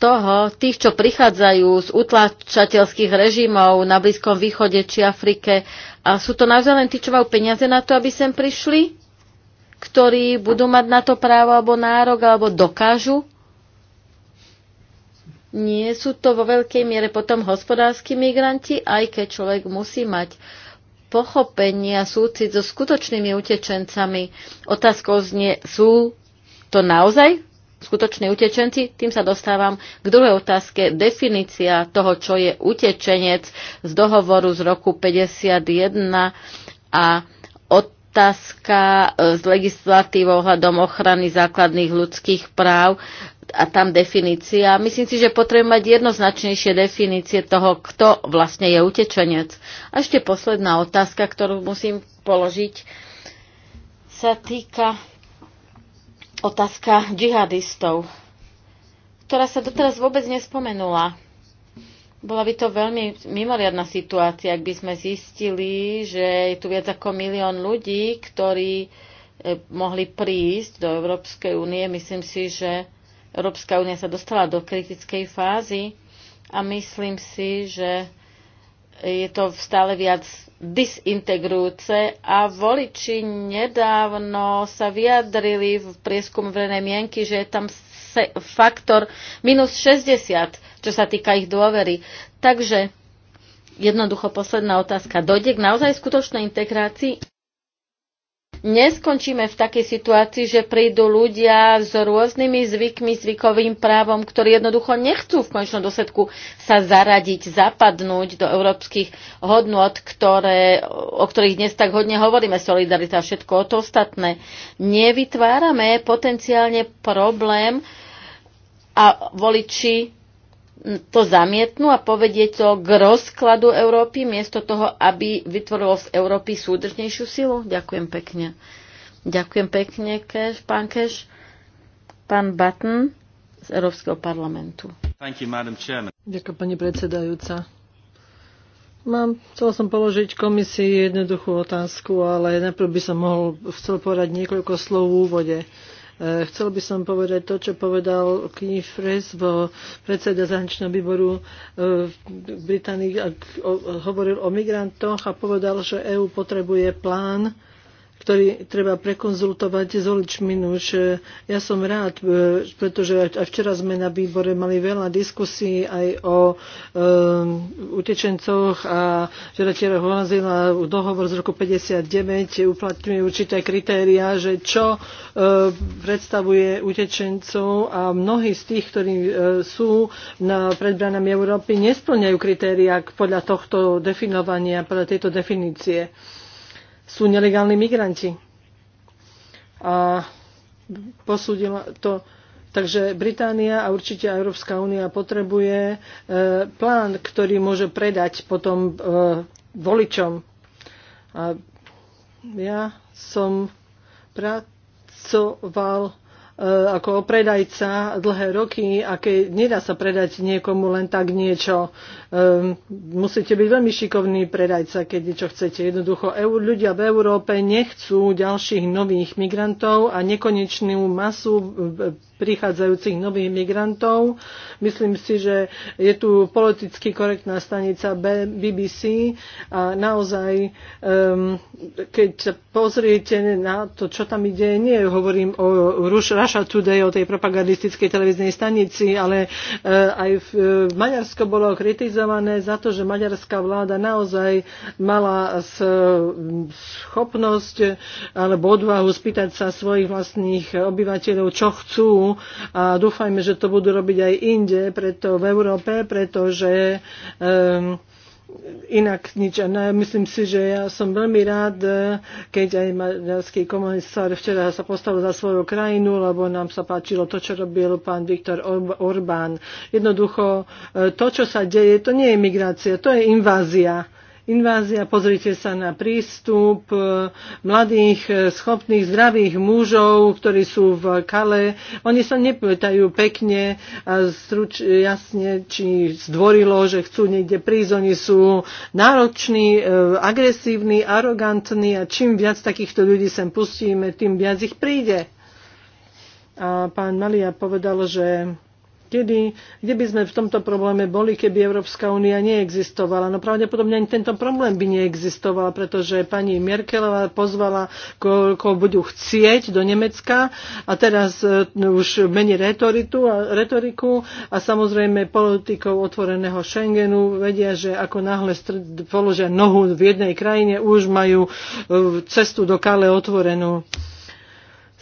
toho, tých, čo prichádzajú z utlačateľských režimov na Blízkom východe či Afrike a sú to naozaj len tí, čo majú peniaze na to, aby sem prišli? ktorí budú mať na to právo alebo nárok, alebo dokážu nie sú to vo veľkej miere potom hospodárski migranti, aj keď človek musí mať pochopenie a súcit so skutočnými utečencami. Otázkou znie, sú to naozaj skutoční utečenci? Tým sa dostávam k druhej otázke. Definícia toho, čo je utečenec z dohovoru z roku 51 a otázka s e, legislatívou ohľadom ochrany základných ľudských práv a tam definícia. Myslím si, že potrebujeme mať jednoznačnejšie definície toho, kto vlastne je utečenec. A ešte posledná otázka, ktorú musím položiť, sa týka otázka džihadistov, ktorá sa doteraz vôbec nespomenula. Bola by to veľmi mimoriadná situácia, ak by sme zistili, že je tu viac ako milión ľudí, ktorí eh, mohli prísť do Európskej únie. Myslím si, že Európska únia sa dostala do kritickej fázy a myslím si, že je to stále viac disintegrujúce a voliči nedávno sa vyjadrili v prieskum verejnej mienky, že je tam faktor minus 60, čo sa týka ich dôvery. Takže jednoducho posledná otázka. Dojde k naozaj skutočnej integrácii? neskončíme v takej situácii, že prídu ľudia s rôznymi zvykmi, zvykovým právom, ktorí jednoducho nechcú v končnom dôsledku sa zaradiť, zapadnúť do európskych hodnot, ktoré, o ktorých dnes tak hodne hovoríme, solidarita a všetko o to ostatné. Nevytvárame potenciálne problém a voliči to zamietnú a povedie to k rozkladu Európy, miesto toho, aby vytvorilo z Európy súdržnejšiu silu? Ďakujem pekne. Ďakujem pekne, Keš, pán Keš. Pán Button z Európskeho parlamentu. You, Ďakujem, pani predsedajúca. Mám, chcel som položiť komisii jednoduchú otázku, ale najprv by som mohol, chcel povedať niekoľko slov v úvode. E, chcel by som povedať to, čo povedal Keith Fres, vo predseda zahraničného výboru v e, Británii, hovoril o migrantoch a povedal, že EÚ potrebuje plán, ktorý treba prekonzultovať s voličmi. Už ja som rád, e, pretože aj včera sme na výbore mali veľa diskusí aj o um, utečencoch a žiadateľov Honazila dohovor z roku 59 uplatňuje určité kritéria, že čo um, predstavuje utečencov a mnohí z tých, ktorí um, sú na predbranami Európy, nesplňajú kritéria podľa tohto definovania, podľa tejto definície sú nelegálni migranti. A posúdila to Takže Británia a určite Európska únia potrebuje e, plán, ktorý môže predať potom e, voličom. A ja som pracoval E, ako predajca dlhé roky a keď nedá sa predať niekomu len tak niečo, um, musíte byť veľmi šikovný predajca, keď niečo chcete. Jednoducho EU, ľudia v Európe nechcú ďalších nových migrantov a nekonečnú masu e, prichádzajúcich nových migrantov. Myslím si, že je tu politicky korektná stanica BBC a naozaj, keď sa pozriete na to, čo tam ide, nie hovorím o Russia Today, o tej propagandistickej televíznej stanici, ale eh, aj v eh, Maďarsko bolo kritizované za to, že maďarská vláda naozaj mala schopnosť alebo odvahu spýtať sa svojich vlastných obyvateľov, čo chcú a dúfajme, že to budú robiť aj inde, preto v Európe, pretože um, inak nič. Ne, myslím si, že ja som veľmi rád, keď aj maďarský komunistár včera sa postavil za svoju krajinu, lebo nám sa páčilo to, čo robil pán Viktor Orbán. Jednoducho, e, to, čo sa deje, to nie je migrácia, to je invázia invázia, pozrite sa na prístup e, mladých, e, schopných, zdravých mužov, ktorí sú v Kale. Oni sa nepýtajú pekne a struč, jasne, či zdvorilo, že chcú niekde prísť. Oni sú nároční, e, agresívni, arogantní a čím viac takýchto ľudí sem pustíme, tým viac ich príde. A pán Malia povedal, že kedy, kde by sme v tomto probléme boli, keby Európska únia neexistovala. No pravdepodobne ani tento problém by neexistoval, pretože pani Merkelová pozvala, koľko budú chcieť do Nemecka a teraz e, už mení retoritu a, retoriku a samozrejme politikou otvoreného Schengenu vedia, že ako náhle položia nohu v jednej krajine, už majú e, cestu do Kale otvorenú.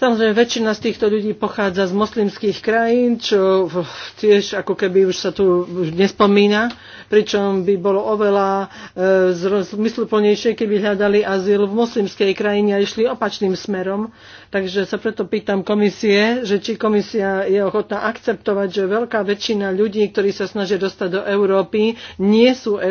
Samozrejme, väčšina z týchto ľudí pochádza z moslimských krajín, čo tiež ako keby už sa tu nespomína, pričom by bolo oveľa e, zmysluplnejšie, keby hľadali azyl v moslimskej krajine a išli opačným smerom. Takže sa preto pýtam komisie, že či komisia je ochotná akceptovať, že veľká väčšina ľudí, ktorí sa snažia dostať do Európy, nie sú e, e,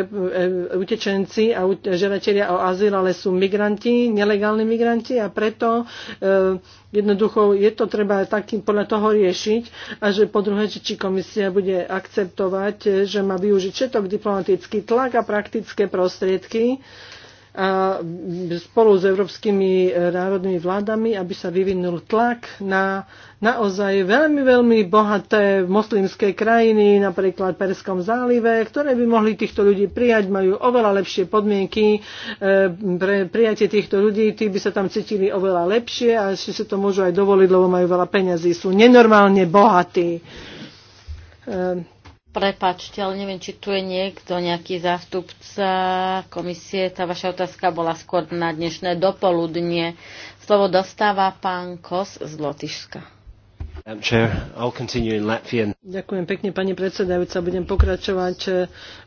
utečenci a žiadatelia o azyl, ale sú migranti, nelegálni migranti a preto e, jednoducho je to treba takým podľa toho riešiť a že po druhé, či komisia bude akceptovať, že má využiť všetok diplomatický tlak a praktické prostriedky, a spolu s európskymi e, národnými vládami, aby sa vyvinul tlak na naozaj veľmi, veľmi bohaté moslimské krajiny, napríklad Perskom zálive, ktoré by mohli týchto ľudí prijať, majú oveľa lepšie podmienky e, pre prijatie týchto ľudí, tí by sa tam cítili oveľa lepšie a ešte si to môžu aj dovoliť, lebo majú veľa peňazí, sú nenormálne bohatí e, Prepačte, ale neviem, či tu je niekto, nejaký zástupca komisie. Tá vaša otázka bola skôr na dnešné dopoludnie. Slovo dostáva pán Kos z Lotyšska. Ďakujem pekne, pani predsedajúca. Budem pokračovať eh,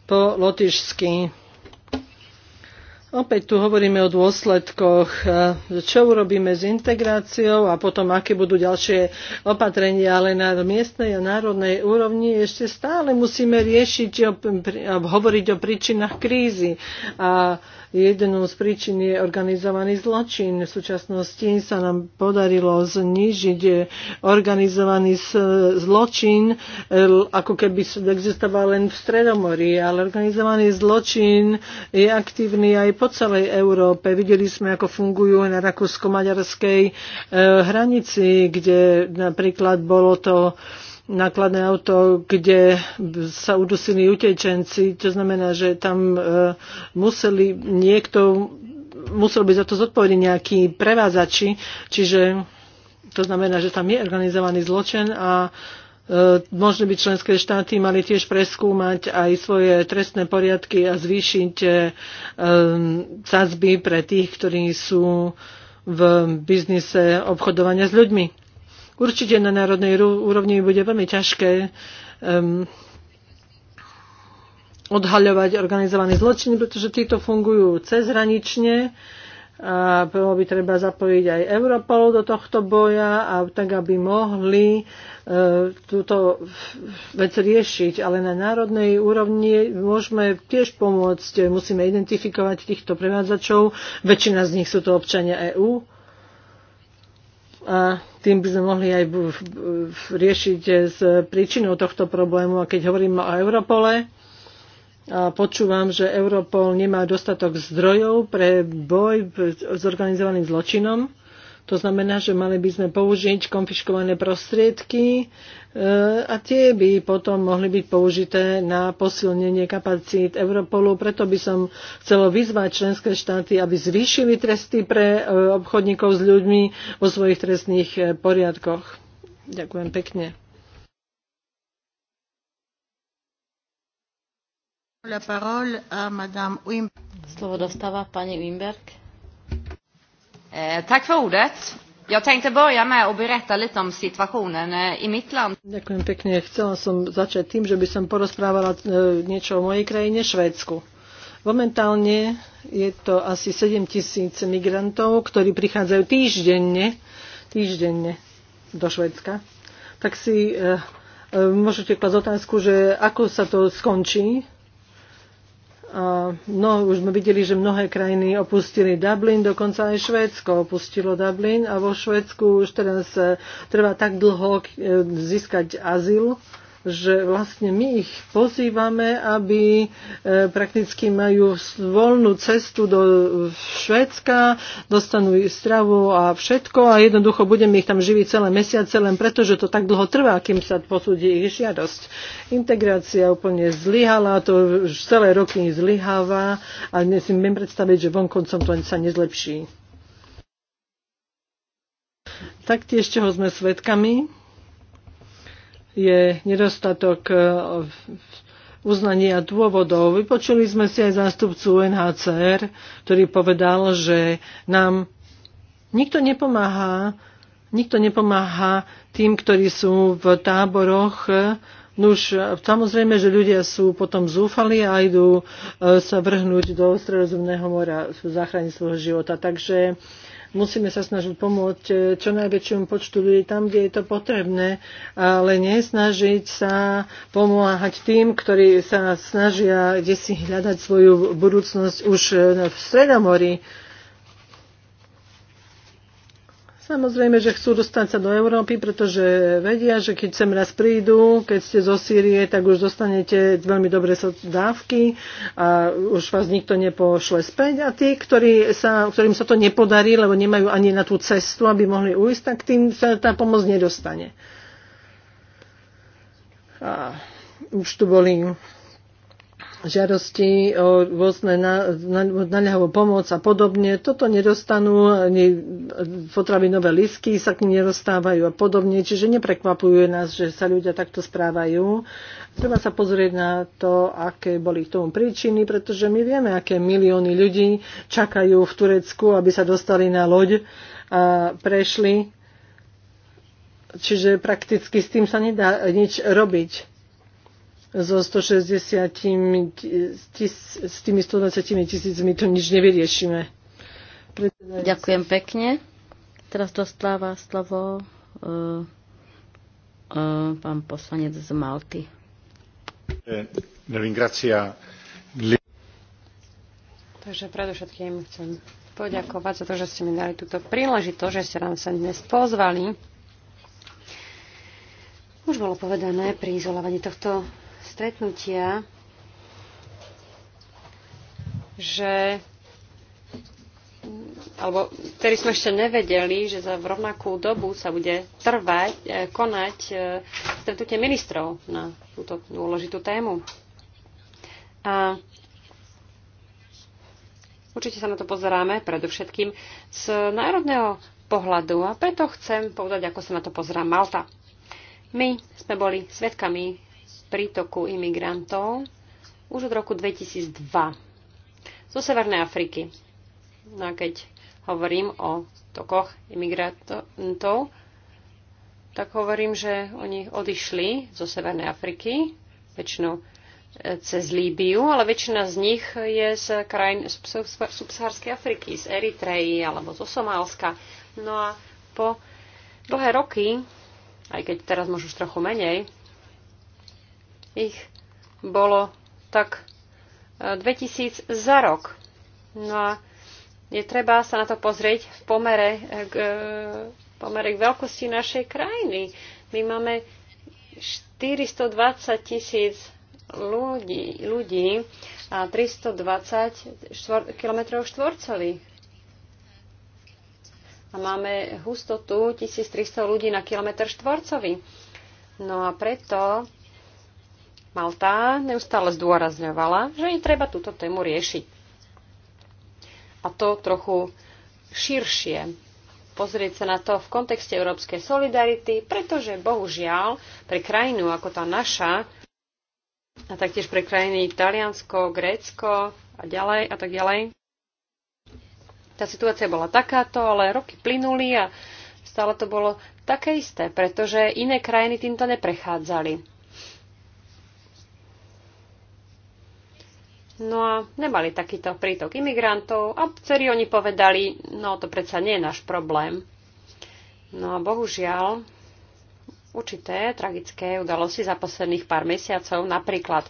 po lotyšsky. Opäť tu hovoríme o dôsledkoch, e, čo urobíme s integráciou a potom aké budú ďalšie opatrenia, ale na miestnej a národnej úrovni ešte stále musíme riešiť a hovoriť o príčinách krízy. A Jednou z príčin je organizovaný zločin. V súčasnosti sa nám podarilo znižiť eh, organizovaný zločin, eh, ako keby existoval len v Stredomorí, ale organizovaný zločin je aktívny aj po celej Európe. Videli sme, ako fungujú na rakúsko-maďarskej eh, hranici, kde napríklad bolo to nákladné auto, kde sa udusili utečenci. To znamená, že tam e, museli niekto, musel byť za to zodpovedný nejaký prevázači, čiže to znamená, že tam je organizovaný zločin a e, možno by členské štáty mali tiež preskúmať aj svoje trestné poriadky a zvýšiť e, sazby pre tých, ktorí sú v biznise obchodovania s ľuďmi. Určite na národnej úrovni bude veľmi ťažké um, odhaľovať organizovaný zločin, pretože títo fungujú cezhranične a bolo by treba zapojiť aj Europol do tohto boja, a tak aby mohli e, túto vec riešiť. Ale na národnej úrovni môžeme tiež pomôcť. Musíme identifikovať týchto prevádzačov. Väčšina z nich sú to občania EÚ a tým by sme mohli aj riešiť e, s príčinou tohto problému. A keď hovorím o Europole, a počúvam, že Europol nemá dostatok zdrojov pre boj s organizovaným zločinom, to znamená, že mali by sme použiť konfiškované prostriedky e, a tie by potom mohli byť použité na posilnenie kapacít Europolu. Preto by som chcelo vyzvať členské štáty, aby zvýšili tresty pre e, obchodníkov s ľuďmi vo svojich trestných e, poriadkoch. Ďakujem pekne. Slovo dostáva pani Wimberg. Eh, tack för ordet. Jag tänkte börja med att berätta lite om situationen eh, i mitt land. Ďakujem pekne. Chcela som začať tým, že by som porozprávala eh, niečo o mojej krajine, Švédsku. Momentálne je to asi 7 tisíc migrantov, ktorí prichádzajú týždenne, týždenne do Švedska. Tak si e, e, môžete klásť otázku, že ako sa to skončí, no, už sme videli, že mnohé krajiny opustili Dublin, dokonca aj Švédsko opustilo Dublin a vo Švédsku už teraz eh, trvá tak dlho eh, získať azyl, že vlastne my ich pozývame, aby e, prakticky majú voľnú cestu do Švédska, dostanú stravu a všetko a jednoducho budeme ich tam živiť celé mesiace, len preto, že to tak dlho trvá, kým sa posúdi ich žiadosť. Integrácia úplne zlyhala, to už celé roky zlyháva a dnes si viem predstaviť, že vonkoncom to sa nezlepší. Taktiež čoho sme svedkami, je nedostatok e, uznania dôvodov. Vypočuli sme si aj zástupcu UNHCR, ktorý povedal, že nám nikto nepomáha, nikto nepomáha tým, ktorí sú v táboroch, Nuž, samozrejme, že ľudia sú potom zúfali a idú e, sa vrhnúť do Stredozemného mora v záchrane svojho života. Takže Musíme sa snažiť pomôcť e, čo najväčšom počtu ľudí tam, kde je to potrebné, ale nesnažiť sa pomáhať tým, ktorí sa snažia kde si hľadať svoju budúcnosť už e, v Stredomorí Samozrejme, že chcú dostať sa do Európy, pretože vedia, že keď sem raz prídu, keď ste zo Sýrie, tak už dostanete veľmi dobré dávky a už vás nikto nepošle späť. A tí, ktorí sa, ktorým sa to nepodarí, lebo nemajú ani na tú cestu, aby mohli ujsť, tak tým sa tá pomoc nedostane. A už tu boli žiadosti o rôzne naľahovú pomoc a podobne. Toto nedostanú, ani potravinové lisky sa k nim nedostávajú a podobne, čiže neprekvapujú nás, že sa ľudia takto správajú. Treba sa pozrieť na to, aké boli k tomu príčiny, pretože my vieme, aké milióny ľudí čakajú v Turecku, aby sa dostali na loď a prešli. Čiže prakticky s tým sa nedá nič robiť so 160 tis, s tými 120 tisícmi to nič nevyriešime. Ďakujem pekne. Teraz dostáva slovo uh, uh, pán poslanec z Malty. Takže predovšetkým chcem poďakovať za to, že ste mi dali túto príležitosť, že ste nám sa dnes pozvali. Už bolo povedané pri izolovaní tohto stretnutia, že alebo ktorý sme ešte nevedeli, že za rovnakú dobu sa bude trvať, e, konať e, stretnutie ministrov na túto dôležitú tému. A určite sa na to pozeráme predovšetkým z národného pohľadu a preto chcem povedať, ako sa na to pozerá Malta. My sme boli svedkami prítoku imigrantov už od roku 2002 zo Severnej Afriky. No a keď hovorím o tokoch imigrantov, tak hovorím, že oni odišli zo Severnej Afriky, väčšinou e, cez Líbiu, ale väčšina z nich je z krajín subsahárskej Afriky, z Eritreji alebo zo Somálska. No a po dlhé roky, aj keď teraz možno už trochu menej, ich bolo tak 2000 e, za rok. No a je treba sa na to pozrieť v pomere e, k, e, pomere k veľkosti našej krajiny. My máme 420 tisíc ľudí, ľudí a 320 km štvorcových. A máme hustotu 1300 ľudí na kilometr štvorcový. No a preto Malta neustále zdôrazňovala, že im treba túto tému riešiť. A to trochu širšie. Pozrieť sa na to v kontexte európskej solidarity, pretože bohužiaľ pre krajinu ako tá naša, a taktiež pre krajiny Taliansko, Grécko a ďalej a tak ďalej, tá situácia bola takáto, ale roky plynuli a stále to bolo také isté, pretože iné krajiny týmto neprechádzali. No a nemali takýto prítok imigrantov a dcery oni povedali, no to predsa nie je náš problém. No a bohužiaľ, určité tragické udalosti za posledných pár mesiacov, napríklad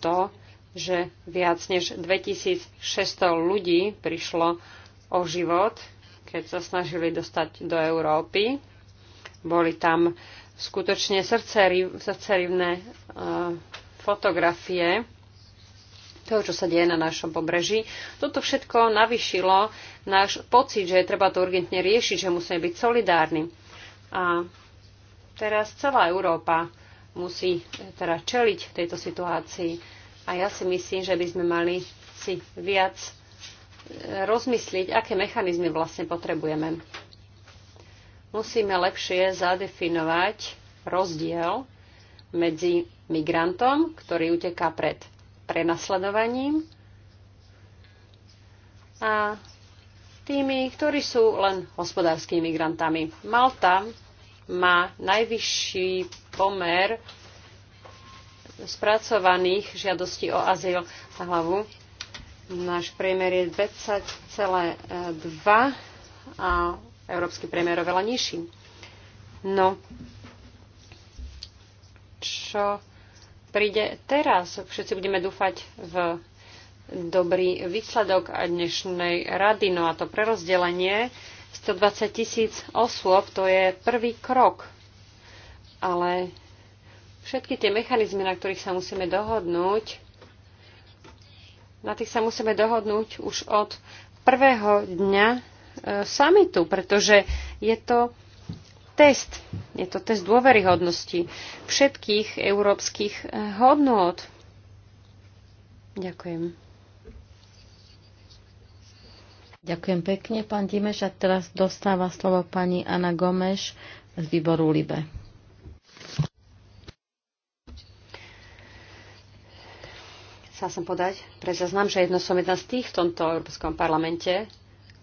to, že viac než 2600 ľudí prišlo o život, keď sa snažili dostať do Európy. Boli tam skutočne srdcerivné eh, fotografie toho, čo sa deje na našom pobreží. Toto všetko navyšilo náš pocit, že treba to urgentne riešiť, že musíme byť solidárni. A teraz celá Európa musí teda čeliť tejto situácii. A ja si myslím, že by sme mali si viac e, rozmysliť, aké mechanizmy vlastne potrebujeme. Musíme lepšie zadefinovať rozdiel medzi migrantom, ktorý uteká pred prenasledovaním a tými, ktorí sú len hospodárskymi migrantami. Malta má najvyšší pomer spracovaných žiadostí o azyl na hlavu. Náš priemer je 20,2 a európsky priemer oveľa nižší. No, čo príde teraz. Všetci budeme dúfať v dobrý výsledok a dnešnej rady. No a to prerozdelenie 120 tisíc osôb, to je prvý krok. Ale všetky tie mechanizmy, na ktorých sa musíme dohodnúť, na tých sa musíme dohodnúť už od prvého dňa e, samitu, pretože je to test. Je to test dôveryhodnosti všetkých európskych eh, hodnôt. Ďakujem. Ďakujem pekne, pán Dimeš. A teraz dostáva slovo pani Ana Gomeš z výboru LIBE. Chcela som podať pre zaznám, že jedno som jedna z tých v tomto Európskom parlamente,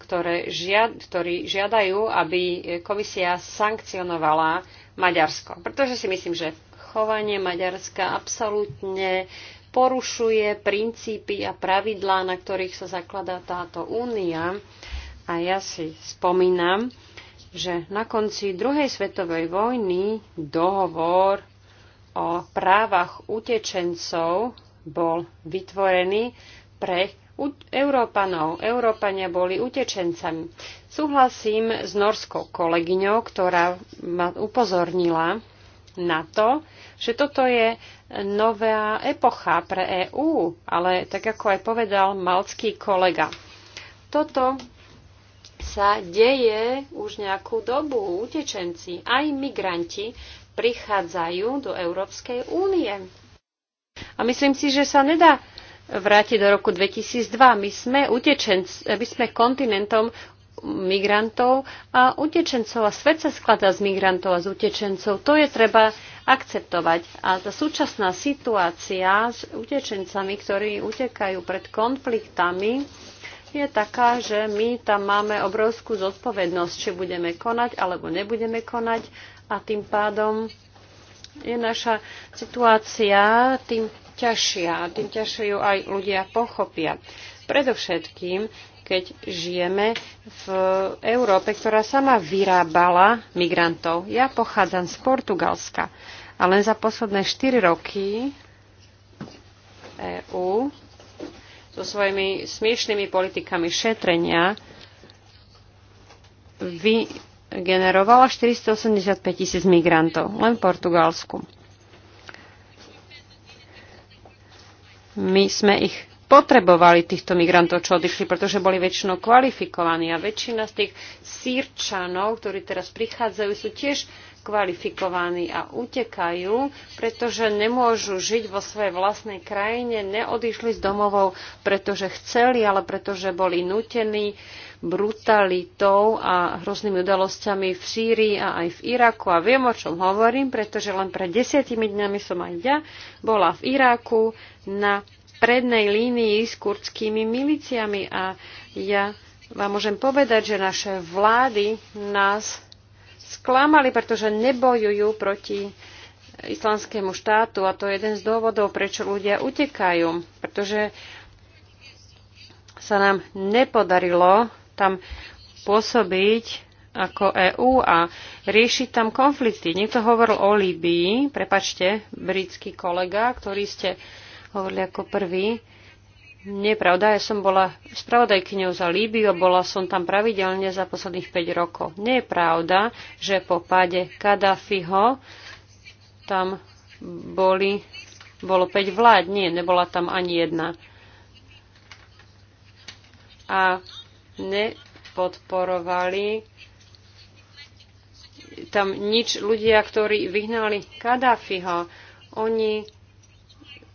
ktoré žiad, ktorí žiadajú, aby komisia sankcionovala Maďarsko. Pretože si myslím, že chovanie Maďarska absolútne porušuje princípy a pravidlá, na ktorých sa zakladá táto únia. A ja si spomínam, že na konci druhej svetovej vojny dohovor o právach utečencov bol vytvorený pre Európanov. Európania boli utečencami. Súhlasím s norskou kolegyňou, ktorá ma upozornila na to, že toto je nová epocha pre EÚ, ale tak ako aj povedal malcký kolega. Toto sa deje už nejakú dobu. Utečenci, aj migranti prichádzajú do Európskej únie. A myslím si, že sa nedá vráti do roku 2002. My sme, my sme kontinentom migrantov a utečencov a svet sa skladá z migrantov a z utečencov. To je treba akceptovať. A tá súčasná situácia s utečencami, ktorí utekajú pred konfliktami, je taká, že my tam máme obrovskú zodpovednosť, či budeme konať alebo nebudeme konať a tým pádom je naša situácia tým ťažšia a tým ťažšie ju aj ľudia pochopia. Predovšetkým, keď žijeme v Európe, ktorá sama vyrábala migrantov. Ja pochádzam z Portugalska a len za posledné 4 roky EÚ so svojimi smiešnými politikami šetrenia vygenerovala 485 tisíc migrantov len v Portugalsku. My sme ich potrebovali týchto migrantov, čo odišli, pretože boli väčšinou kvalifikovaní a väčšina z tých sírčanov, ktorí teraz prichádzajú, sú tiež diskvalifikovaní a utekajú, pretože nemôžu žiť vo svojej vlastnej krajine, neodišli z domovov, pretože chceli, ale pretože boli nutení brutalitou a hroznými udalosťami v Sýrii a aj v Iraku. A viem, o čom hovorím, pretože len pred desiatimi dňami som aj ja bola v Iraku na prednej línii s kurdskými miliciami a ja vám môžem povedať, že naše vlády nás sklamali, pretože nebojujú proti islamskému štátu a to je jeden z dôvodov, prečo ľudia utekajú, pretože sa nám nepodarilo tam pôsobiť ako EÚ a riešiť tam konflikty. Niekto hovoril o Líbii, prepačte, britský kolega, ktorý ste hovorili ako prvý. Nie, pravda, ja som bola spravodajkyňou za Líbiu, bola som tam pravidelne za posledných 5 rokov. Nie je pravda, že po páde Kadafiho tam boli, bolo 5 vlád. Nie, nebola tam ani jedna. A nepodporovali tam nič ľudia, ktorí vyhnali Kadáfiho. Oni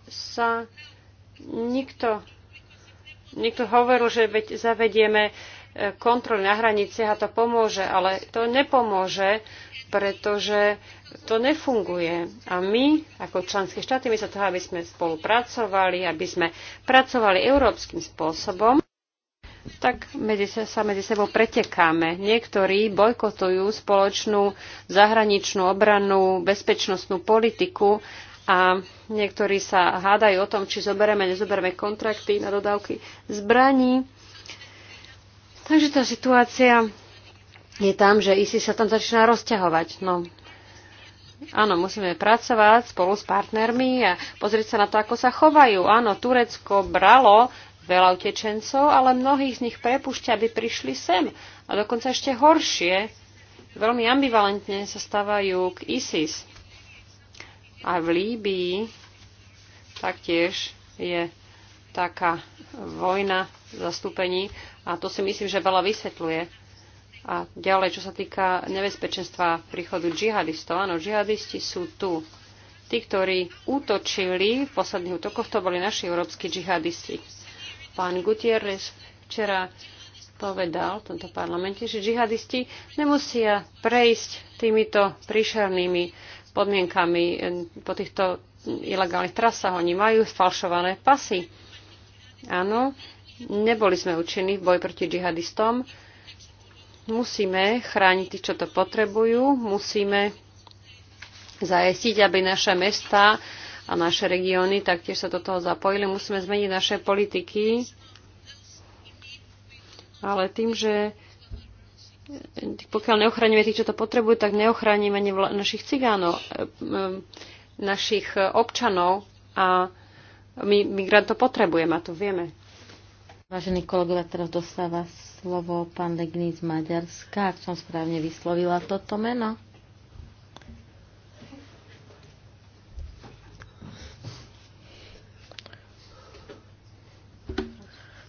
sa nikto Niekto hovoril, že zavedieme e, kontroly na hraniciach a to pomôže, ale to nepomôže, pretože to nefunguje. A my, ako členské štáty, my sa toho, aby sme spolupracovali, aby sme pracovali európskym spôsobom, tak medzi sa, sa medzi sebou pretekáme. Niektorí bojkotujú spoločnú zahraničnú obranú bezpečnostnú politiku a niektorí sa hádajú o tom, či zoberieme, nezoberieme kontrakty na dodávky zbraní. Takže tá situácia je tam, že ISIS sa tam začína rozťahovať. No, áno, musíme pracovať spolu s partnermi a pozrieť sa na to, ako sa chovajú. Áno, Turecko bralo veľa utečencov, ale mnohých z nich prepušťa, aby prišli sem. A dokonca ešte horšie, veľmi ambivalentne sa stávajú k ISIS a v Líbii taktiež je taká vojna zastúpení a to si myslím, že veľa vysvetľuje. A ďalej, čo sa týka nebezpečenstva príchodu džihadistov. Áno, džihadisti sú tu. Tí, ktorí útočili v posledných útokoch, to boli naši európsky džihadisti. Pán Gutierrez včera povedal v tomto parlamente, že džihadisti nemusia prejsť týmito príšernými podmienkami po týchto ilegálnych trasách. Oni majú falšované pasy. Áno, neboli sme učení v boji proti džihadistom. Musíme chrániť tých, čo to potrebujú. Musíme zajistiť, aby naše mesta a naše regióny taktiež sa do toho zapojili. Musíme zmeniť naše politiky. Ale tým, že pokiaľ neochránime tých, čo to potrebujú, tak neochránime ani našich cigánov, eh, našich eh, občanov a my migrantov potrebujeme a to vieme. Vážení kolegovia, teraz dostáva slovo pán Legný z Maďarska, ak som správne vyslovila toto meno.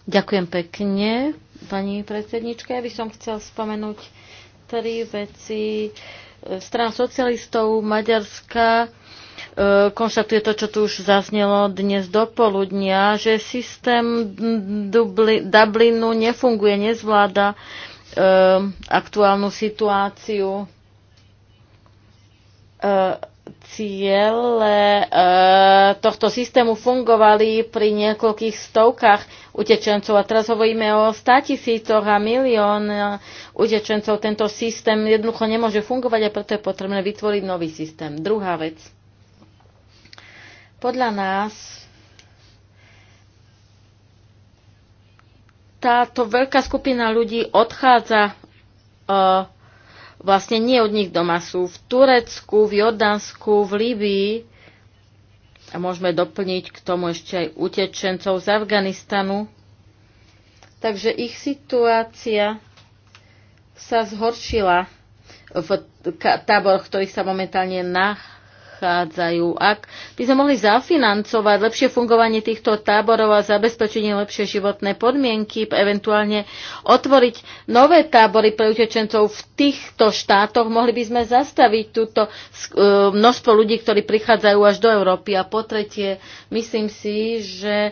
Ďakujem pekne pani predsednička. Ja by som chcel spomenúť tri veci. Strana socialistov Maďarska e, konštatuje to, čo tu už zaznelo dnes do poludnia, že systém Dubli, Dublinu nefunguje, nezvláda e, aktuálnu situáciu. E, ciele e, tohto systému fungovali pri niekoľkých stovkách utečencov a teraz hovoríme o statisícoch a milión utečencov. Tento systém jednoducho nemôže fungovať a preto je potrebné vytvoriť nový systém. Druhá vec. Podľa nás táto veľká skupina ľudí odchádza e, vlastne nie od nich doma sú. V Turecku, v Jordánsku, v Líbii a môžeme doplniť k tomu ešte aj utečencov z Afganistanu. Takže ich situácia sa zhoršila v táboroch, ktorých sa momentálne nachádzajú nachádzajú. Ak by sme mohli zafinancovať lepšie fungovanie týchto táborov a zabezpečenie lepšie životné podmienky, eventuálne otvoriť nové tábory pre utečencov v týchto štátoch, mohli by sme zastaviť túto e, množstvo ľudí, ktorí prichádzajú až do Európy. A po tretie, myslím si, že e,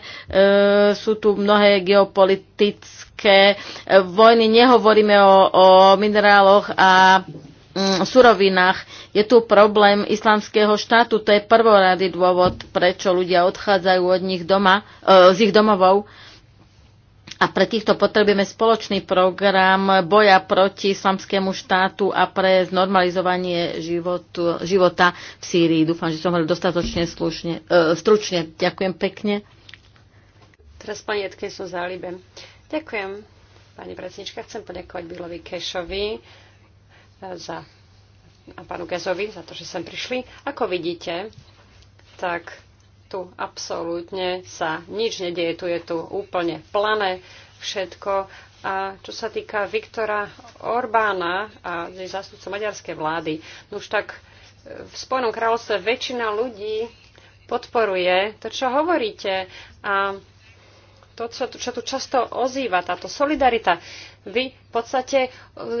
sú tu mnohé geopolitické e, vojny. Nehovoríme o, o mineráloch a Mm, surovinách. Je tu problém islamského štátu, to je prvorady dôvod, prečo ľudia odchádzajú od nich doma, e, z ich domovov. A pre týchto potrebujeme spoločný program boja proti islamskému štátu a pre znormalizovanie životu, života v Sýrii. Dúfam, že som hovoril dostatočne slušne, e, stručne. Ďakujem pekne. Teraz pani Edke zálibem. Ďakujem, pani predsednička. Chcem poďakovať Bilovi Kešovi za a pánu Gezovi za to, že sem prišli. Ako vidíte, tak tu absolútne sa nič nedieje, tu je tu úplne plané všetko. A čo sa týka Viktora Orbána a zástupcu maďarskej vlády, no už tak v Spojenom kráľovstve väčšina ľudí podporuje to, čo hovoríte. A to, čo, čo tu často ozýva, táto solidarita vy v podstate e,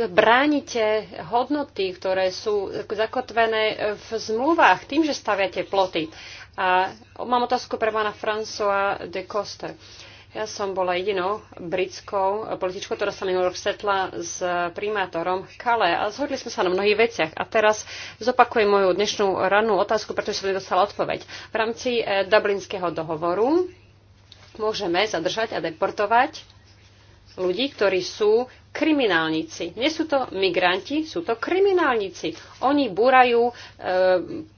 bránite hodnoty, ktoré sú zakotvené e, v zmluvách tým, že staviate ploty. A mám otázku pre pána François de Coste. Ja som bola jedinou britskou političkou, ktorá sa minulý rok stretla s primátorom Kale a zhodli sme sa na mnohých veciach. A teraz zopakujem moju dnešnú rannú otázku, pretože som nedostala odpoveď. V rámci e, Dublinského dohovoru môžeme zadržať a deportovať ľudí, ktorí sú kriminálnici. Nie sú to migranti, sú to kriminálnici. Oni búrajú e,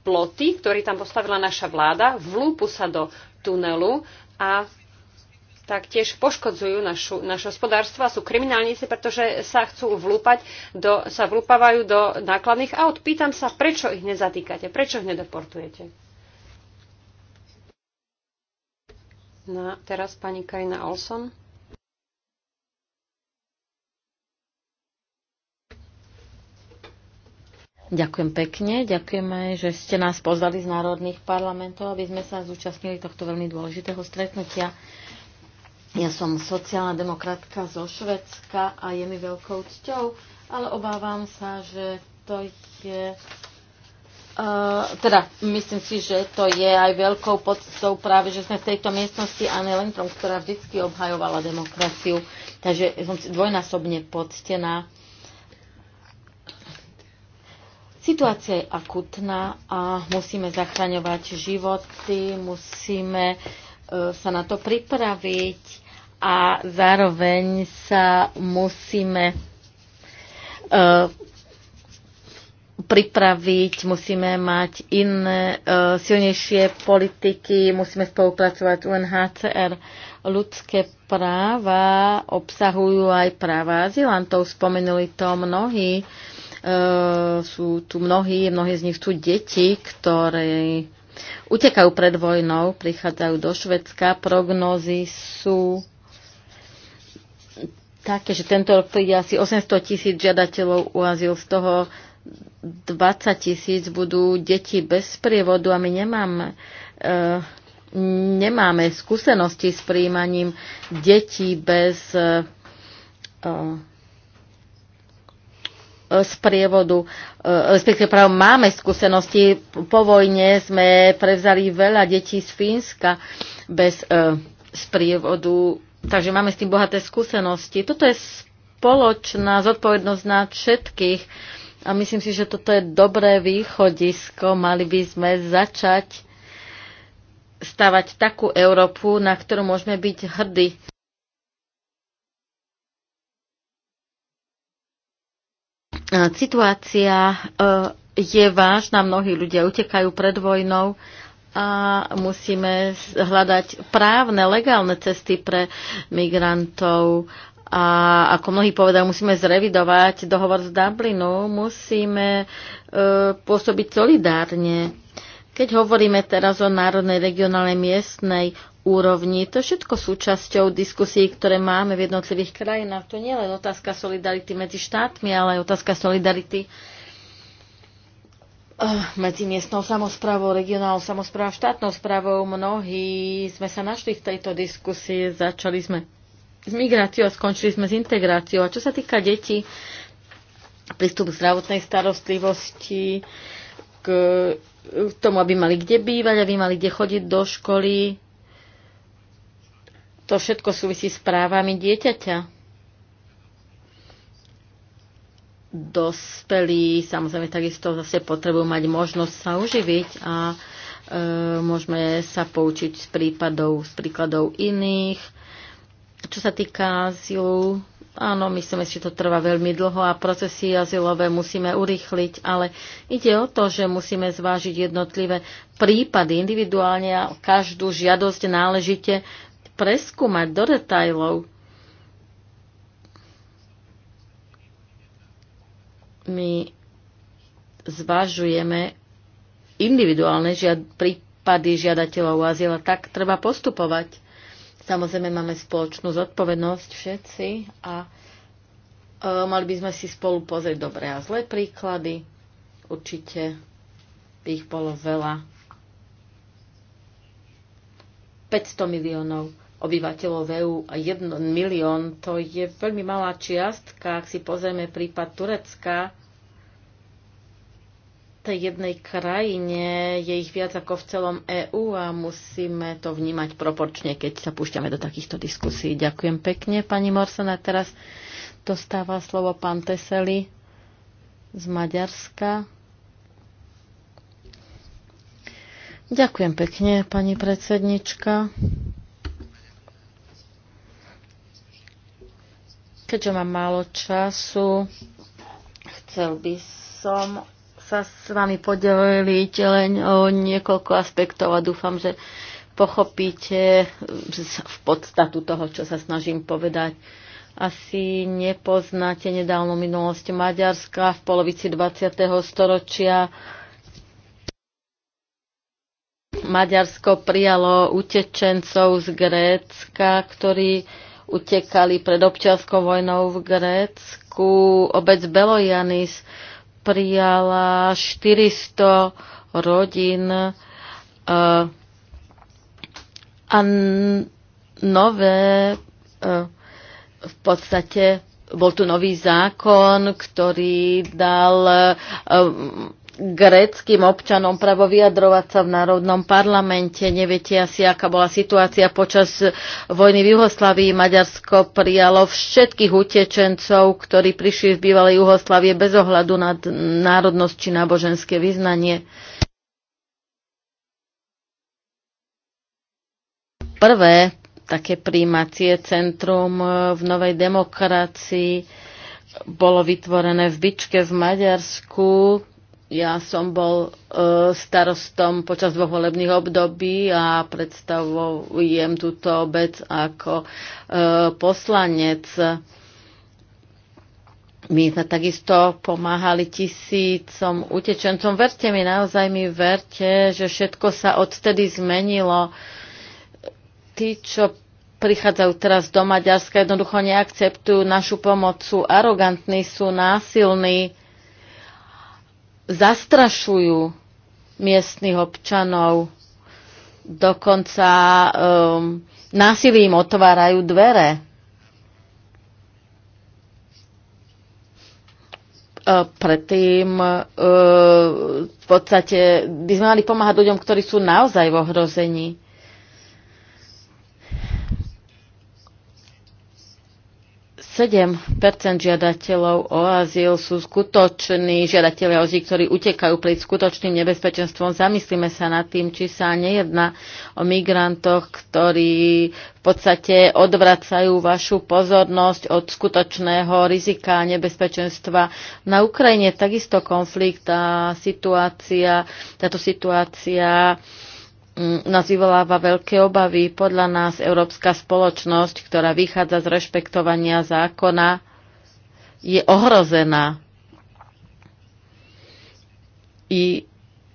ploty, ktoré tam postavila naša vláda, vlúpu sa do tunelu a taktiež poškodzujú našu, naše hospodárstvo a sú kriminálnici, pretože sa chcú vlúpať do, sa vlúpavajú do nákladných aut. Pýtam sa, prečo ich nezatýkate, prečo ich nedeportujete? No, teraz pani Karina Olson. Ďakujem pekne, ďakujeme, že ste nás pozvali z národných parlamentov, aby sme sa zúčastnili tohto veľmi dôležitého stretnutia. Ja som sociálna demokratka zo Švedska a je mi veľkou cťou, ale obávam sa, že to je... Uh, teda, myslím si, že to je aj veľkou podstou práve, že sme v tejto miestnosti Anne Lentrom, ktorá vždy obhajovala demokraciu. Takže som dvojnásobne poctená Situácia je akutná a musíme zachraňovať životy, musíme e, sa na to pripraviť a zároveň sa musíme e, pripraviť, musíme mať iné, e, silnejšie politiky, musíme spolupracovať UNHCR. Ľudské práva obsahujú aj práva azylantov, spomenuli to mnohí Eh, sú tu mnohí, mnohí z nich sú deti, ktoré utekajú pred vojnou, prichádzajú do Švedska. Prognózy sú také, že tento rok príde asi 800 tisíc žiadateľov u azyl, z toho 20 tisíc budú deti bez prievodu a my nemáme, e, eh, nemáme skúsenosti s príjmaním detí bez e, z prievodu, e, respektíve práve máme skúsenosti. Po vojne sme prevzali veľa detí z Fínska bez sprievodu, e, takže máme s tým bohaté skúsenosti. Toto je spoločná zodpovednosť na všetkých a myslím si, že toto je dobré východisko. Mali by sme začať stavať takú Európu, na ktorú môžeme byť hrdí Situácia e, je vážna, mnohí ľudia utekajú pred vojnou a musíme hľadať právne, legálne cesty pre migrantov. A ako mnohí povedajú, musíme zrevidovať dohovor z Dublinu, musíme e, pôsobiť solidárne keď hovoríme teraz o národnej, regionálnej, miestnej úrovni, to je všetko súčasťou diskusí, ktoré máme v jednotlivých krajinách. To nie je len otázka solidarity medzi štátmi, ale aj otázka solidarity eh, medzi miestnou samozprávou, regionálnou samozprávou, štátnou správou. Mnohí sme sa našli v tejto diskusii, začali sme s migráciou a skončili sme s integráciou. A čo sa týka detí, prístup k zdravotnej starostlivosti, k k tomu, aby mali kde bývať, aby mali kde chodiť do školy. To všetko súvisí s právami dieťaťa. Dospelí samozrejme takisto zase potrebujú mať možnosť sa uživiť a e, môžeme sa poučiť z prípadov, z príkladov iných. Čo sa týka azylu, Áno, myslíme si, že to trvá veľmi dlho a procesy azylové musíme urýchliť, ale ide o to, že musíme zvážiť jednotlivé prípady individuálne a každú žiadosť náležite preskúmať do detajlov. My zvažujeme individuálne žiad- prípady žiadateľov azyla. Tak treba postupovať Samozrejme máme spoločnú zodpovednosť všetci a e, mali by sme si spolu pozrieť dobré a zlé príklady. Určite by ich bolo veľa. 500 miliónov obyvateľov EÚ a 1 milión, to je veľmi malá čiastka. Ak si pozrieme prípad Turecka, tej jednej krajine je ich viac ako v celom EÚ a musíme to vnímať proporčne, keď sa púšťame do takýchto diskusí. Ďakujem pekne, pani Morsen. A teraz dostáva slovo pán Teseli z Maďarska. Ďakujem pekne, pani predsednička. Keďže mám málo času, chcel by som sa s vami podelili len o niekoľko aspektov a dúfam, že pochopíte v podstatu toho, čo sa snažím povedať. Asi nepoznáte nedávnu minulosť Maďarska v polovici 20. storočia. Maďarsko prijalo utečencov z Grécka, ktorí utekali pred občianskou vojnou v Grécku. Obec Belojanis prijala 400 rodín e, a nové e, v podstate bol tu nový zákon, ktorý dal e, greckým občanom právo vyjadrovať sa v Národnom parlamente. Neviete asi, aká bola situácia počas vojny v Juhoslavii. Maďarsko prijalo všetkých utečencov, ktorí prišli v bývalej Juhoslavie bez ohľadu na národnosť či náboženské vyznanie. Prvé také príjmacie centrum e, v Novej demokracii bolo vytvorené v Byčke v Maďarsku ja som bol e, starostom počas dvoch volebných období a predstavujem túto obec ako e, poslanec. My sme takisto pomáhali tisícom utečencom. Verte mi, naozaj mi verte, že všetko sa odtedy zmenilo. Tí, čo prichádzajú teraz do Maďarska, jednoducho neakceptujú našu pomoc, sú arogantní, sú násilní zastrašujú miestnych občanov, dokonca um, násilím otvárajú dvere. E, predtým uh, v podstate by sme mali pomáhať ľuďom, ktorí sú naozaj v ohrození 7 žiadateľov o azyl sú skutoční žiadatelia o azyl, ktorí utekajú pred skutočným nebezpečenstvom. Zamyslíme sa nad tým, či sa nejedná o migrantoch, ktorí v podstate odvracajú vašu pozornosť od skutočného rizika a nebezpečenstva. Na Ukrajine takisto konflikt a situácia, táto situácia nás vyvoláva veľké obavy. Podľa nás európska spoločnosť, ktorá vychádza z rešpektovania zákona, je ohrozená. I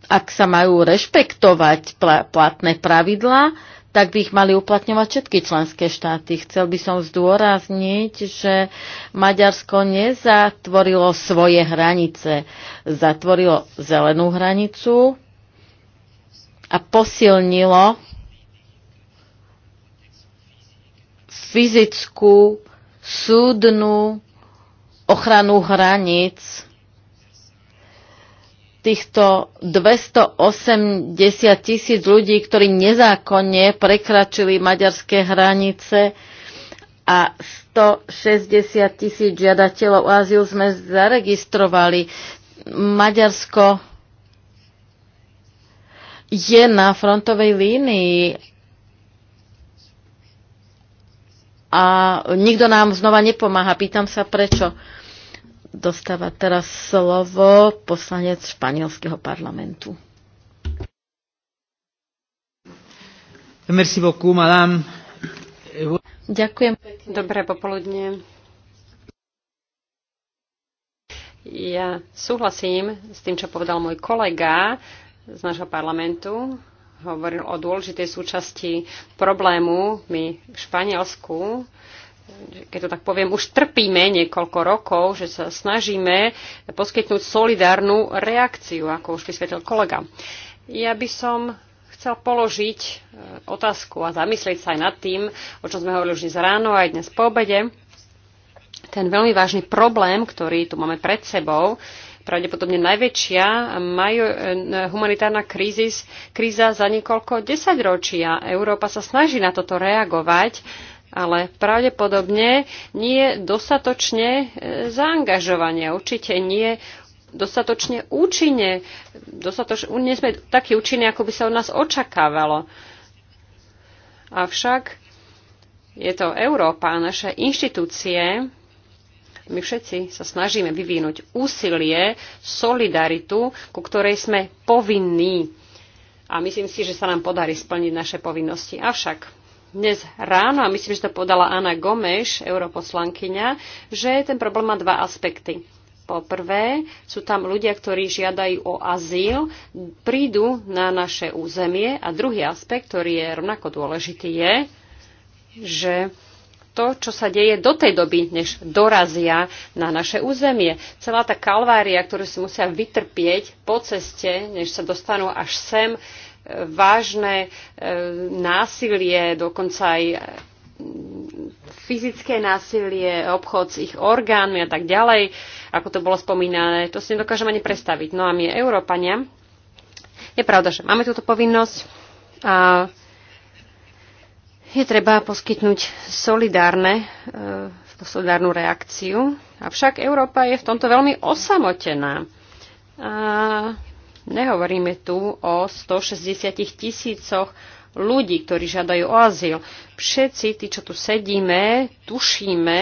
ak sa majú rešpektovať platné pravidlá, tak by ich mali uplatňovať všetky členské štáty. Chcel by som zdôrazniť, že Maďarsko nezatvorilo svoje hranice. Zatvorilo zelenú hranicu, a posilnilo fyzickú, súdnu ochranu hraníc týchto 280 tisíc ľudí, ktorí nezákonne prekračili maďarské hranice a 160 tisíc žiadateľov o azyl sme zaregistrovali. Maďarsko je na frontovej línii a nikto nám znova nepomáha. Pýtam sa, prečo dostáva teraz slovo poslanec španielského parlamentu. Merci beaucoup, madame. Ďakujem. Dobré popoludne. Ja súhlasím s tým, čo povedal môj kolega z nášho parlamentu hovoril o dôležitej súčasti problému. My v Španielsku, keď to tak poviem, už trpíme niekoľko rokov, že sa snažíme poskytnúť solidárnu reakciu, ako už vysvetlil kolega. Ja by som chcel položiť e, otázku a zamyslieť sa aj nad tým, o čom sme hovorili už dnes ráno aj dnes po obede. Ten veľmi vážny problém, ktorý tu máme pred sebou, pravdepodobne najväčšia eh, humanitárna krízis, kríza za niekoľko desaťročia. Európa sa snaží na toto reagovať, ale pravdepodobne nie dostatočne eh, zaangažovania, určite nie dostatočne účinne, dostatočne, nie sme takí účinní, ako by sa od nás očakávalo. Avšak je to Európa a naše inštitúcie, my všetci sa snažíme vyvinúť úsilie, solidaritu, ku ktorej sme povinní. A myslím si, že sa nám podarí splniť naše povinnosti. Avšak dnes ráno, a myslím, že to podala Anna Gomeš, europoslankyňa, že ten problém má dva aspekty. Po prvé, sú tam ľudia, ktorí žiadajú o azyl, prídu na naše územie. A druhý aspekt, ktorý je rovnako dôležitý, je, že to, čo sa deje do tej doby, než dorazia na naše územie. Celá tá kalvária, ktorú si musia vytrpieť po ceste, než sa dostanú až sem, e, vážne e, násilie, dokonca aj e, fyzické násilie, obchod s ich orgánmi a tak ďalej, ako to bolo spomínané, to si nedokážem ani predstaviť. No a my, Európania, je pravda, že máme túto povinnosť a je treba poskytnúť solidárne, e, solidárnu reakciu. Avšak Európa je v tomto veľmi osamotená. A nehovoríme tu o 160 tisícoch ľudí, ktorí žiadajú o azyl. Všetci, tí, čo tu sedíme, tušíme,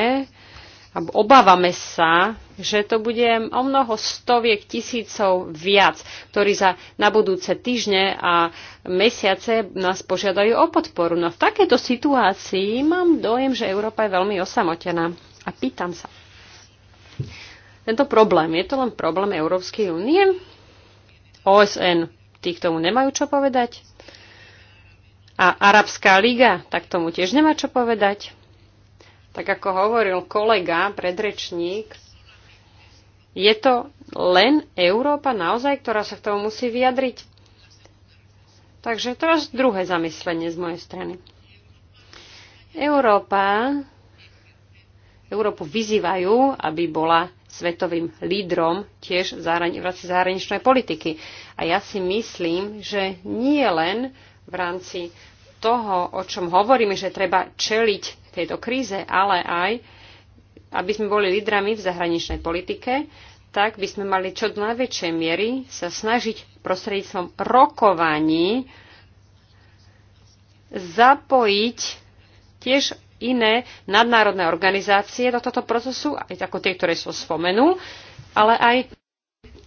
obávame sa, že to bude o mnoho stoviek tisícov viac, ktorí za, na budúce týždne a mesiace nás požiadajú o podporu. No v takejto situácii mám dojem, že Európa je veľmi osamotená. A pýtam sa, tento problém, je to len problém Európskej únie? OSN, tí k tomu nemajú čo povedať? A Arabská liga, tak tomu tiež nemá čo povedať? tak ako hovoril kolega, predrečník, je to len Európa naozaj, ktorá sa k tomu musí vyjadriť? Takže teraz druhé zamyslenie z mojej strany. Európa, Európu vyzývajú, aby bola svetovým lídrom tiež v rámci zahraničnej politiky. A ja si myslím, že nie len v rámci toho, o čom hovoríme, že treba čeliť tejto kríze, ale aj, aby sme boli lídrami v zahraničnej politike, tak by sme mali čo do najväčšej miery sa snažiť prostredníctvom rokovaní zapojiť tiež iné nadnárodné organizácie do tohto procesu, aj ako tie, ktoré sú spomenú, ale aj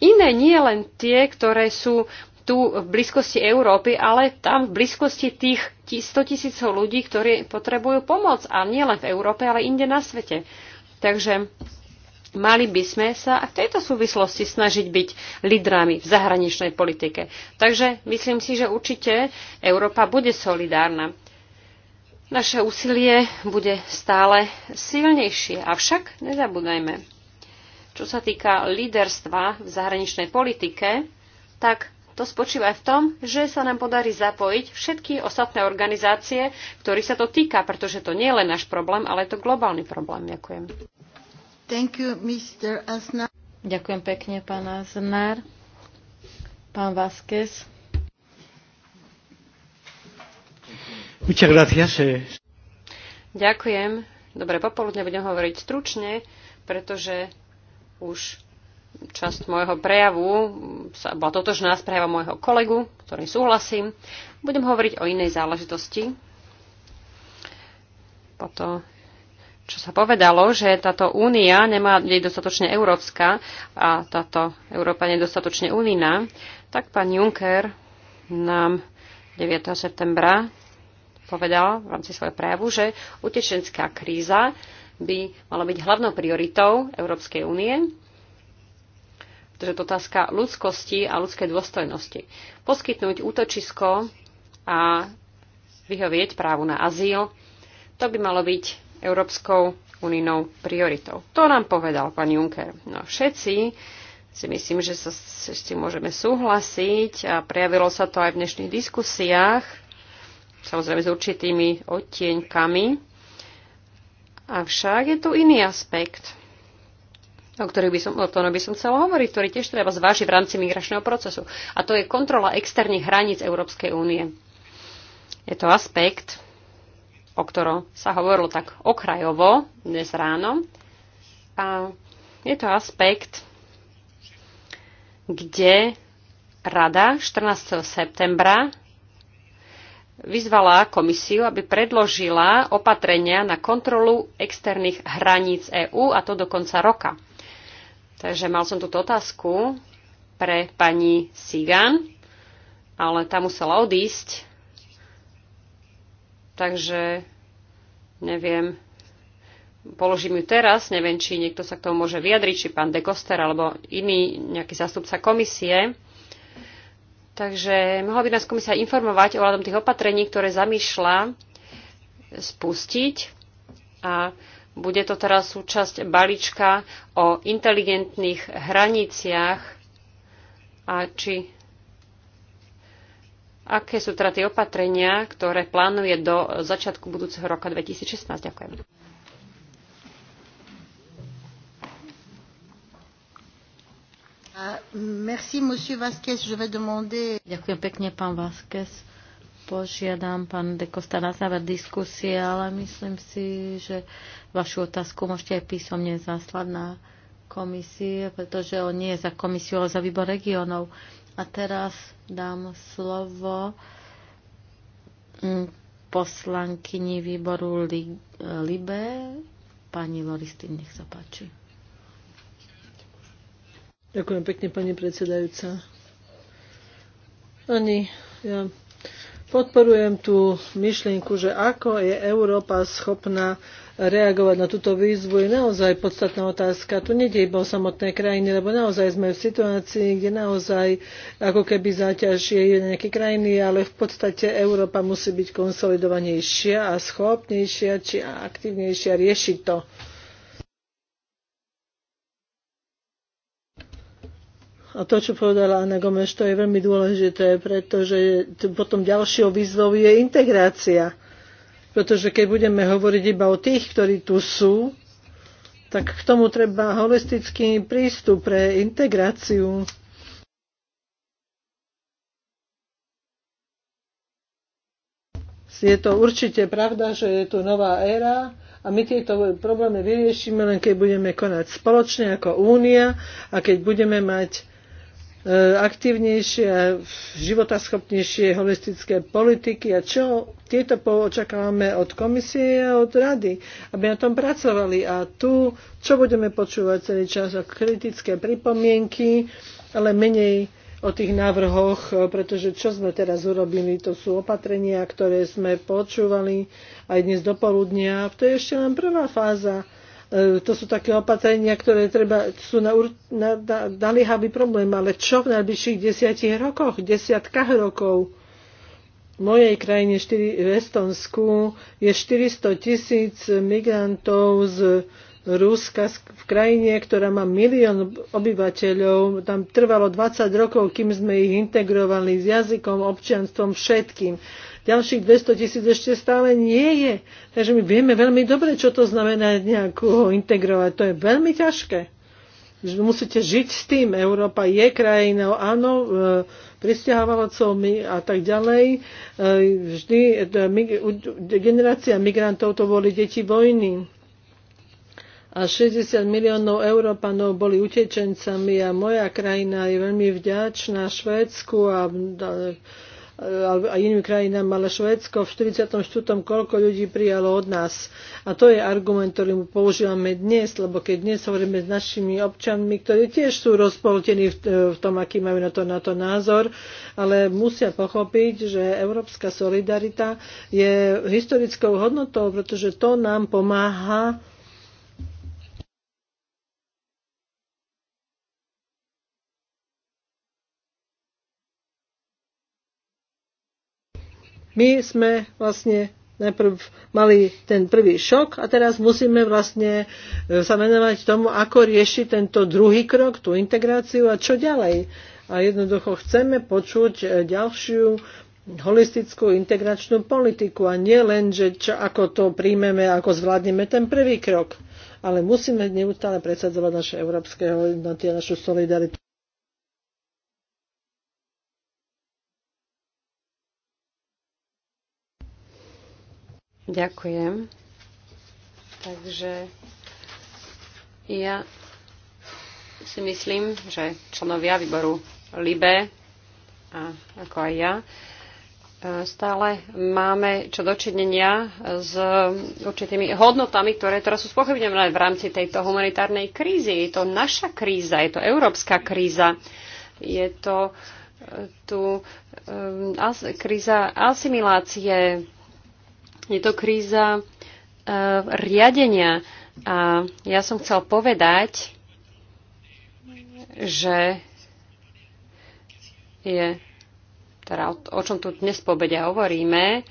iné, nie len tie, ktoré sú tu v blízkosti Európy, ale tam v blízkosti tých 100 tisícov ľudí, ktorí potrebujú pomoc. A nie len v Európe, ale inde na svete. Takže mali by sme sa v tejto súvislosti snažiť byť lídrami v zahraničnej politike. Takže myslím si, že určite Európa bude solidárna. Naše úsilie bude stále silnejšie. Avšak nezabúdajme, čo sa týka líderstva v zahraničnej politike, tak to spočíva aj v tom, že sa nám podarí zapojiť všetky ostatné organizácie, ktorí sa to týka, pretože to nie je len náš problém, ale je to globálny problém. Ďakujem. Thank you, Mr. Asnar. Ďakujem pekne, pán Asnar. Pán Vázquez. Eh. Ďakujem. Dobre, popoludne budem hovoriť stručne, pretože už časť môjho prejavu sa bola totožná správa môjho kolegu, ktorý súhlasím. Budem hovoriť o inej záležitosti. Po to, čo sa povedalo, že táto únia nemá, je dostatočne európska a táto Európa nie je dostatočne únina, tak pán Juncker nám 9. septembra povedal v rámci svojho prejavu, že utečenská kríza by mala byť hlavnou prioritou Európskej únie to je otázka ľudskosti a ľudskej dôstojnosti. Poskytnúť útočisko a vyhovieť právu na azyl, to by malo byť Európskou unijnou prioritou. To nám povedal pán Juncker. No všetci si myslím, že sa s tým môžeme súhlasiť a prejavilo sa to aj v dnešných diskusiách, samozrejme s určitými odtieňkami. Avšak je tu iný aspekt o ktorých by som, o ktorom by som chcela hovoriť, ktorý tiež treba zvážiť v rámci migračného procesu. A to je kontrola externých hraníc Európskej únie. Je to aspekt, o ktorom sa hovorilo tak okrajovo dnes ráno. A je to aspekt, kde Rada 14. septembra vyzvala komisiu, aby predložila opatrenia na kontrolu externých hraníc EÚ a to do konca roka. Takže mal som túto otázku pre pani Sigan, ale tá musela odísť. Takže neviem, položím ju teraz, neviem, či niekto sa k tomu môže vyjadriť, či pán Dekoster alebo iný nejaký zástupca komisie. Takže mohla by nás komisia informovať o hľadom tých opatrení, ktoré zamýšľa spustiť. A bude to teraz súčasť balíčka o inteligentných hraniciach a či aké sú teda tie opatrenia, ktoré plánuje do začiatku budúceho roka 2016. Ďakujem. Ah, Ďakujem pekne, pán Vázquez požiadam pán Dekosta na záver diskusie, ale myslím si, že vašu otázku môžete aj písomne zaslať na komisie, pretože on nie je za komisiu, ale za výbor regionov. A teraz dám slovo mm, poslankyni výboru Libe, pani Loristin, nech sa páči. Ďakujem pekne, pani predsedajúca. Ani ja Podporujem tú myšlienku, že ako je Európa schopná reagovať na túto výzvu je naozaj podstatná otázka. Tu nedej iba o samotné krajiny, lebo naozaj sme v situácii, kde naozaj ako keby záťaž je nejaké krajiny, ale v podstate Európa musí byť konsolidovanejšia a schopnejšia či aktívnejšia riešiť to. A to, čo povedala Anna Gomes, to je veľmi dôležité, pretože potom ďalšou výzvou je integrácia. Pretože keď budeme hovoriť iba o tých, ktorí tu sú, tak k tomu treba holistický prístup pre integráciu. Je to určite pravda, že je tu nová éra a my tieto problémy vyriešime len keď budeme konať spoločne ako únia a keď budeme mať E, aktívnejšie, životaschopnejšie holistické politiky a čo tieto očakávame od komisie a od rady, aby na tom pracovali. A tu, čo budeme počúvať celý čas, o kritické pripomienky, ale menej o tých návrhoch, e, pretože čo sme teraz urobili, to sú opatrenia, ktoré sme počúvali aj dnes do poludnia. To je ešte len prvá fáza E, to sú také opatrenia, ktoré treba, sú na, na, na naliehavý problém, ale čo v najbližších desiatich rokoch, desiatkách rokov? V mojej krajine, v Estonsku, je 400 tisíc migrantov z Ruska, v krajine, ktorá má milión obyvateľov. Tam trvalo 20 rokov, kým sme ich integrovali s jazykom, občianstvom, všetkým ďalších 200 tisíc ešte stále nie je. Takže my vieme veľmi dobre, čo to znamená nejakú integrovať. To je veľmi ťažké. Musíte žiť s tým. Európa je krajinou, áno, e, my a tak ďalej. E, vždy e, generácia migrantov to boli deti vojny a 60 miliónov Európanov boli utečencami a moja krajina je veľmi vďačná Švédsku a Eh, a iným krajinám, ale Švédsko v 44. koľko ľudí prijalo od nás. A to je argument, ktorý mu používame dnes, lebo keď dnes hovoríme s našimi občanmi, ktorí tiež sú rozpoltení v eh, tom, aký majú na to, na to názor, ale musia pochopiť, že európska solidarita je historickou hodnotou, pretože to nám pomáha My sme vlastne najprv mali ten prvý šok a teraz musíme vlastne e, sa venovať tomu, ako riešiť tento druhý krok, tú integráciu a čo ďalej. A jednoducho chceme počuť e, ďalšiu holistickú integračnú politiku a nie len, že čo, ako to príjmeme, ako zvládneme ten prvý krok. Ale musíme neustále presadzovať naše európske hodnoty a našu solidaritu. Ďakujem. Takže ja si myslím, že členovia výboru LIBE, a ako aj ja, e, stále máme čo dočinenia s určitými hodnotami, ktoré teraz sú spochybnené v rámci tejto humanitárnej krízy. Je to naša kríza, je to európska kríza, je to e, tu e, kríza asimilácie, je to kríza eh, riadenia. A ja som chcel povedať, že je, teda o, o čom tu dnes po obede hovoríme,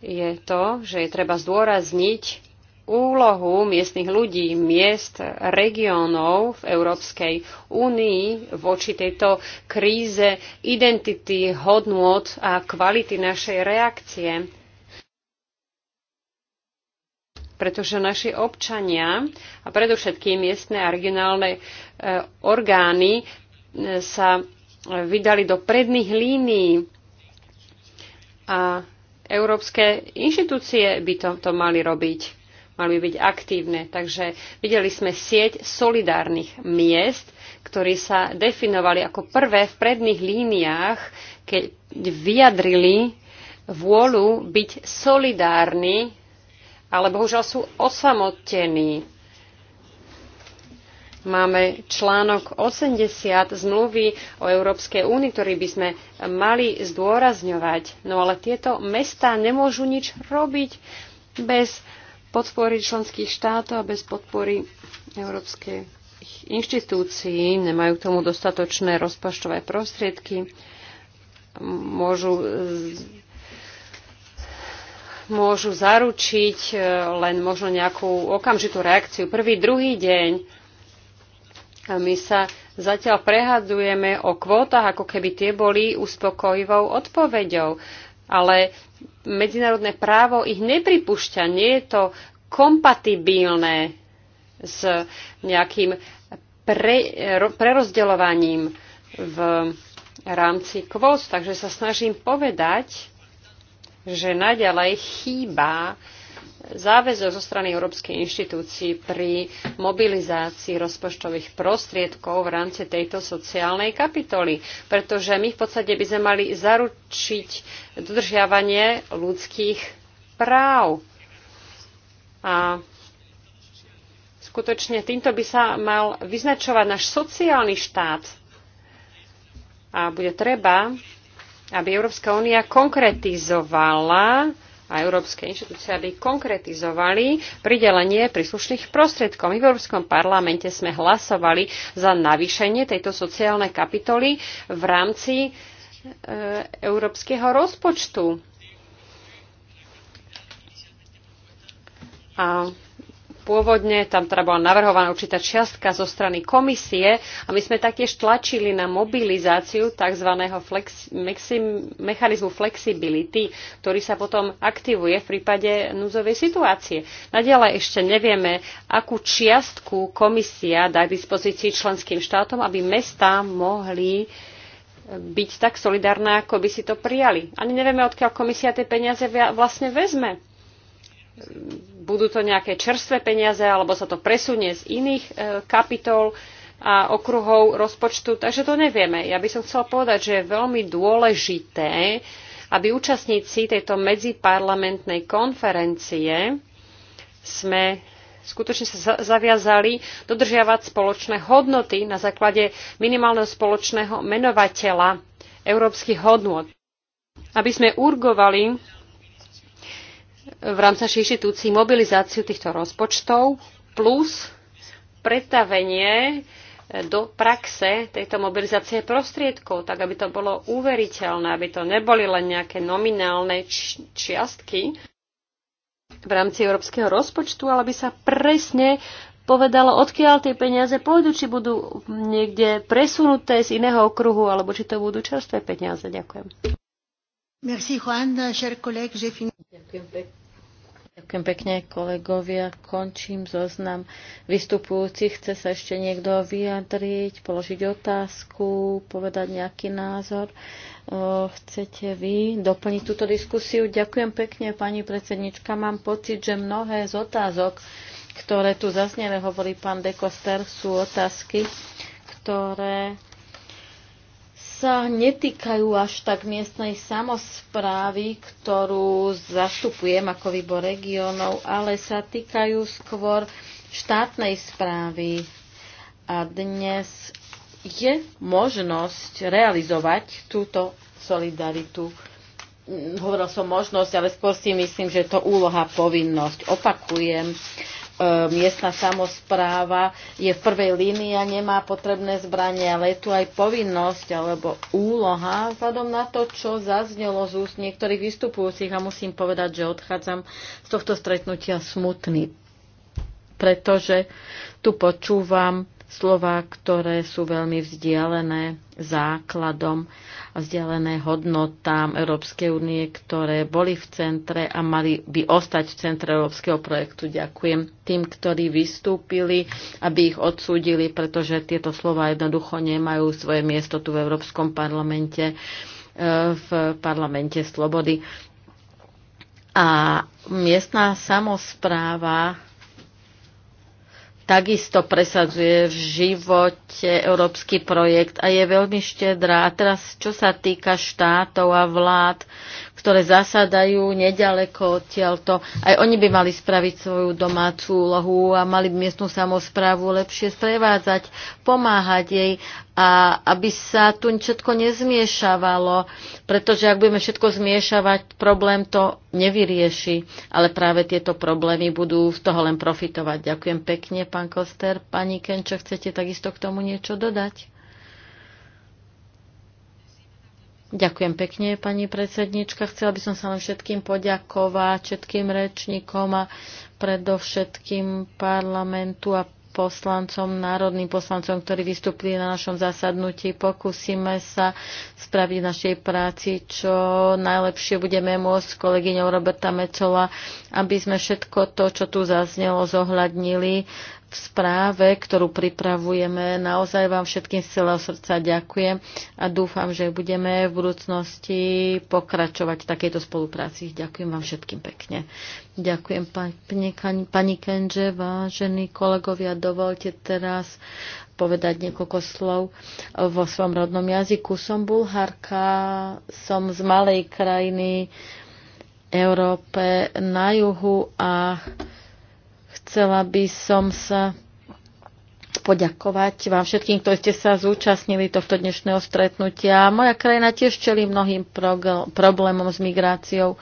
je to, že je treba zdôrazniť úlohu miestnych ľudí, miest, regiónov v Európskej únii voči tejto kríze identity, hodnôt a kvality našej reakcie pretože naši občania a predovšetkým miestne a regionálne e, orgány e, sa vydali do predných línií a európske inštitúcie by to, to mali robiť mali byť aktívne. Takže videli sme sieť solidárnych miest, ktorí sa definovali ako prvé v predných líniách, keď vyjadrili vôľu byť solidárni ale bohužiaľ sú osamotení. Máme článok 80 zmluvy o Európskej únii, ktorý by sme mali zdôrazňovať. No ale tieto mestá nemôžu nič robiť bez podpory členských štátov a bez podpory Európskej inštitúcií. Nemajú k tomu dostatočné rozpočtové prostriedky môžu môžu zaručiť e, len možno nejakú okamžitú reakciu. Prvý, druhý deň my sa zatiaľ prehadujeme o kvótach, ako keby tie boli uspokojivou odpoveďou. Ale medzinárodné právo ich nepripúšťa. Nie je to kompatibilné s nejakým pre, prerozdeľovaním v rámci kvót. Takže sa snažím povedať, že naďalej chýba záväzok zo strany Európskej inštitúcií pri mobilizácii rozpočtových prostriedkov v rámci tejto sociálnej kapitoly. Pretože my v podstate by sme mali zaručiť dodržiavanie ľudských práv. A skutočne týmto by sa mal vyznačovať náš sociálny štát. A bude treba aby Európska únia konkretizovala a európske inštitúcie, aby konkretizovali pridelenie príslušných prostriedkov. My v Európskom parlamente sme hlasovali za navýšenie tejto sociálnej kapitoly v rámci e, európskeho rozpočtu. A Pôvodne tam teda bola navrhovaná určitá čiastka zo strany komisie a my sme taktiež tlačili na mobilizáciu tzv. Flexi- mechanizmu flexibility, ktorý sa potom aktivuje v prípade núzovej situácie. Naďalej ešte nevieme, akú čiastku komisia dá k dispozícii členským štátom, aby mestá mohli byť tak solidárne, ako by si to prijali. Ani nevieme, odkiaľ komisia tie peniaze vlastne vezme budú to nejaké čerstvé peniaze, alebo sa to presunie z iných e, kapitol a okruhov rozpočtu, takže to nevieme. Ja by som chcela povedať, že je veľmi dôležité, aby účastníci tejto medziparlamentnej konferencie sme skutočne sa zaviazali dodržiavať spoločné hodnoty na základe minimálneho spoločného menovateľa európskych hodnot. Aby sme urgovali v rámci našich inštitúcií mobilizáciu týchto rozpočtov plus predstavenie do praxe tejto mobilizácie prostriedkov, tak aby to bolo uveriteľné, aby to neboli len nejaké nominálne čiastky v rámci európskeho rozpočtu, ale aby sa presne povedalo, odkiaľ tie peniaze pôjdu, či budú niekde presunuté z iného okruhu, alebo či to budú čerstvé peniaze. Ďakujem. Merci Juan, cher collègue, j'ai fini. Ďakujem pekne. kolegovia. Končím zoznam vystupujúcich. Chce sa ešte niekto vyjadriť, položiť otázku, povedať nejaký názor? Chcete vy doplniť túto diskusiu? Ďakujem pekne, pani predsednička. Mám pocit, že mnohé z otázok, ktoré tu zaznele, hovorí pán Dekoster, sú otázky, ktoré sa netýkajú až tak miestnej samozprávy, ktorú zastupujem ako výbor regionov, ale sa týkajú skôr štátnej správy. A dnes je možnosť realizovať túto solidaritu. Hovoril som možnosť, ale skôr si myslím, že je to úloha, povinnosť. Opakujem, E, miestna samozpráva je v prvej línii a nemá potrebné zbranie, ale je tu aj povinnosť alebo úloha vzhľadom na to, čo zaznelo z úst niektorých vystupujúcich a musím povedať, že odchádzam z tohto stretnutia smutný, pretože tu počúvam slova, ktoré sú veľmi vzdialené základom a vzdialené hodnotám Európskej únie, ktoré boli v centre a mali by ostať v centre Európskeho projektu. Ďakujem tým, ktorí vystúpili, aby ich odsúdili, pretože tieto slova jednoducho nemajú svoje miesto tu v Európskom parlamente, e, v parlamente slobody. A miestná samozpráva takisto presadzuje v živote európsky projekt a je veľmi štedrá. A teraz, čo sa týka štátov a vlád, ktoré zasadajú nedaleko odtiaľto. Aj oni by mali spraviť svoju domácu úlohu a mali by miestnú samozprávu lepšie sprevádzať, pomáhať jej a aby sa tu všetko nezmiešavalo, pretože ak budeme všetko zmiešavať, problém to nevyrieši, ale práve tieto problémy budú z toho len profitovať. Ďakujem pekne, pán Koster. Pani Kenčo, chcete takisto k tomu niečo dodať? Ďakujem pekne, pani predsednička. Chcela by som sa vám všetkým poďakovať, všetkým rečníkom a predovšetkým parlamentu a poslancom, národným poslancom, ktorí vystúpili na našom zasadnutí. Pokúsime sa spraviť našej práci, čo najlepšie budeme môcť s kolegyňou Roberta Mecola, aby sme všetko to, čo tu zaznelo, zohľadnili správe, ktorú pripravujeme. Naozaj vám všetkým z celého srdca ďakujem a dúfam, že budeme v budúcnosti pokračovať v takejto spolupráci. Ďakujem vám všetkým pekne. Ďakujem pani, pani Kenže, vážení kolegovia, dovolte teraz povedať niekoľko slov vo svojom rodnom jazyku. Som bulharka, som z malej krajiny Európe na juhu a Chcela by som sa poďakovať vám všetkým, ktorí ste sa zúčastnili tohto dnešného stretnutia. Moja krajina tiež čelí mnohým problémom s migráciou.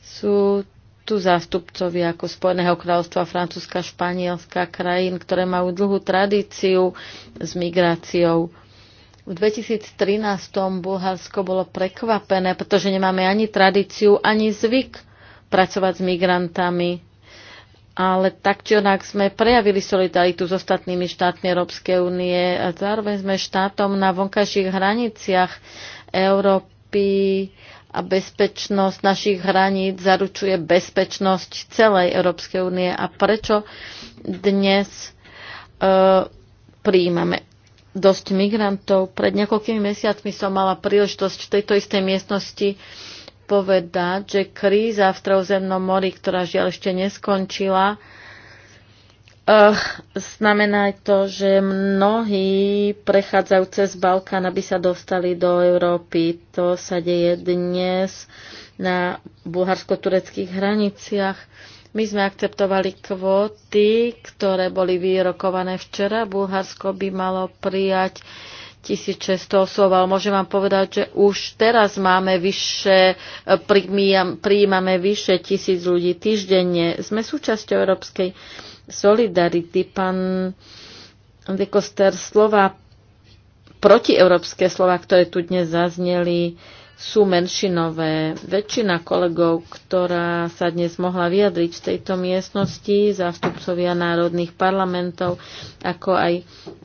Sú tu zástupcovi ako Spojeného kráľovstva, Francúzska, Španielska, krajín, ktoré majú dlhú tradíciu s migráciou. V 2013 Bulharsko bolo prekvapené, pretože nemáme ani tradíciu, ani zvyk pracovať s migrantami ale tak či onak sme prejavili solidaritu s ostatnými štátmi Európskej únie a zároveň sme štátom na vonkajších hraniciach Európy a bezpečnosť našich hraníc zaručuje bezpečnosť celej Európskej únie. A prečo dnes e, príjmame dosť migrantov? Pred niekoľkými mesiacmi som mala príležitosť v tejto istej miestnosti povedať, že kríza v Trozemnom mori, ktorá žiaľ ešte neskončila, Uh, znamená to, že mnohí prechádzajú cez Balkán, aby sa dostali do Európy. To sa deje dnes na bulharsko-tureckých hraniciach. My sme akceptovali kvóty, ktoré boli vyrokované včera. Bulharsko by malo prijať 1600 osôb, ale môžem vám povedať, že už teraz máme vyše, prijímame vyše tisíc ľudí týždenne. Sme súčasťou Európskej solidarity. Pán Dekoster, slova, protieurópske slova, ktoré tu dnes zazneli, sú menšinové. Väčšina kolegov, ktorá sa dnes mohla vyjadriť v tejto miestnosti, zástupcovia národných parlamentov, ako aj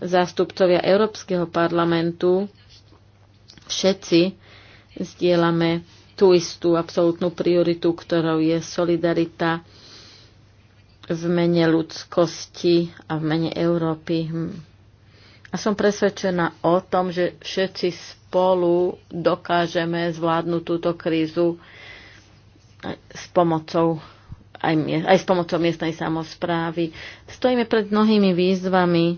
zástupcovia Európskeho parlamentu, všetci zdieľame tú istú absolútnu prioritu, ktorou je solidarita v mene ľudskosti a v mene Európy. A som presvedčená o tom, že všetci spolu dokážeme zvládnuť túto krízu s pomocou aj, aj s pomocou miestnej samozprávy. Stojíme pred mnohými výzvami,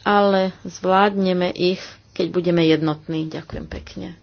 ale zvládneme ich, keď budeme jednotní. Ďakujem pekne.